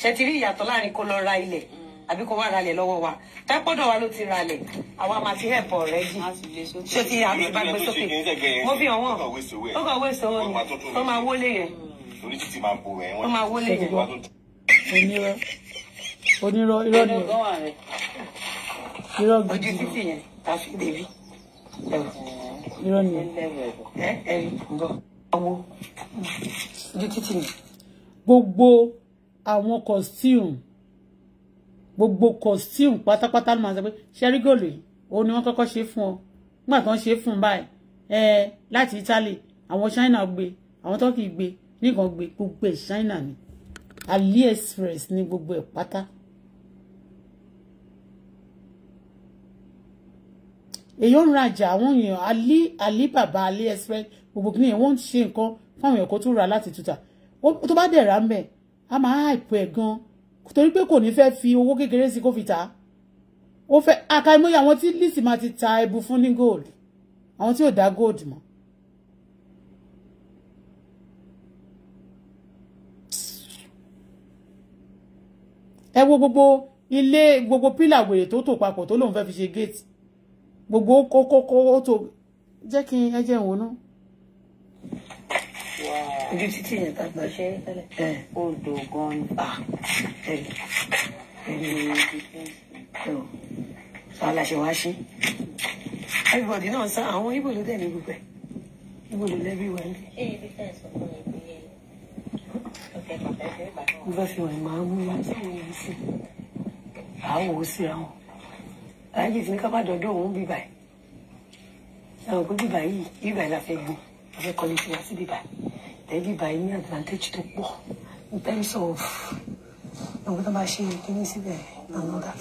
B: ṣe ti rí ìyàtọ̀ láàrin kó lọ ra ilẹ̀ àbí kó wá ralẹ̀ lọ́wọ́ wa tápọ́dọ̀ wa ló ti ralẹ̀ àwa máa ti hẹ̀pọ̀ rẹ̀ jì ṣé o àmì ìbágbé sókè mo o. hàn wọ́n ó kàn wé sọ́wọ́ ni ó máa wọlé yẹn ó máa wọlé yẹn. onírọ́ onírọ́ irọ́ ni irọ́ gidi. ojú títì yẹn tàfi débi irọ́
A: ni gbogbo àwọn costume gbogbo costume pátápátá ló máa sọ pé ṣẹ́rí gòlè òun ni wọ́n kọ́kọ́ ṣe fún ọ nígbà tó ń ṣe fún un báyìí ẹ láti Italy àwọn China gbé àwọn Turkey gbé nìkan gbé gbogbo ẹ̀ China ni AliExpress ni gbogbo ẹ̀ pátá èyí ò ń rajà ali ali alí alí bàbá alí express gbogbo kìíní yẹn wọ́n ń ṣe nǹkan fáwọn èèyàn kó tó ra láti tuta tó bá dẹ̀ ra mbẹ̀ a máa àìpẹ́ gan torí pé kò ní fẹ́ fi owó kékeré sí kó fi ta ó fẹ́ àkàìmọye àwọn tí lisi máa ti ta ẹbu fún ní gold àwọn tí ò dá gold mọ́ ẹ wo gbogbo ilé gbogbo pílà wèrè tó tò papọ̀ tó lóun fẹ́ fi ṣe géètì gbogbo kókókó ó tó jẹ́ kí ẹ jẹ́ ìwò náà.
B: ibi títí yẹn tá a gbà ṣe é odò gan-an sọ aláṣẹ wá ṣe everybody náà sá àwọn ibo ló dẹ̀ ní gbogbo ẹ̀ ibo ló lẹ́bí wá ní. mo fẹ́ fi wọ̀nyí máa mú wá sí àwọn èèyàn sí àwọn aláàjì ti ní ká má dọ̀dọ̀ òun bíbà yìí àwọn òkú bíbà yìí bíbà yìí la fẹ́ gbé la fẹ́ kọ́lé tiwa sí bíbà yìí tẹ́ bíbà yìí ní advantage tó pọ̀ in terms of àwọn tó bá ṣe kíní síbẹ̀ and all that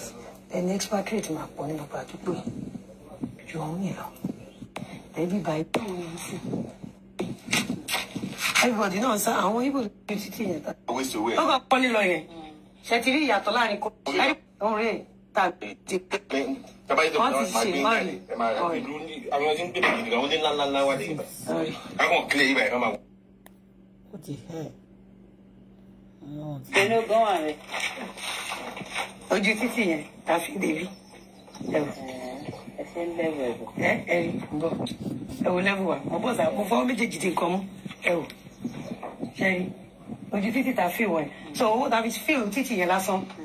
B: then expatriate máa pọ̀ nínú pàtúkù yìí ju òun yìí lọ tẹ́ bíbà yìí tó wọ́n yìí sí everybody náà sá àwọn ibo títí yẹn tá. ó kàn kọ́lé lọ yẹn ṣe ti rí ìyàtọ̀ láàrin kó tàbí ti wọ́n ti ṣe báyìí. àwọn ti hẹ́ inú gan wà rẹ ojú títì yẹn ta fi débi. ẹ ṣe ń wa mo bọ̀ sá mo fọwọ́ méjèèjì ti nǹkan mú ẹ wò ṣẹ́yìn ojú títì ta fi wọ̀ ẹ̀ so owó ta fi fi títì yẹn lásán. Mm.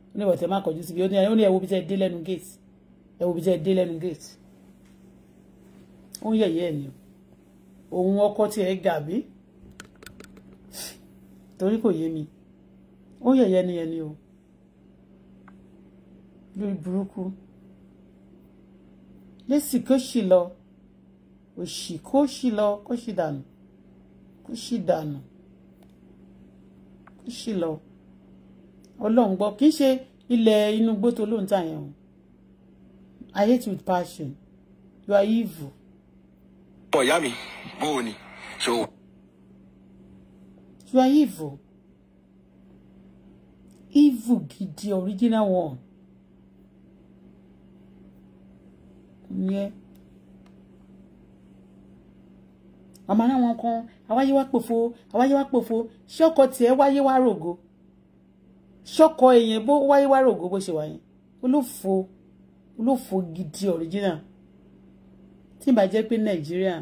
A: ó ní ìwọ̀tẹ́ má kọjú síbi ó ní ẹ̀wò bí tẹ́ dé lẹ́nu gate ẹ̀wò bí tẹ́ dé lẹ́nu gate ó ń yẹ̀yẹ́ ẹ̀ ni òun ọkọ tí ẹ gà bí torí kò yé mi ó ń yẹ̀yẹ́ ni o lórí burúkú lẹ́sì kó sì lọ òsì kó sì lọ kó sì dànù kó sì dànù kó sì lọ ọlọ́run gbọ́ kì í ṣe ilẹ̀ inú igbó tó lóun tà yẹn o I hate with passion you are
B: evil. ọmọ ìyá mi bó o so.
A: you are evil evil gidi original one yẹn àmọ́ àwọn kan àwáyé wá pòfo àwáyé wá pòfo ṣé ọkọ tiẹ̀ wáyé wá rògo ṣọkọ èèyàn bó wáyé wá rògbò bó ṣe wà yẹn olófo olófo gidi original tí n bá jẹ́ pé nàìjíríà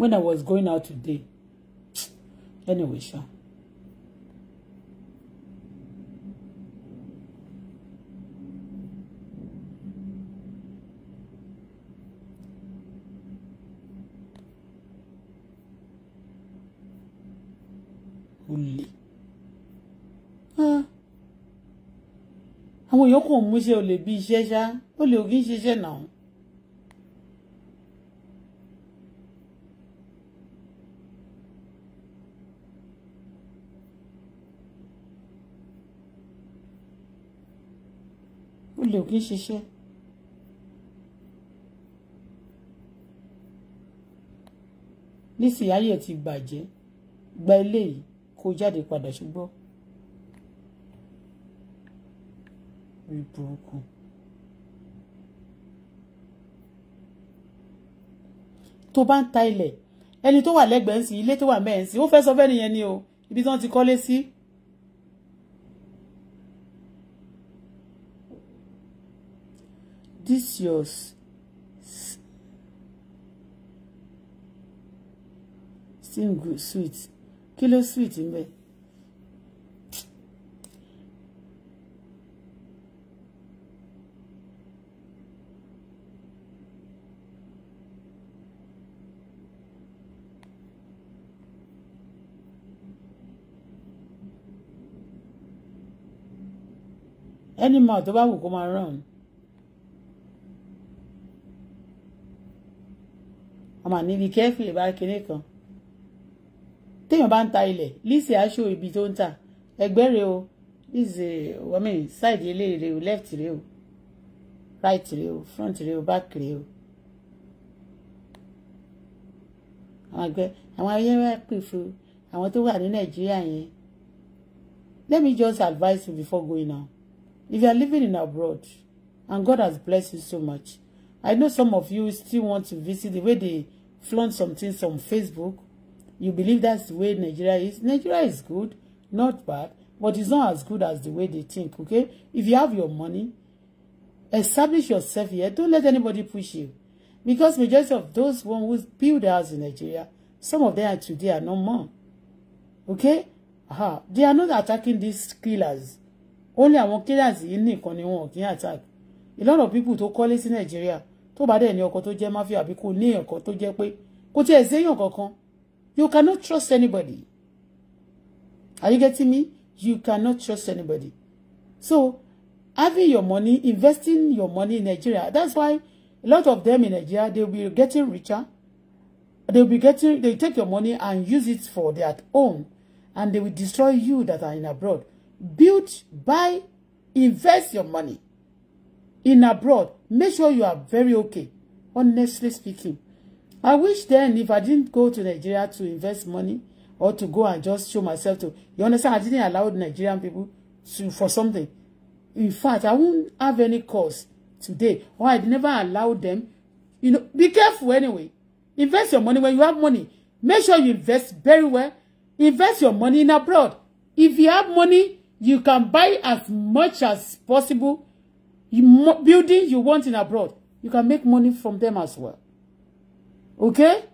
A: when I was going out today. Anyway, sure. olè ah. àwọn èèyàn kò mú iṣẹ́ olè bí iṣẹ́ ṣá olè ò kí ń ṣiṣẹ́ náà. kì í ṣiṣẹ́. nísìnyí ayé ti bàjẹ́ gba eléyìí kó jáde padà ṣùgbọ́n rí burúkú. tó bá ń ta ilẹ̀ ẹni tó wà lẹ́gbẹ̀ẹ́ ń sìn ilé tó wà mẹ́ẹ̀ ń sìn ó fẹ́ sọ fẹ́ nìyẹn ni o ibi tí wọ́n ti kọ́lé sí. Si this yours single sweet kí sweet ńbẹ. ẹni mọ̀ tó bá wù come around. ọmọ àníbi kẹ́fì lè bá kinní kan téèyàn bá ń ta ilẹ̀ lísì aṣọ ibi tó ń ta ẹgbẹ́ rẹ o lísì wọ́mí ṣáìdì eléyìí o left rẹ o right rẹ o front rẹ o back rẹ o. àwọn àgbẹ̀ àwọn ayé wa pè fún àwọn tó wà ní nàìjíríà yẹn let me just advise you before going on. if you are living in abroad and God has blessed you so much I know some of you still want to visit the way they flaunt some things on Facebook, you believe that's the way Nigeria is. Nigeria is good, not bad, but it's not as good as the way they think, okay? If you have your money, establish yourself here. Don't let anybody push you. Because majority of those one who build houses in Nigeria, some of them are today are no more. Okay? Aha. They are not attacking these killers. Only àwọn killers yìí nìkan ni wọn attack. A lot of people to call it in Nigeria tó bá dẹ̀ ní ọkọ tó jẹ́ mafia àbí kò ní ọkọ tó jẹ́ pé kò tiẹ̀ séèyàn kankan you cannot trust anybody are you getting me you cannot trust anybody so having your money investing your money in Nigeria that's why a lot of them in Nigeria they will be getting richer they will be getting they take your money and use it for their own and they will destroy you that are in abroad build buy invest your money in abroad Make sure you are very okay, honestly speaking. I wish then if I didn't go to Nigeria to invest money or to go and just show myself to, you understand, I didn't allow Nigerian people to, for something. In fact, I won't have any cause today or I'd never allow them. You know, be careful anyway. Invest your money when you have money. Make sure you invest very well. Invest your money in abroad. If you have money, you can buy as much as possible you, building you want in abroad, you can make money from them as well. Okay?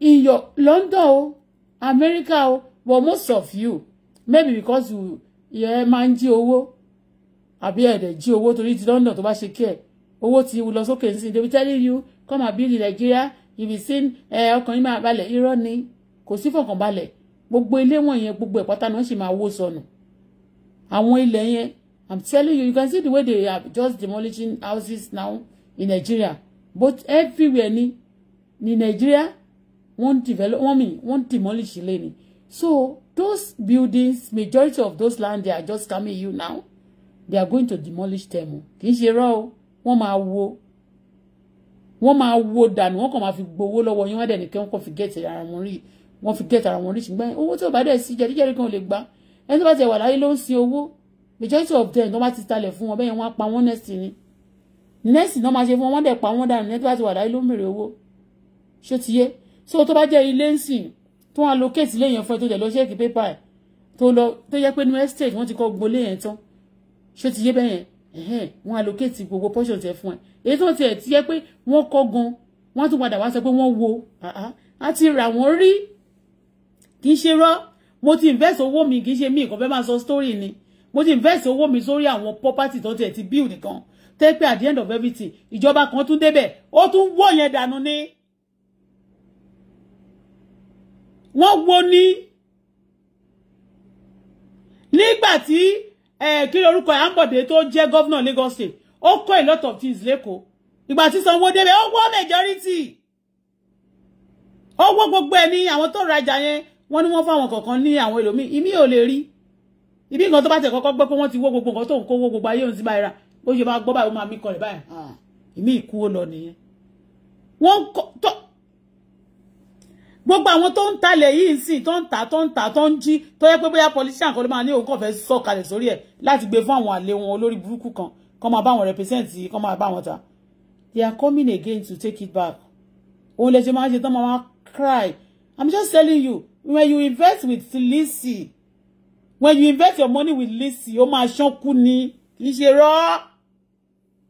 A: In your London, America, well, most of you, maybe because you, yeah, máa ń jí owó, àbí ẹ̀dẹ̀ jí owó London to bá ṣe kí ẹ̀, owó ti lọ sókè ń sìn, they will tell you, come and build in Nigeria, if you sin, ẹ ọkàn máa balẹ̀, irọ́ ni, it, but fọkànbalẹ̀, gbogbo ilé wọ̀nyẹn, gbogbo but pátá ni wọ́n my máa wó sọnù. Àwọn ilẹ̀ yẹn, I'm telling you, you can see the way they are just demolishing houses now in Nigeria. But everywhere in ni Nigeria, won't develop, won't mi, demolish any. So those buildings, majority of those land, they are just coming you now. They are going to demolish them. Kì í ṣe rọ o, wọ́n máa wo, wọ́n máa wo dànù, wọ́n kàn máa fi gbowó lọ́wọ́ yín wọ́n dẹ̀ nìkan kàn fi gẹ̀ẹ́tì ara wọn rí, wọ́n fi gẹ̀ẹ́tì ara wọn rí ṣùgbọ́n owó tí ò bá dẹ̀ sí jẹ̀díjẹ̀dí majority of them wọ́n bá ti talẹ̀ fún wọn bẹ́ẹ̀ wọ́n á pa wọ́n next ni next náà máa ṣe fún wọn wọ́n dẹ̀ pa wọ́n dànù nígbà tí wà láyé ló ń bèrè owó ṣó ti yé so tó bá jẹ́ ilé ń sìn tó wọn allocate ilé yẹn fún ẹ tó jẹ lọ ṣéèkì pépà ẹ tó lọ tó yẹ pé new estate wọ́n ti kọ́ gbolé yẹn tán ṣó ti yé bẹ́yẹn ẹ̀hẹ́n wọ́n allocate gbogbo portion tẹ fún ẹ èyí tó tiẹ̀ ti yẹ pé wọ́n kọ́ gan wọ́n tún padà wá sọ pé wọ́n wo a ti rà wọ́n rí kì í ṣe rọ́ mo ti invest owó mi kì í ṣe mí nǹkan fẹ́ máa story ni mo ti invest owó mi sórí àwọn property tó tiẹ̀ ti build nìkan tẹ́ pé at the end of everything ìjọba kan tún débẹ̀ ó tún wó yẹn dànù ni wọ́n wó ní nígbà tí kiri orúkọ Ambode tó jẹ́ gọ́vnà Lagos state ó kọ́ a lot of things lẹ́kọ̀ọ́ ìgbà tí sanwó débẹ̀ ó wó majority ó wó gbogbo ẹni àwọn tó rajà yẹn wọ́n ní wọ́n fáwọn kọ̀ọ̀kan ní àwọn èlòmíì ìmí ò lè rí ibi nǹkan tó bá tẹ̀ kọ́kọ́ gbọ́ pé wọ́n ti wó gbogbo nǹkan tó ń kówó gbogbo ayé on sí báyìí rà bó ṣe máa gbọ́ báyìí ó máa mí kọlẹ̀ báyìí ah. ìmí ìkú ó lọ nìyẹn. wọ́n kọ́ tó gbogbo àwọn tó ń talẹ̀ yìí sìn tó ń tà tó ń tà tó ń jí tó yẹ pé bóyá politician kan ló máa ní òun kàn fẹ́ sọ kalẹ̀ sórí ẹ̀ láti gbé fún àwọn àlè wọn olórí burúkú kan kọ́ máa bá wọn represent kọ́ máa bá wọn ta they are coming again to take it back òun lè ṣe máa ń ṣe tán cry i'm just telling you when you invest with Lizzy when you invest your money with Lizzy ó máa ṣánkú ni kì í ṣe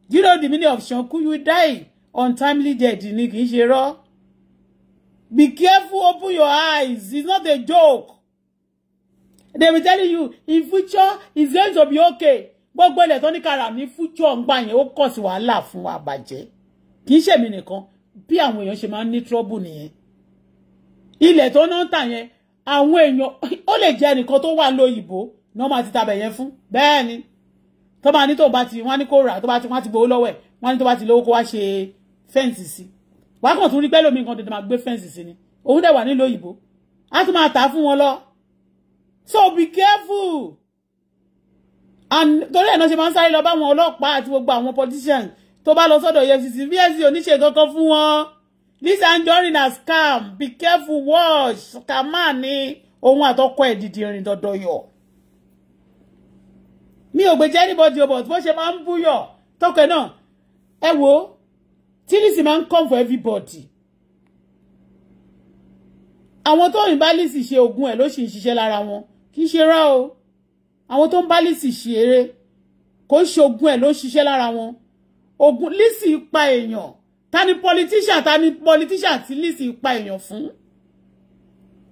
A: you know the meaning of ṣánkú you die untimely dead, ni kì í ṣe be careful open your eyes it's not a joke they be telling you in future it's going to be okay gbogbo ilẹ̀ tó ní future ń gbà yẹn ó kọ̀ sí wàhálà fún wa bàjẹ́ kì í ṣèmi nìkan bí àwọn èèyàn ṣe máa ń ní trouble nìyẹn ilẹ̀ tó náà tà yẹn àwọn èèyàn ó lè jẹ́ ẹnìkan tó wà lóyìnbó náà máa ti tabẹ̀ yẹn fún bẹ́ẹ̀ ni tó máa ní tó bá ti wọ́n á ní kó rà tó bá ti wọ́n á ti gbowó lọ́wọ́ ẹ̀ wọ́n á ní tó bá ti lówó kó wá ṣe fẹ́ǹsì sí wàá kàn tún rí pẹ́lú omi kan tètè máa gbé fẹ́ǹsì sí ni òun dẹ̀ wà nílò òyìnbó á tún máa tà á fún wọn lọ so be careful and torí ẹ̀ náà ṣe máa ń sáré lọ bá àwọn ọlọ́pàá àti gbogbo àwọn politicians tó bá lọ sọ́dọ̀ EFCC VSC oníṣe kankan fún wọn This enduring has come. be careful watch scammer ni òun àtọkọ ẹ̀ dìdìrìn yo. mi ò gbèjà anybody o but bó ṣe máa ń búyọ̀ tọkẹ náà ẹ wo tí Liz máa come for everybody àwọn tó ń bá Liz ṣe oògùn ẹ̀ ló sì ń ṣiṣẹ́ lára wọn kì o àwọn tó ń bá Liz ṣe eré kò ń ṣe oògùn ẹ̀ ló ń ṣiṣẹ́ lára pa èèyàn ta ni politician ta ni politician tí Lizzy pa èèyàn fún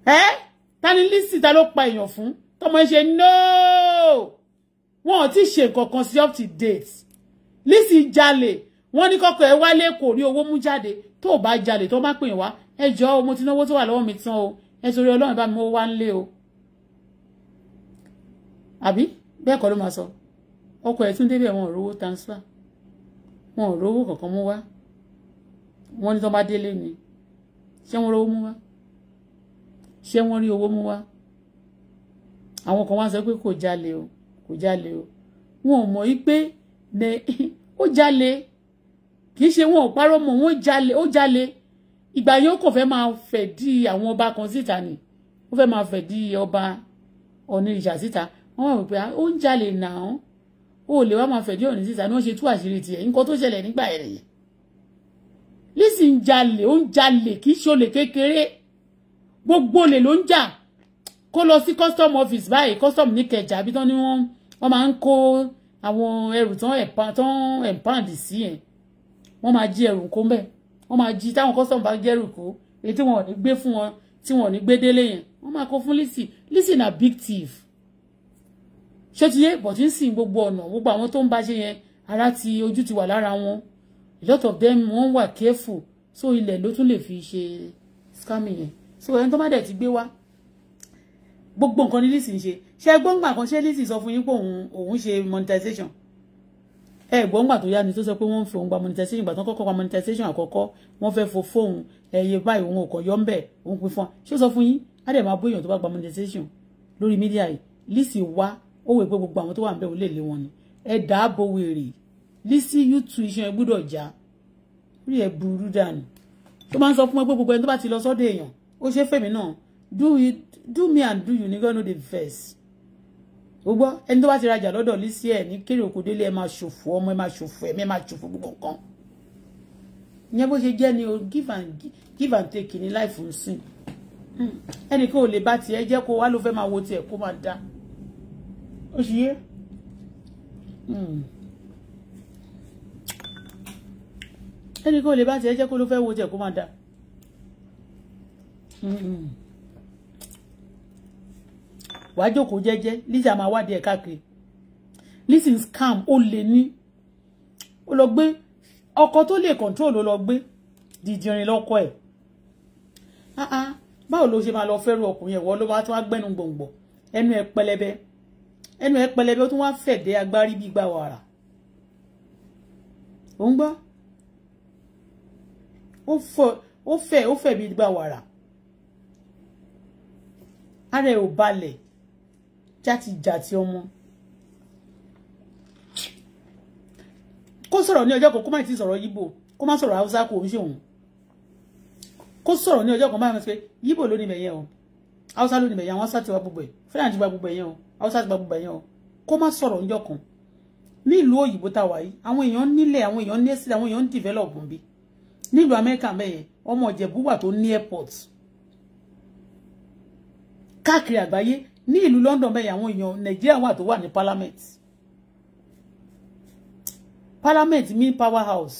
A: ẹ ta ni Lizzy ta ló pa èèyàn fún tọmọ ẹ ṣe nóò wọn ò tí ṣe nǹkan kan sí up to date Lizzy jalè wọ́n ní kọ́kọ́ ẹ wálé kò rí owó mú jáde tó o bá jalè tó o bá pè wá ẹ jọ̀ọ́ o mo ti náwó tó wà lọ́wọ́ mi tán o ẹ torí Ọlọ́run bá mi mọ wá ńlé o àbí bẹ́ẹ̀ kọ́ ló máa sọ ọkọ ẹ tún débẹ̀ wọn ò rówó transfer wọn ò kankan mú wá wọ́n ní tó bá délé ni ṣé wọ́n rówó mú wá ṣé wọ́n rí owó mú wá àwọn kan wá sọ pé kò jalè o kò jalè o wọn ò mọ̀ yí pé ó jalè kì í ṣe wọn ò parọ́ mọ́ wọn jalè ó jalè ìgbà yẹn ó kò fẹ́ máa fẹ̀ di àwọn ọba kan síta ni ó fẹ́ máa fẹ̀ di ọba ọ̀nà síta wọ́n wà wípé ah, ó ń jalè náà ó lè wá máa fẹ̀ di ọ̀nà síta ni wọ́n ṣe tú àṣírí tiẹ̀ nǹkan tó ṣẹlẹ̀ nígbà yẹn nìyẹn Lizzy ń jalè ó ń jalè kì í ṣe olè kékeré gbogbo olè ló ń jà kó lọ sí custom office báyìí custom ní kẹjà àbí tán ni wọ́n wọ́n máa ń kó àwọn ẹrù tán empound sí yẹn wọ́n máa jí ẹrù kó mbẹ̀ wọ́n máa jí táwọn custom bá jẹ́rù kó èyí tí wọ́n ò ní gbé fún wọn tí wọ́n ò ní gbé délé yẹn wọ́n máa kó fún Lizzy Lizzy na big thief ṣé ti yé bọ̀tí ń sìn gbogbo ọ̀nà gbogbo àwọn tó ń bá ṣe yẹn ara ti ojú ti wà lára wọn a lot of them wọ́n wà careful so ilẹ̀ ló tún lè fi ṣe scamming yẹn so ẹni tó má dẹ̀ ti gbé wá gbogbo nǹkan ní Lizzy ń ṣe ṣe gbọ́ngbà kan ṣe Lizzy sọ fún yín pé òun òun ṣe monetization ẹ gbọ́ngbà tó yá ni tó sọ pé wọ́n fi òun gba monetization ìgbà tó kọ́kọ́ gba monetization àkọ́kọ́ wọ́n fẹ́ fo fóun ẹyẹ báyìí òun ò kọ̀ yọ́ ń bẹ̀ òun pin fún wa ṣé ó sọ fún yín á dẹ̀ máa bó èèyàn gba monetization lórí mídíà yìí Lizzy wá ó wèé pé gbogbo àwọn tó wà ń bẹ̀ ò lè lé wọn ni ẹ dáàbò wèrè Lisi yútu iṣan ẹ gbọ́dọ̀ já rí ẹ burú dànù tó máa ń sọ fún ẹ pé gbogbo ẹni tó bá ti lọ sọ́dọ̀ èèyàn ó ṣe fèmí náà do you do me and do you ní God know the verse o gbọ́ ẹni tó bá ti rajà lọ́dọ̀ Lizzy ẹ̀ ní kéré òkú délé ẹ máa ṣòfò ọmọ ẹ máa ṣòfò ẹ̀mí ẹ máa ṣòfò gbogbo nǹkan ìyẹn bó ṣe jẹ́ ni o give and give and take ní life ń sìn ẹnì kan ò lè bá tiẹ̀ jẹ́ kó wá ló fẹ́ máa wo tiẹ̀ kó máa dá ó ṣe yé. Hmm. ẹnìkan ò lè bá tiẹ̀ jẹ́ kó ló fẹ́ wo tiẹ̀ kó máa dà wàá jókòó jẹ́jẹ́ Lizzy máa wádìí ẹ̀ káàkiri Lizzy scam ó lè ní ó lọ gbé ọkọ tó lè control ló lọ gbé dìdìrín lọ́kọ ẹ̀ báwo ló ṣe máa lọ fẹ́rù ọkùnrin ẹ̀wọ́ ló máa tún wá gbẹ́nu gbòǹgbò ẹnu ẹ̀ pẹlẹbẹ ẹnu ẹ̀ pẹlẹbẹ ó tún wá fẹ̀dẹ́ agbárí bí gbà wàrà ò ń gbọ́ o fe o fe bí gbà wàrà ara ẹ̀ ò balẹ̀ játijàti ọmọ kó sọ̀rọ̀ ní ọjọ́ kan kó má ti sọ̀rọ̀ yíbò kó má sọ̀rọ̀ haúsá kò ń ṣe òun kó sọ̀rọ̀ ní ọjọ́ kan máa ń pẹ́ yíbò ló ní mẹ̀yẹn o haúsá ló ní mẹ̀yẹn àwọn haúsá ti wá gbogbo ẹ̀ fúlàní ti wá gbogbo ẹ̀yẹn o haúsá ti wá gbogbo ẹ̀yẹn o kó má sọ̀rọ̀ ní ọjọ́ kan nílùú òyìnbó tá a wà yìí àwọn èèyàn nílẹ̀ àwọn èèyàn ní ẹ̀sìn àwọn èèyàn ń develop bí nílùú amẹ́ríkà mẹ́yẹn ọmọ ìjẹ̀bú wà tó ní airport káàkiri àgbáyé ní ìlú london mẹ́yẹn àwọn èèyàn nàìjíríà wà tó wà ní parliament parliament mean power house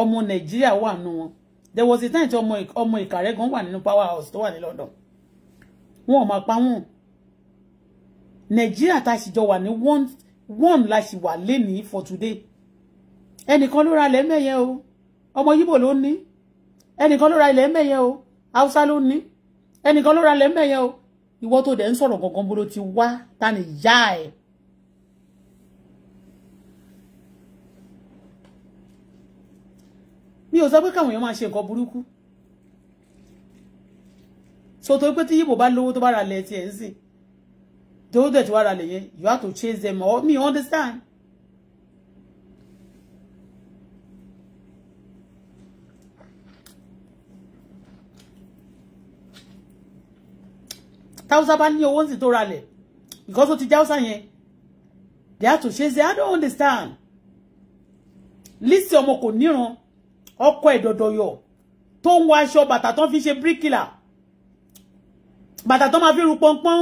A: ọmọ nàìjíríà wà nù wọn there was a time tí ọmọ ọmọ ìkàrẹ́ gan wà nínú power house tó wà ní london wọn ò máa pa wọn nàìjíríà tá a sì jọ wà ní one one la sì wà lénìí for today ẹnìkan ló ra lẹ́mẹ̀yẹ o ọmọ yíbò ló ní ẹnìkan ló ra ilẹ̀ mẹ́yẹ o haúsá ló ní ẹnìkan ló ra ilẹ̀ mẹ́yẹ o ìwọ tó dẹ̀ ń sọ̀rọ̀ gangan bó ló ti wá ta ni ìyá ẹ̀. mi ò sọ pé káwọn èèyàn máa ṣe nǹkan burúkú so pé tí yíbò bá lówó tó bá ra ilẹ̀ tiẹ̀ ń sìn tó dẹ̀ ti wá ra ilẹ̀ yẹn you have to chase them all me understand. táwùsá bá ní owó ń sì tó ralẹ̀ because ó ti jáwùsá yẹn they have to change i don't understand Listen, ọmọ kò níran ọkọ ẹ̀dọ̀dọ̀yọ̀ tó ń wọ aṣọ bàtà tó ń fi ṣe bíríkìlà bàtà tó máa fi ru pọ́npọ́n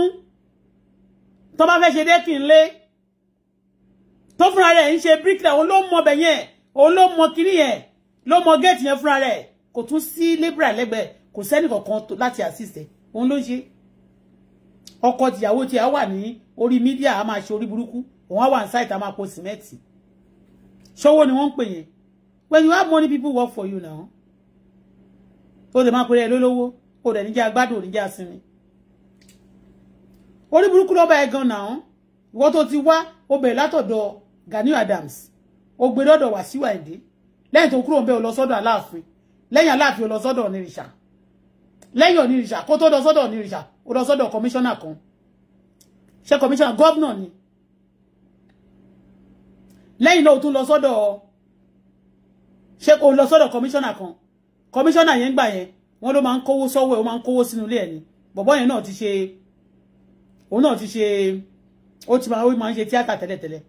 A: tó bá fẹ́ ṣe dẹ́kìn lé tó fúnra rẹ̀ ń ṣe bíríkìlà òun ló mọ ọbẹ̀ yẹn òun ló mọ kiri yẹn ló mọ géètì yẹn fúnra rẹ̀ kò tún sí lébìrà lẹ́gbẹ̀ẹ́ kò sẹ́nì kankan láti àṣìṣe òun ló ṣe é ọkọ tìyàwó tí a wà ní orí mídíà a máa ṣe orí burúkú òun á wà ní sáìtì máa po sìmẹ́ǹtì ṣọwọ́ ni wọ́n ń pè yẹn when you have money people work for you now o lè máa pèrè lólówó o dẹ̀ níjà gbádùn ò níjà sinmi orí burúkú lọ́ba ẹ̀ gan náà ìwọ tó ti wá o bẹ̀rẹ̀ látọ̀dọ̀ Gani Adams o gbé lọ́dọ̀ Wàsíù Àyìndé lẹ́yìn tó kúrò ń bẹ́ o lọ sọ́dọ̀ Aláàfin lẹ́yìn Aláàfin o lọ sọ́dọ̀ onírìṣà lẹ́yìn onírìṣà kó tó lọ́sọ́dọ̀ onírìṣà ó lọ́sọ́dọ̀ kọmíṣánná kan ṣe kọmíṣánná gọ́vnà ni lẹ́yìn náà ó tún lọ́sọ́dọ̀ ṣe kó lọ́sọ́dọ̀ kọmíṣánná kan kọmíṣánná yẹn gbà yẹn wọ́n ló máa ń kówó sọ́wọ́ ẹ̀ ó máa ń kówó sínú ilé ẹ̀ ni bọ̀bọ́ yẹn náà ti ṣe òun náà ti ṣe ó ti máa ń ṣe tíátà tẹ́lẹ̀tẹ́lẹ̀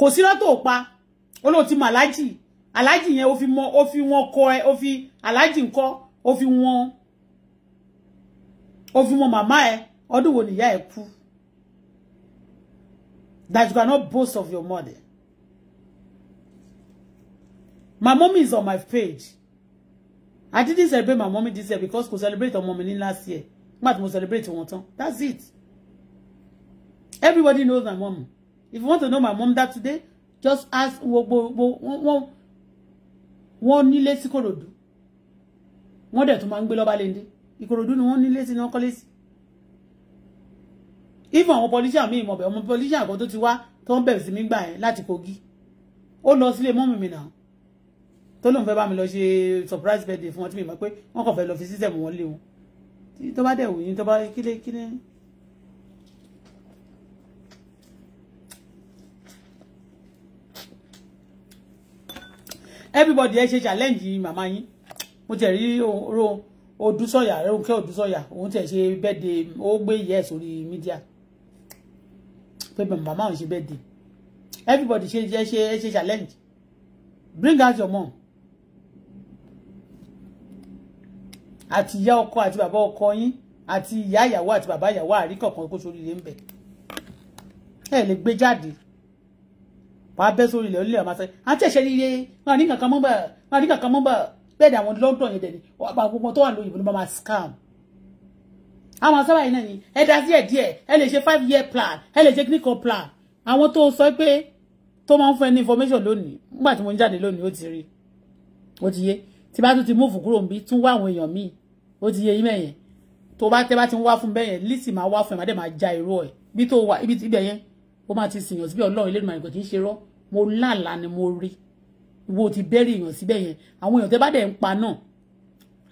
A: kò sí lọ́tò pa ó lóun ti mọ aláàjì aláàjì yẹn ó fi mọ ó fi wọn kọ ẹ ó fi aláàjì ńkọ ó fi wọn ó fi mọ màmá ẹ ọdún wo nìyá ẹ kú that you cannot boast of your mother my mommy is on my page I didn't celebrate my mommy this year because we celebrate ọmọ mi ní last year nígbà tí mo celebrate wọn tán that's it everybody knows my mom if you want to know my mom that today just ask gbogbo wọn wọn nílé sí korodu wọn dẹ̀ tún máa ń gbé lọ́ba lẹ́ndé ìkòròdú ni wọ́n nílé sí náà kọ́lé sí even àwọn politician míì mọ̀bẹ̀ ọmọ politician kan tó ti wá tó ń bẹ̀rẹ̀ sí mi gbà ẹ̀ láti Kogi o lọ sílé mọ́mì mi náà tó lóun fẹ́ bá mi lọ ṣe surprise birthday fún wọn tí mi mọ̀ pé wọ́n kàn fẹ́ lọ fi system wọn lé wọn tó bá dẹ̀ wò yín tó bá kílé kílé everybody ẹ ṣe challenge yìí màmá yín mo tẹ̀ rí ro odúsọ̀yà Rónkẹ́ Odúsọ̀yà òun tẹ̀ ṣe birthday ó gbé ìyá ẹ̀ sórí mídíà pé màmá òun ṣe birthday everybody ṣe ẹ ṣe ẹ ṣe challenge bring out your mom Ati ya oko ati bàbá ọkọ yín àti ìyá ìyàwó àti bàbá ìyàwó àríkọ̀kan kó sórí rẹ̀ ń bẹ̀ ẹ lè gbé jáde wàá bẹ́ sórí ilẹ̀ onílẹ̀ àmàṣẹ àti ẹ̀ṣẹ̀ rire máa ní kankan mọ́ bẹ́ẹ̀ máa ní kankan mọ́ bẹ́ẹ̀ bẹ́ẹ̀ ni àwọn London yẹn dẹ̀ni àpapọ̀ tó wà lóyìnbó ló máa scam àwọn sábà yìí náà ni ẹ dá sí ẹ díẹ̀ ẹ lè ṣe five year plan ẹ lè ṣe clinical plan àwọn tó sọ pé tó máa ń fún ẹ ní information lónìí nígbà tí mo ń jáde lónìí ó ti rí ó ti yé tí bá tún ti múfù kúrò níbí tún wá àwọn èèyàn míì ó ti yé yín mẹ́yẹn tó bá tẹ́ bá ti ń wá fún bẹ́yẹn lísì máa wá fún ẹ má dẹ̀ máa ja irú ẹ̀ bí tó wà ibi ibẹ̀ yẹn ó máa ti sìyàn síbẹ̀ ọlọ́run ilé ìmọ̀ kì í ṣe rọ́ mo lálà ni mo rí wo ti bẹ́rì èèyàn síbẹ̀ yẹn àwọn èèyàn tẹ́ bá dẹ̀ ń pa náà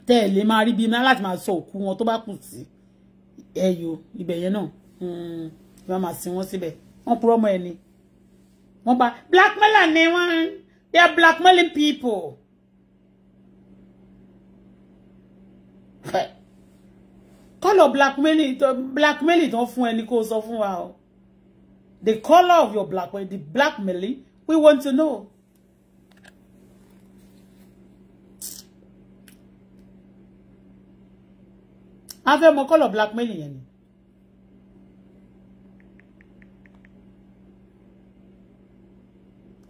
A: tẹ́ ẹ̀ lè máa rí bí iná láti máa sọ òkú wọn tó bá kù sí ẹyọ ibẹ̀ yẹn náà ìwà hmm, sin wọn síbẹ̀ wọ́n purọ́ mọ́ ẹni wọ́n bá blackmailer ni wọ́n they are blackmailing people. kọ́lọ̀ blackmailing tó ń fún ẹni kó sọ fún wa o the color of your black, the blackmailing, we want to know. Have you A fẹ́ mọ color blackmailing yẹn ni.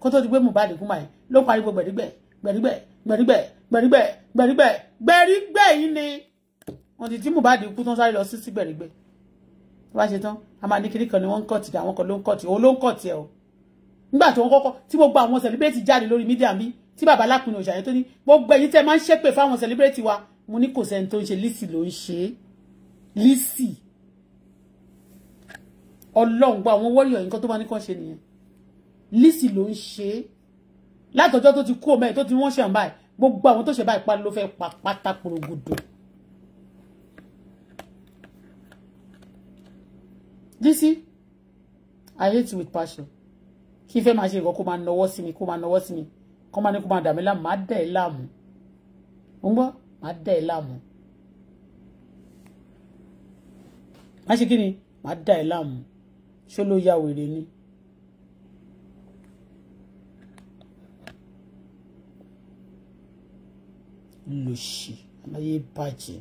A: Kó tó ti gbé Mohbad kú máa ló pariwo gbẹ̀rígbẹ̀ gbẹ̀rígbẹ̀ gbẹ̀rígbẹ̀ gbẹ̀rígbẹ̀ gbẹ̀rígbẹ̀ gbẹ̀rígbẹ̀ yìí ni. Wọ́n ti tí Mohbad kú tán sáré lọ sí sí gbẹ̀rígbẹ̀ tó bá ṣe tán a máa ní kinní kan ni wọ́n ń kọ̀tì àwọn kan ló ń kọ̀tì òun ló ń kọ̀tì ẹ̀ o nígbà tó ń kọ́kọ́ tí gbogbo àwọn celebrate jáde lórí mídíà mi tí bàbá lákùnrin òṣàyẹ tó ní gbogbo ẹ̀yin tẹ́ máa ń ṣépè fáwọn celebrate wa mo ní kò sẹ́ni tó ń ṣe Lizzy ló ń ṣe é Lizzy ọlọ́run gba àwọn wọ́ọ̀rì ọ̀yìn kan tó bá ní kàn ṣe nìyẹn Lizzy ló ń ṣe é látọjọ́ tó ti kú ọmọ ẹ̀ tó ti wọ́n ṣe àǹbá ẹ̀ gbogbo àwọn tó ṣe báyìí pa ló fẹ́ porogodo Lizzy I hate you with passion kí fẹ́ máa ṣe nǹkan kó máa nọwọ́ sí mi kó máa nọwọ́ sí mi kó máa ní kó máa dà mí láàmú máa dà ẹ́ láàmú ń gbọ́ máa dà ẹ́ láàmú máa ṣe kí ni máa dà ẹ́ láàmú ṣó ló ya wèrè ni. lòṣì amáyé bàjẹ́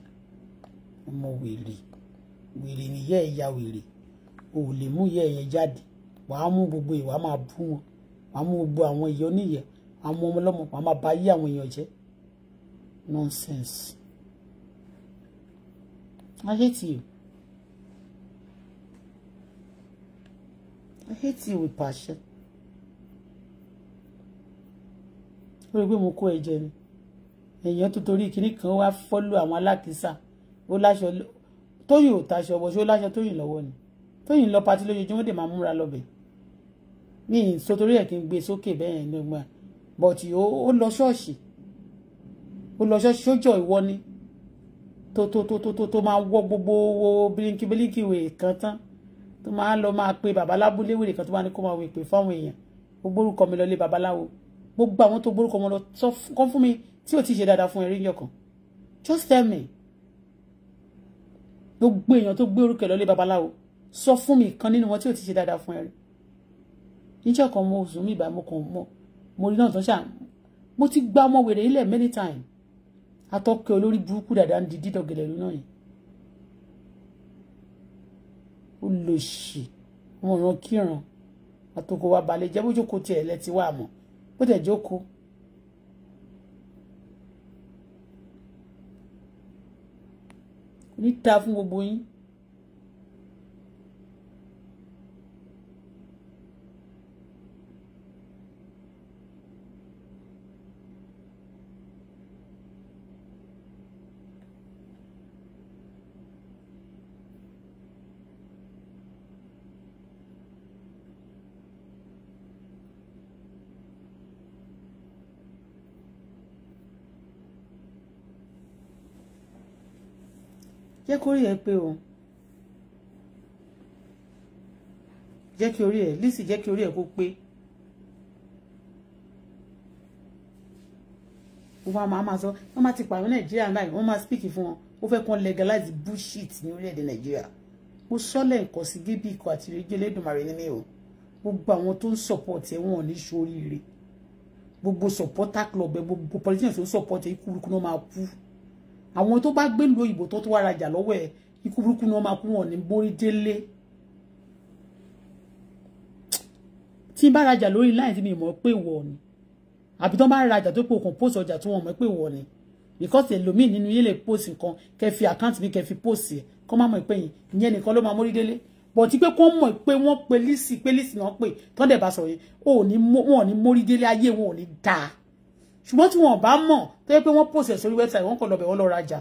A: ọmọ wèrè wèrè nìyẹ́ ẹ̀yà wèrè ò lè mú ìyá yẹn jáde wàá mú gbogbo ìwà máa bú wọn wàá mú gbogbo àwọn ìyá oníyẹ àwọn ọmọ ọlọ́mọ wàá máa ba ayé àwọn èèyàn jẹ́ nonsense I hate you I hate you with passion ó mo kó ẹ̀jẹ̀ ni èèyàn tó torí kinní kan wá fọ́lù àwọn alákìísà ó láṣọ Tóyìn ò taṣọ ọbọ ṣé ó láṣọ Tóyìn lọ́wọ́ ni tóyìn lọ patí lójoojúmọ́ dè máa múra lọ́bẹ̀ mi ì so torí ẹ̀ kí n gbé sókè bẹ́ẹ̀ yẹn nígbà but ó lọ ṣọ́ọ̀ṣì ó lọ ṣọ́ọ̀ṣì sójọ́ ìwọ ni tó tó tó tó tó tó máa wọ́ gbogbo owó bíríkì bíríkì wèé kan tán tó máa ń lọ máa pe babalábúlé wèrè kan tó máa ní kó máa wèpè fáwọn èèyàn ó gbórúkọ mi lọlé babaláwo gbogbo àwọn tó gbórúkọ wọn lọ sọ kán fún mi tí ò ti ṣe dáadáa fún ẹrí yọkan just tell me gbogbo èèyàn tó gbé orúkọ lọlé babaláwo sọ fún mi kan nínú wọn tí ò ti ṣe dáadáa fún ẹ rí níjọ́ kan mo sùn mí mo kàn mọ̀ mo rí náà tó ṣà mo ti gba ọmọ wèrè ilẹ̀ many times, atọ́kẹ́ olórí burúkú dàda ń di dídọ̀gẹ̀lẹ̀ lónà yìí ó lò ṣì wọn ràn kíran àtòkò wa balẹ̀ jẹ́ bójókòó tiẹ̀ lẹ́tí wà mọ́ bó tẹ̀ jókòó. ní fún gbogbo yín jẹ́ kó rí ẹ pé o jẹ́ kí orí ẹ Lizzy jẹ́ kí orí ẹ kó pé wọ́n máa máa sọ wọ́n máa ti pààrọ̀ nàìjíríà náà wọ́n máa speak fún wọn ó fẹ́ kàn legalize bullshit ní orílẹ̀-èdè nàìjíríà mo sọ́lẹ̀ nǹkan sí gébí ikọ̀ àti ìrẹ́jẹ́ lẹ́dùnmarè ní mi o gbogbo àwọn tó ń support ẹ̀ wọ́n ní sóríire gbogbo supporter club ẹ̀ gbogbo politicians tó ń support ẹ̀ ikú ikú náà máa kú àwọn tó bá gbé lu òyìnbó tó tó wá rajà lọ́wọ́ ẹ̀ ikú burúkú ni wọ́n máa kú wọn ní borí délé tí n bá rajà lórí láì tí mi mọ̀ pé wọ̀ ni àbí tó bá rajà tó pé òkun post ọjà tí wọ́n mọ̀ pé wọ̀ ni because ẹlòmíì nínú yẹn lè post nǹkan kẹ́ fi account mi kẹ́ fi post ẹ̀ kọ́ má mọ̀ pé yìí ìyẹn nìkan ló máa mórí délé bọ̀ tí pé kó mọ̀ pé wọ́n pe lísì pé lísì náà pé tọ́ndẹ̀ bá sọ yẹn wọn ò ní mórí délé ayé wọn ò ní dáa ṣùgbọ́n tí wọn ò bá mọ̀ tó yẹ pé wọ́n post ẹ̀ sórí website wọ́n kàn lọ bẹ̀ wọ́n lọ rajà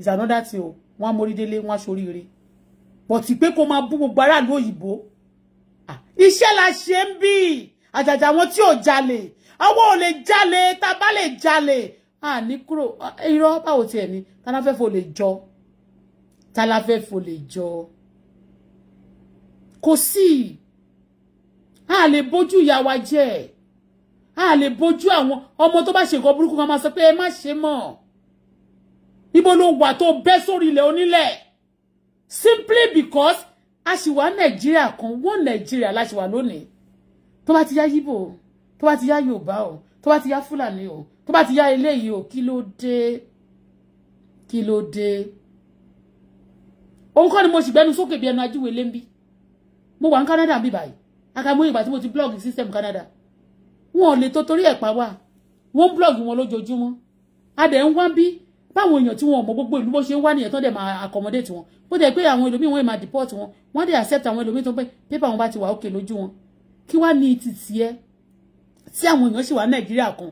A: is another thing o wọ́n á mórí délé wọ́n á ṣoríire but pé kó máa bú gbogbo aráàlú òyìnbó iṣẹ́ la ṣe ń bì àjàjà wọn tí ò jalè àwọn ò lè jalè tá a bá lè jalè a ní kúrò irọ́ báwo tiẹ̀ ni tá la fẹ́ fò lè jọ tá la fẹ́ fò lè jọ kò sí a lè bójú ìyá wa jẹ́ ẹ̀ a lè bojú àwọn ọmọ tó bá ṣe nǹkan burúkú kan máa sọ pé ẹ má ṣe mọ́ ibo ló wà tó bẹ́ sórí ilẹ̀ onílẹ̀ simply because a sì wà nàìjíríà kan wọ́n nàìjíríà la sì wà lónìí tó bá ti yá yíbò tó bá ti yá yorùbá o tó bá ti yá fúlàní o tó bá ti yá eléyìí o kí ló dé kí ló dé òun kọ́ ni mo sì gbẹnu sókè bí ẹnu ajúwe lé ń bí mo wà ní Canada bí báyìí akamóyìnbá tí mo ti blog system Canada wọn ò lè tó torí ẹ̀ pa wá wọ́n ń blọ́ọ̀gì wọn lójoojúmọ́ a dẹ̀ ń wá bí báwọn èèyàn tí wọn ò mọ gbogbo ìlú bó ṣe ń wá nìyẹn tán dẹ̀ máa accommodate wọn bó dẹ̀ pé àwọn ẹlòmíì wọn máa deport wọn wọ́n dẹ̀ accept àwọn ẹlòmíì tó pé pépà wọn bá ti wà òkè lójú wọn kí wá ní ti tiẹ̀ tí àwọn èèyàn sì wà Nàìjíríà kan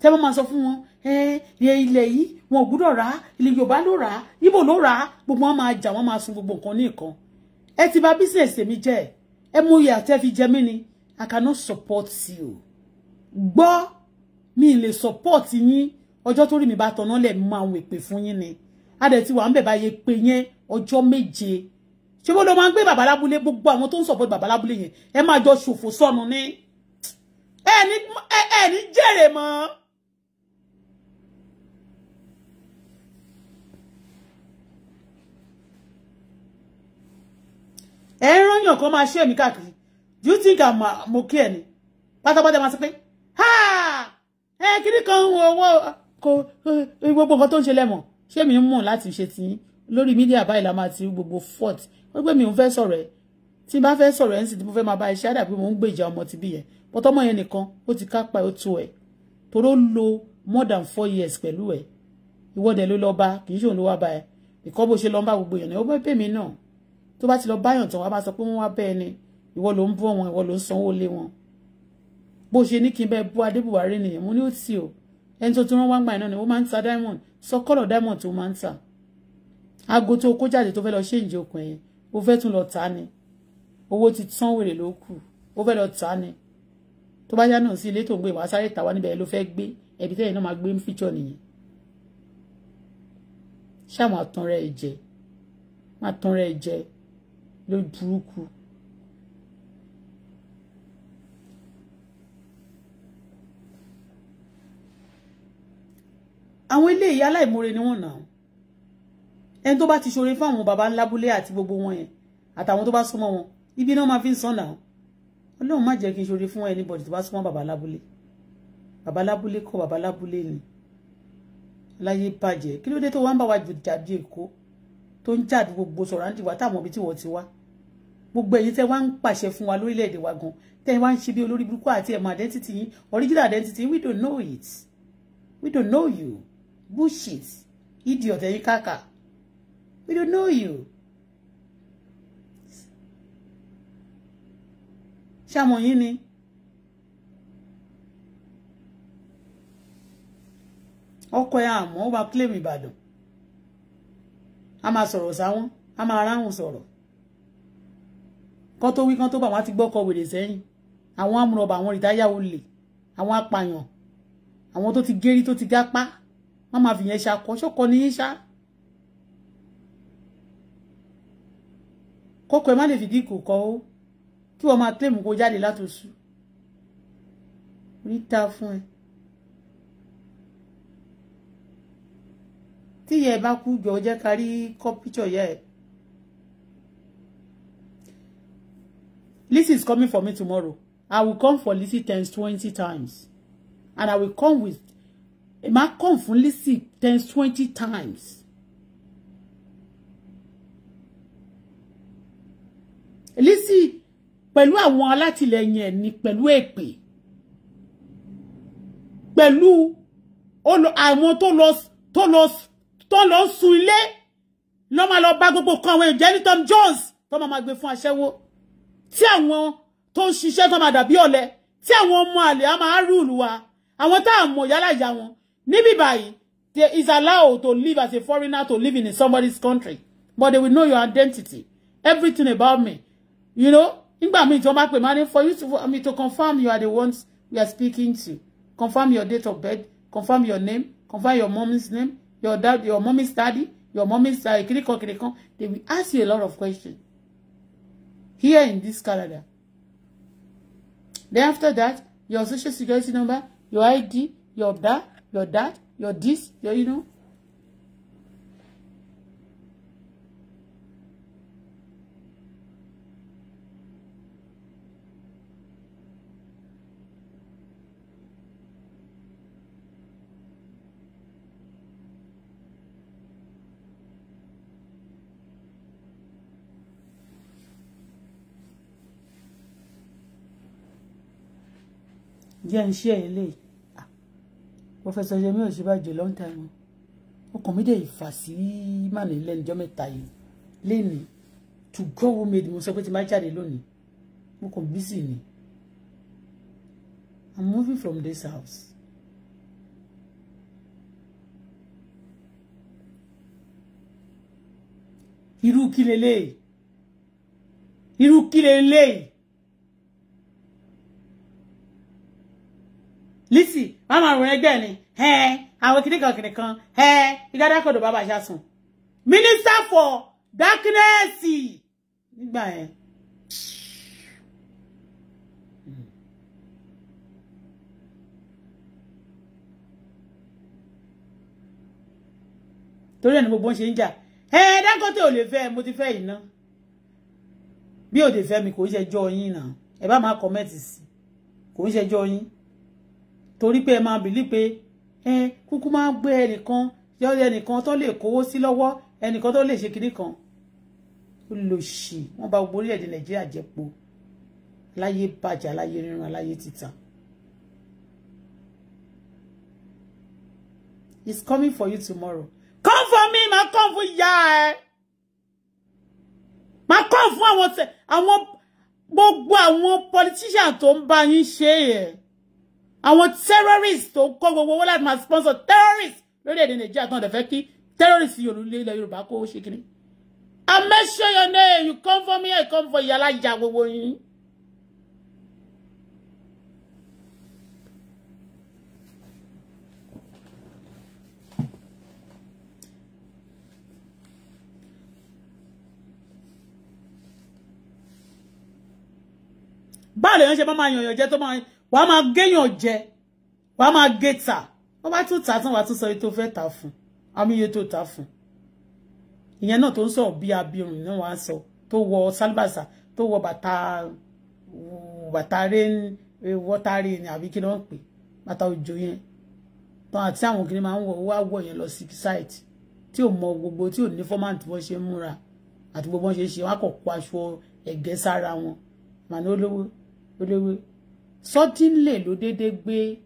A: tẹ́ bá máa sọ fún wọn ẹ ilẹ̀ yìí wọn ò gbúdọ̀ rà á ilẹ̀ Yorùbá ló rà á Ìgbò ló rà á gbogbo wọn máa jà wọn máa sun gbogbo nǹkan ní nǹkan ẹ ti bà business tèmi jẹ́ ẹ mú iye àtẹ́ fi jẹ mí ni I cannot support you gbọ́ mi lè support yín ọjọ́ tó rí mi bá tọ̀nà lẹ̀ mú àwọn èpè fún yín ni adẹ̀ ti wà ń bẹ̀ bá yẹ pé yẹn ọjọ́ méje ṣé bó ló máa ń gbé bàbá lábúlé gbogbo àwọn tó ń support bàbá lábúlé yẹn ẹ máa jọ ṣòfò sọnù ni ẹ ní ẹ ní jèrè mọ́. ẹ ń rányàn kan máa ṣé èmi káàkiri do you think I'm uh, okay kí ẹ ní pátápátá máa sọ pé ẹ kíní kan wo owó kò gbogbo nǹkan tó ń ṣe lẹ́mọ̀ ṣé mi ń mọ̀ láti ṣe tí lórí mídíà báyìí la máa ti gbogbo fort ó gbé mi ò fẹ́ sọ̀rọ̀ ẹ̀ tí n bá fẹ́ sọ̀rọ̀ ẹ̀ ń sì tí mo fẹ́ máa bá iṣẹ́ àdàbí mo ń gbèjà ọmọ ti bí yẹn pọtọ́mọ yẹn nìkan ó ti kápá ó tó ẹ̀ toró lo more than four years pẹ̀lú ẹ̀ ìwọ́dẹ̀ ló lọ bá kì í ṣòun ló wá bá ẹ ìkọ́ bó ṣe lọ bá gbogbo èèyàn ni ó bẹ́ pè mí náà tó bá ti lọ báyàn tán wá bá sọ pé wọ́n wá bẹ́ẹ̀ ni ìwọ ló ń bọ́ wọn ìwọ ló ń sanwó lé wọn bó ṣe ní kí n bẹ bú adébùwárí nìyẹn mo ní ó tì o ẹni tó tún rán wá gbà iná ni ó máa ń ta diamond sọ kọ́lọ̀ diamond tó máa ń ta aago tó kó jáde tó fẹ́ lọ ṣe ìjẹ okùn ẹ̀yẹn ó fẹ́ tún lọ ta ni owó ti tán wèrè ló kù ó fẹ́ lọ ta ni tó bá yá náà sí ilé tó ń gbé wàá sáré tà níbẹ̀ ló fẹ́ gbé ẹbí tẹ́yìn náà máa gbé ń fíjọ nìyẹn ṣáà máa tan rẹ̀ jẹ máa rẹ̀ jẹ ló burúkú àwọn ilé ìyá aláìmoore ni wọ́n nà án ẹni tó bá ti ṣoore fún àwọn baba ńlábúlé àti gbogbo wọn yẹn àtàwọn tó bá súnmọ́ wọn ibi náà máa fi ń sànà án ọlọ́run má jẹ́ kí n ṣoore fún anybody tó bá súnmọ́ baba lábúlé baba lábúlé kọ́ baba lábúlé ni láyé bàjẹ́ kí ló dé tó wá ń bá wa jà bí èkó tó ń jà gbogbo sọ̀rọ̀ àǹtí wa táwọn ibi tí wọ́n ti wá gbogbo ẹ̀yin tẹ́ wá ń pàṣẹ fún wa lórílẹ̀‐èdè wa gan tẹ́ wá ń ṣe bí olórí burúkú àti ẹ̀mọ identity yín original identity we don't know it we don't know you. Bushes, idiot ẹ̀yin kàkà we don't know you. Shamo yini. ni. ọkọ ẹ àmọ́ ó máa badu. Ìbàdàn a máa sọ̀rọ̀ sáwọn a máa ráhùn sọ̀rọ̀ kán tó wí kán tó bà wọ́n á ti gbọ́kọ̀ wèrè sẹ́yìn àwọn amúnọ̀bà àwọn rìtáyà olè àwọn apààyàn ti gérí tó ti gápá wọ́n máa fi yẹn ṣakọ ṣọkọ ní yín ṣá kókò ẹ má lè fi gígò kọ ó kí wọ́n máa claim kó jáde látòṣù oríta fún ẹ tí ìyá ẹ bá kú jọ jẹ́ ká rí kọ́ píchọ̀ ìyá ẹ Lizzy is coming for me tomorrow I will come for Lizzy times twenty times and I will come with ẹ máa kàn fún Lizzy ten twenty times. Lizzy pẹ̀lú àwọn alátìlẹyìn ẹ̀ ní pẹ̀lú èpè pẹ̀lú àwọn tó lọ tó lọ tó lọ sun ilé lọ́ máa lọ bá gbogbo kan àwọn èèyàn Tom Jones tó máa gbé fún aṣẹ́wó tí àwọn tó ń ṣiṣẹ́ tó máa dàbí ọ̀lẹ tí àwọn ọmọ àlè á máa rúùlù wa àwọn tá à mọ̀ yálà ìyá níbí báyìí there is allowed to live as a foreigner to live in somebody's country but they will know your identity everything about me you know in míì tí wọ́n money for you to for me to confirm you are the ones we are speaking to confirm your date of birth confirm your name confirm your mommy's name your dad your mommy's daddy your mommy's uh, kirikan kirikan they will ask you a lot of questions here in this Canada then after that your social security number your ID your dad your that, your this, your, you know. jẹ́ ń ṣe eléyìí Professor Yemi Osinbajo long time ọkàn mi dẹ̀ ìfà sí màlẹ́ lẹ́nu ọjọ́ mẹ́ta yìí lẹ́nìí to go, who made mo sọ pé tí máa jáde lónìí mo kàn bísí ni I'm moving from this house. irú kí leléyìí irú kí leléyìí lisi wọn máa ròyìn ẹgbẹ́ ni àwọn kìnìkan kìnìkan ìgádàkọ̀dọ̀ bàbá àṣà sùn minister for darkness nígbà yẹn. torí ẹni gbogbo ń ṣe ń jà ẹ Dangote ò lè fẹ́ mo ti fẹ́ yìí ná bí ò lè fẹ́ mi kò ń ṣẹjọ́ yín náà ẹ bá máa kọmẹtì sí kò ń ṣẹjọ́ yín torí pé ẹ máa bìlí pé ẹ kúkú máa gbé ẹnìkan yọ ẹnìkan tó lè kówó sí lọ́wọ́ ẹnìkan tó lè ṣe kinní kan olùsì wọ́n bà gbogbo orílẹ̀ nàìjíríà jẹ́ po láyé bàjẹ́ aláyé ríran aláyé títà. It's coming for you tomorrow. Come for me, ma come for ya ẹ. Ma come fún àwọn àwọn gbogbo àwọn politician tó ń bá yín ṣe yẹn àwọn terrorists tó kó gbogbo owó láti máa sponsor terrorist lórílẹ̀‐èdè nàìjíríà tán dẹ̀fẹ́ kí Terrorists, yorùlé ilẹ̀ yorùbá kó ṣe kiri i make sure your name you come for me i come for yàrá ìjà gbogbo yín. báwo lèèyàn ṣe máa yànyàn tó máa wàá máa géèyàn jẹ wàá máa gé tà wọ́n bá tún tà tán wàá tún sọ iye tó fẹ́ tà fún àmì iye tó tà fún ìyẹn náà tó ń sọ̀rọ̀ bí abirùn náà wàá sọ tó wọ sálbàsà tó wọ bàtà bàtà wọ́tárì ni àbí kí ló ń pè bàtà òjò yẹn tán àti àwọn kìnìún máa ń wọ owó àwọ̀ yẹn lọ sí site tí ò mọ gbogbo tí ò ní fọ́màtì bọ́n ṣe ń múra gbogbo bọ́n ṣe ń ṣe wọn á kọ̀ kó aṣọ ẹ̀gẹ́ sára wọn màá suddenly ló déédéé gbé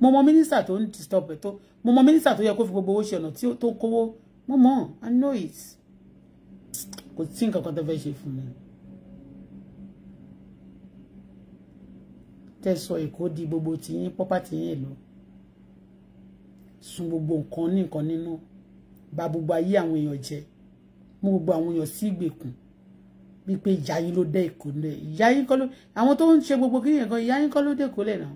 A: mo mọ mínísítà tó ń disturb ẹ tó mo mọ mínísítà tó yẹ kó fi gbogbo owó ṣe ọ̀nà tó kówó mo mọ I know it kò sí nǹkan kan tó fẹ́ ṣe fún mi. tẹ́ èkó di gbogbo tìyín pọ́pá tìyín èlò sun gbogbo nǹkan ní nǹkan nínú bà gbogbo ayé àwọn èèyàn jẹ́ mú gbogbo àwọn èèyàn sí ìgbèkùn bíi pé ìyá yín ló dé ìkólẹ̀ ìyá yín kọ́ ló àwọn tó ń ṣe gbogbo kí nìyẹn kan ìyá yín ló dé ìkólẹ̀ náà.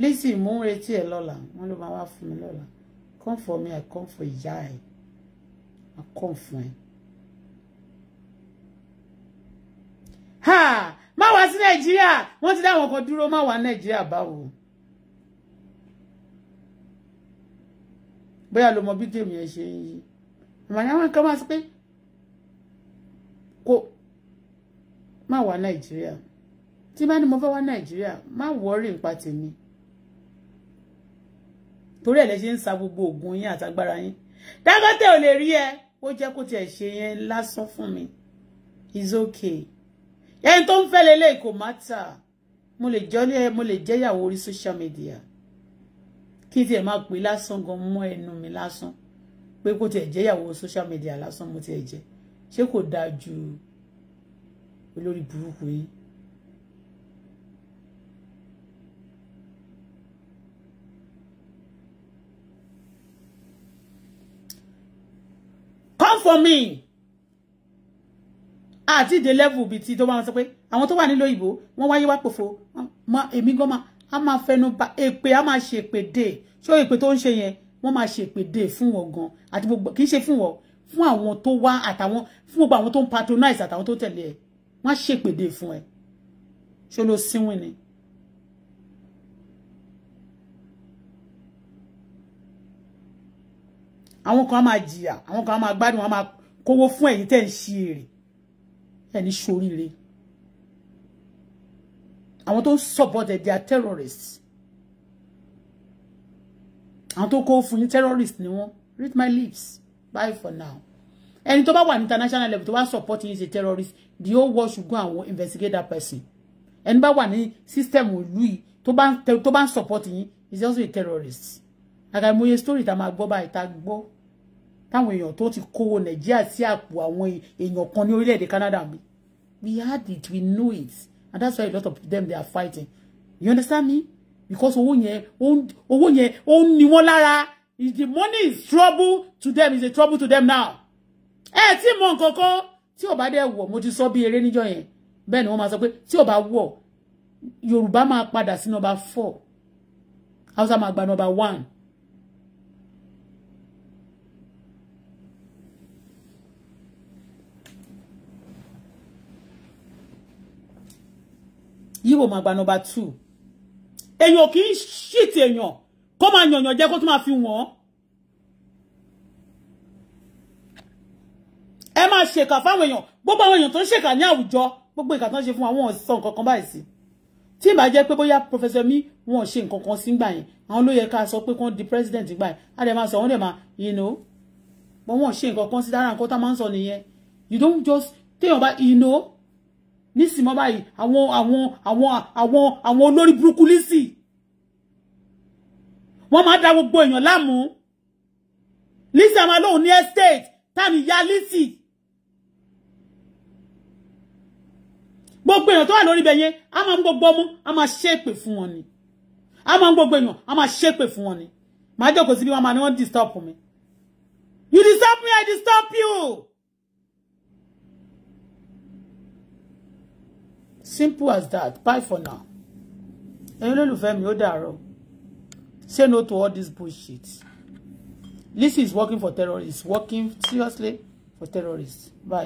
A: listen mò ń retí ẹ lọ́la wọ́n ló máa wá fún mi lọ́la come for me I come for ìyá ẹ̀ I come for ẹ̀. má wá sí nàìjíríà wọ́n ti dá àwọn kan dúró má wá nàìjíríà báwo. bóyá ló mọ bí tèmi ẹ ṣe ń yí màmá wọn kàn máa sọ pé kò má wá nàìjíríà tí bá ní mo fẹ́ wá nàìjíríà má wọ́ọ̀rì nípa tèmi torí ẹ̀ lẹ ṣe ń sa gbogbo oògùn yín àtagbára yín Dangote ò lè rí ẹ ó jẹ́ kó tiẹ̀ ṣe yẹn lásán fún mi is okay ẹni tó ń fẹ́ lélẹ́yìí kò má tà mo lè jẹ́ mo lè orí social media kí tiẹ̀ máa pè lásán gan mọ́ ẹnu mi lásán pé kó tiẹ̀ jẹ́ ìyàwó social media lásán mo tiẹ̀ jẹ́ ṣé kò dáa ju olórí burúkú yìí. come for me àti ìdè level bíi ti tó bá wọn sọ pé àwọn tó wà nílò ìbò wọn wáyé wá pòfo èmi gan máa a máa fẹnu ba èpè a máa ṣèpè dè ṣó èpè tó ń ṣe yẹn wọ́n máa ṣèpè dè fún wọn gan àti gbogbo kì í ṣe fún wọn fún àwọn tó wá àtàwọn fún gbogbo àwọn tó ń patronize àtàwọn tó tẹ̀lé ẹ̀ wọ́n á ṣèpè dè fún ẹ ṣó ló síwìn ni. àwọn kan á máa jìyà àwọn kan á máa gbádùn wọn á máa kówó fún ẹ̀yin tẹ́ ń ṣe èrè ẹ̀ ṣoríire àwọn tó ń support ẹ̀ they are terrorists àwọn tó kó fún yín terrorists ni wọ́n read my lips bye for now ẹni tó bá wà ní international level tó wá support yín ṣe terrorist the whole world should go and investigate that person ẹni bá wà ní system ìlú yìí tó bá ń support yín is also a terrorist àgàmọye story tá a máa gbọ́ báyìí tá a gbọ́ táwọn èèyàn tó ti kówó nàìjíríà sí àpò àwọn èèyàn kan ní orílẹ̀-èdè Canada mi we had it we know it and that's why a lot of them they are fighting you understand me because owó yẹn owó yẹn ó ń ni wọ́n lára if the money is trouble to them it's a trouble to them now ẹ tí mọ nǹkan kan tí ò bá dẹ̀ wọ̀ mo ti sọ bí eré níjọ́ yẹn bẹ́ẹ̀ ni wọ́n máa sọ pé tí ò bá wọ̀ Yorùbá máa padà sí nọ́mbà four Hausa máa gba nọ́mbà one yíwò máa gba number two èèyàn kì shit, ṣìtì èèyàn kó máa yànyàn jẹ kó tún máa fi wọ́n ẹ máa ṣèkà fáwọn èèyàn gbogbo àwọn èèyàn tó ń ṣèkà ní àwùjọ gbogbo ìkà tó ń ṣe fún àwọn ọ̀sán kankan báyìí sí tí ìbá jẹ́ pé bóyá professor mi wọn ṣe nǹkan kan sí gbà yẹn àwọn ló yẹ ká sọ pé kán di president gbà yẹn á dẹ̀ máa sọ wọ́n dẹ̀ máa you know but wọ́n ṣe nǹkan kan sí dára nǹkan tá máa you don't just téèyàn about. you know nísìmọ báyìí àwọn àwọn àwọn àwọn àwọn olórí burúkú lísì wọ́n máa da gbogbo èèyàn láàmú lísì àmà lóhùn ní estate táàmì ya lísì gbogbo èèyàn tó wà lórí ibẹ̀ yẹn a máa ń gbogbo ọmọ a máa ṣépè fún wọn ni a máa ń gbogbo èèyàn a máa ṣépè fún wọn ni màá jókòó síbi wọn máa ní wọn disturb me. you disturb me I disturb you. simple as that bye for now ẹ̀yin olólùfẹ́ mi ó dàárọ̀ say no to all this bullshit Lizzy is working for terrorists working seriously for terrorists bye.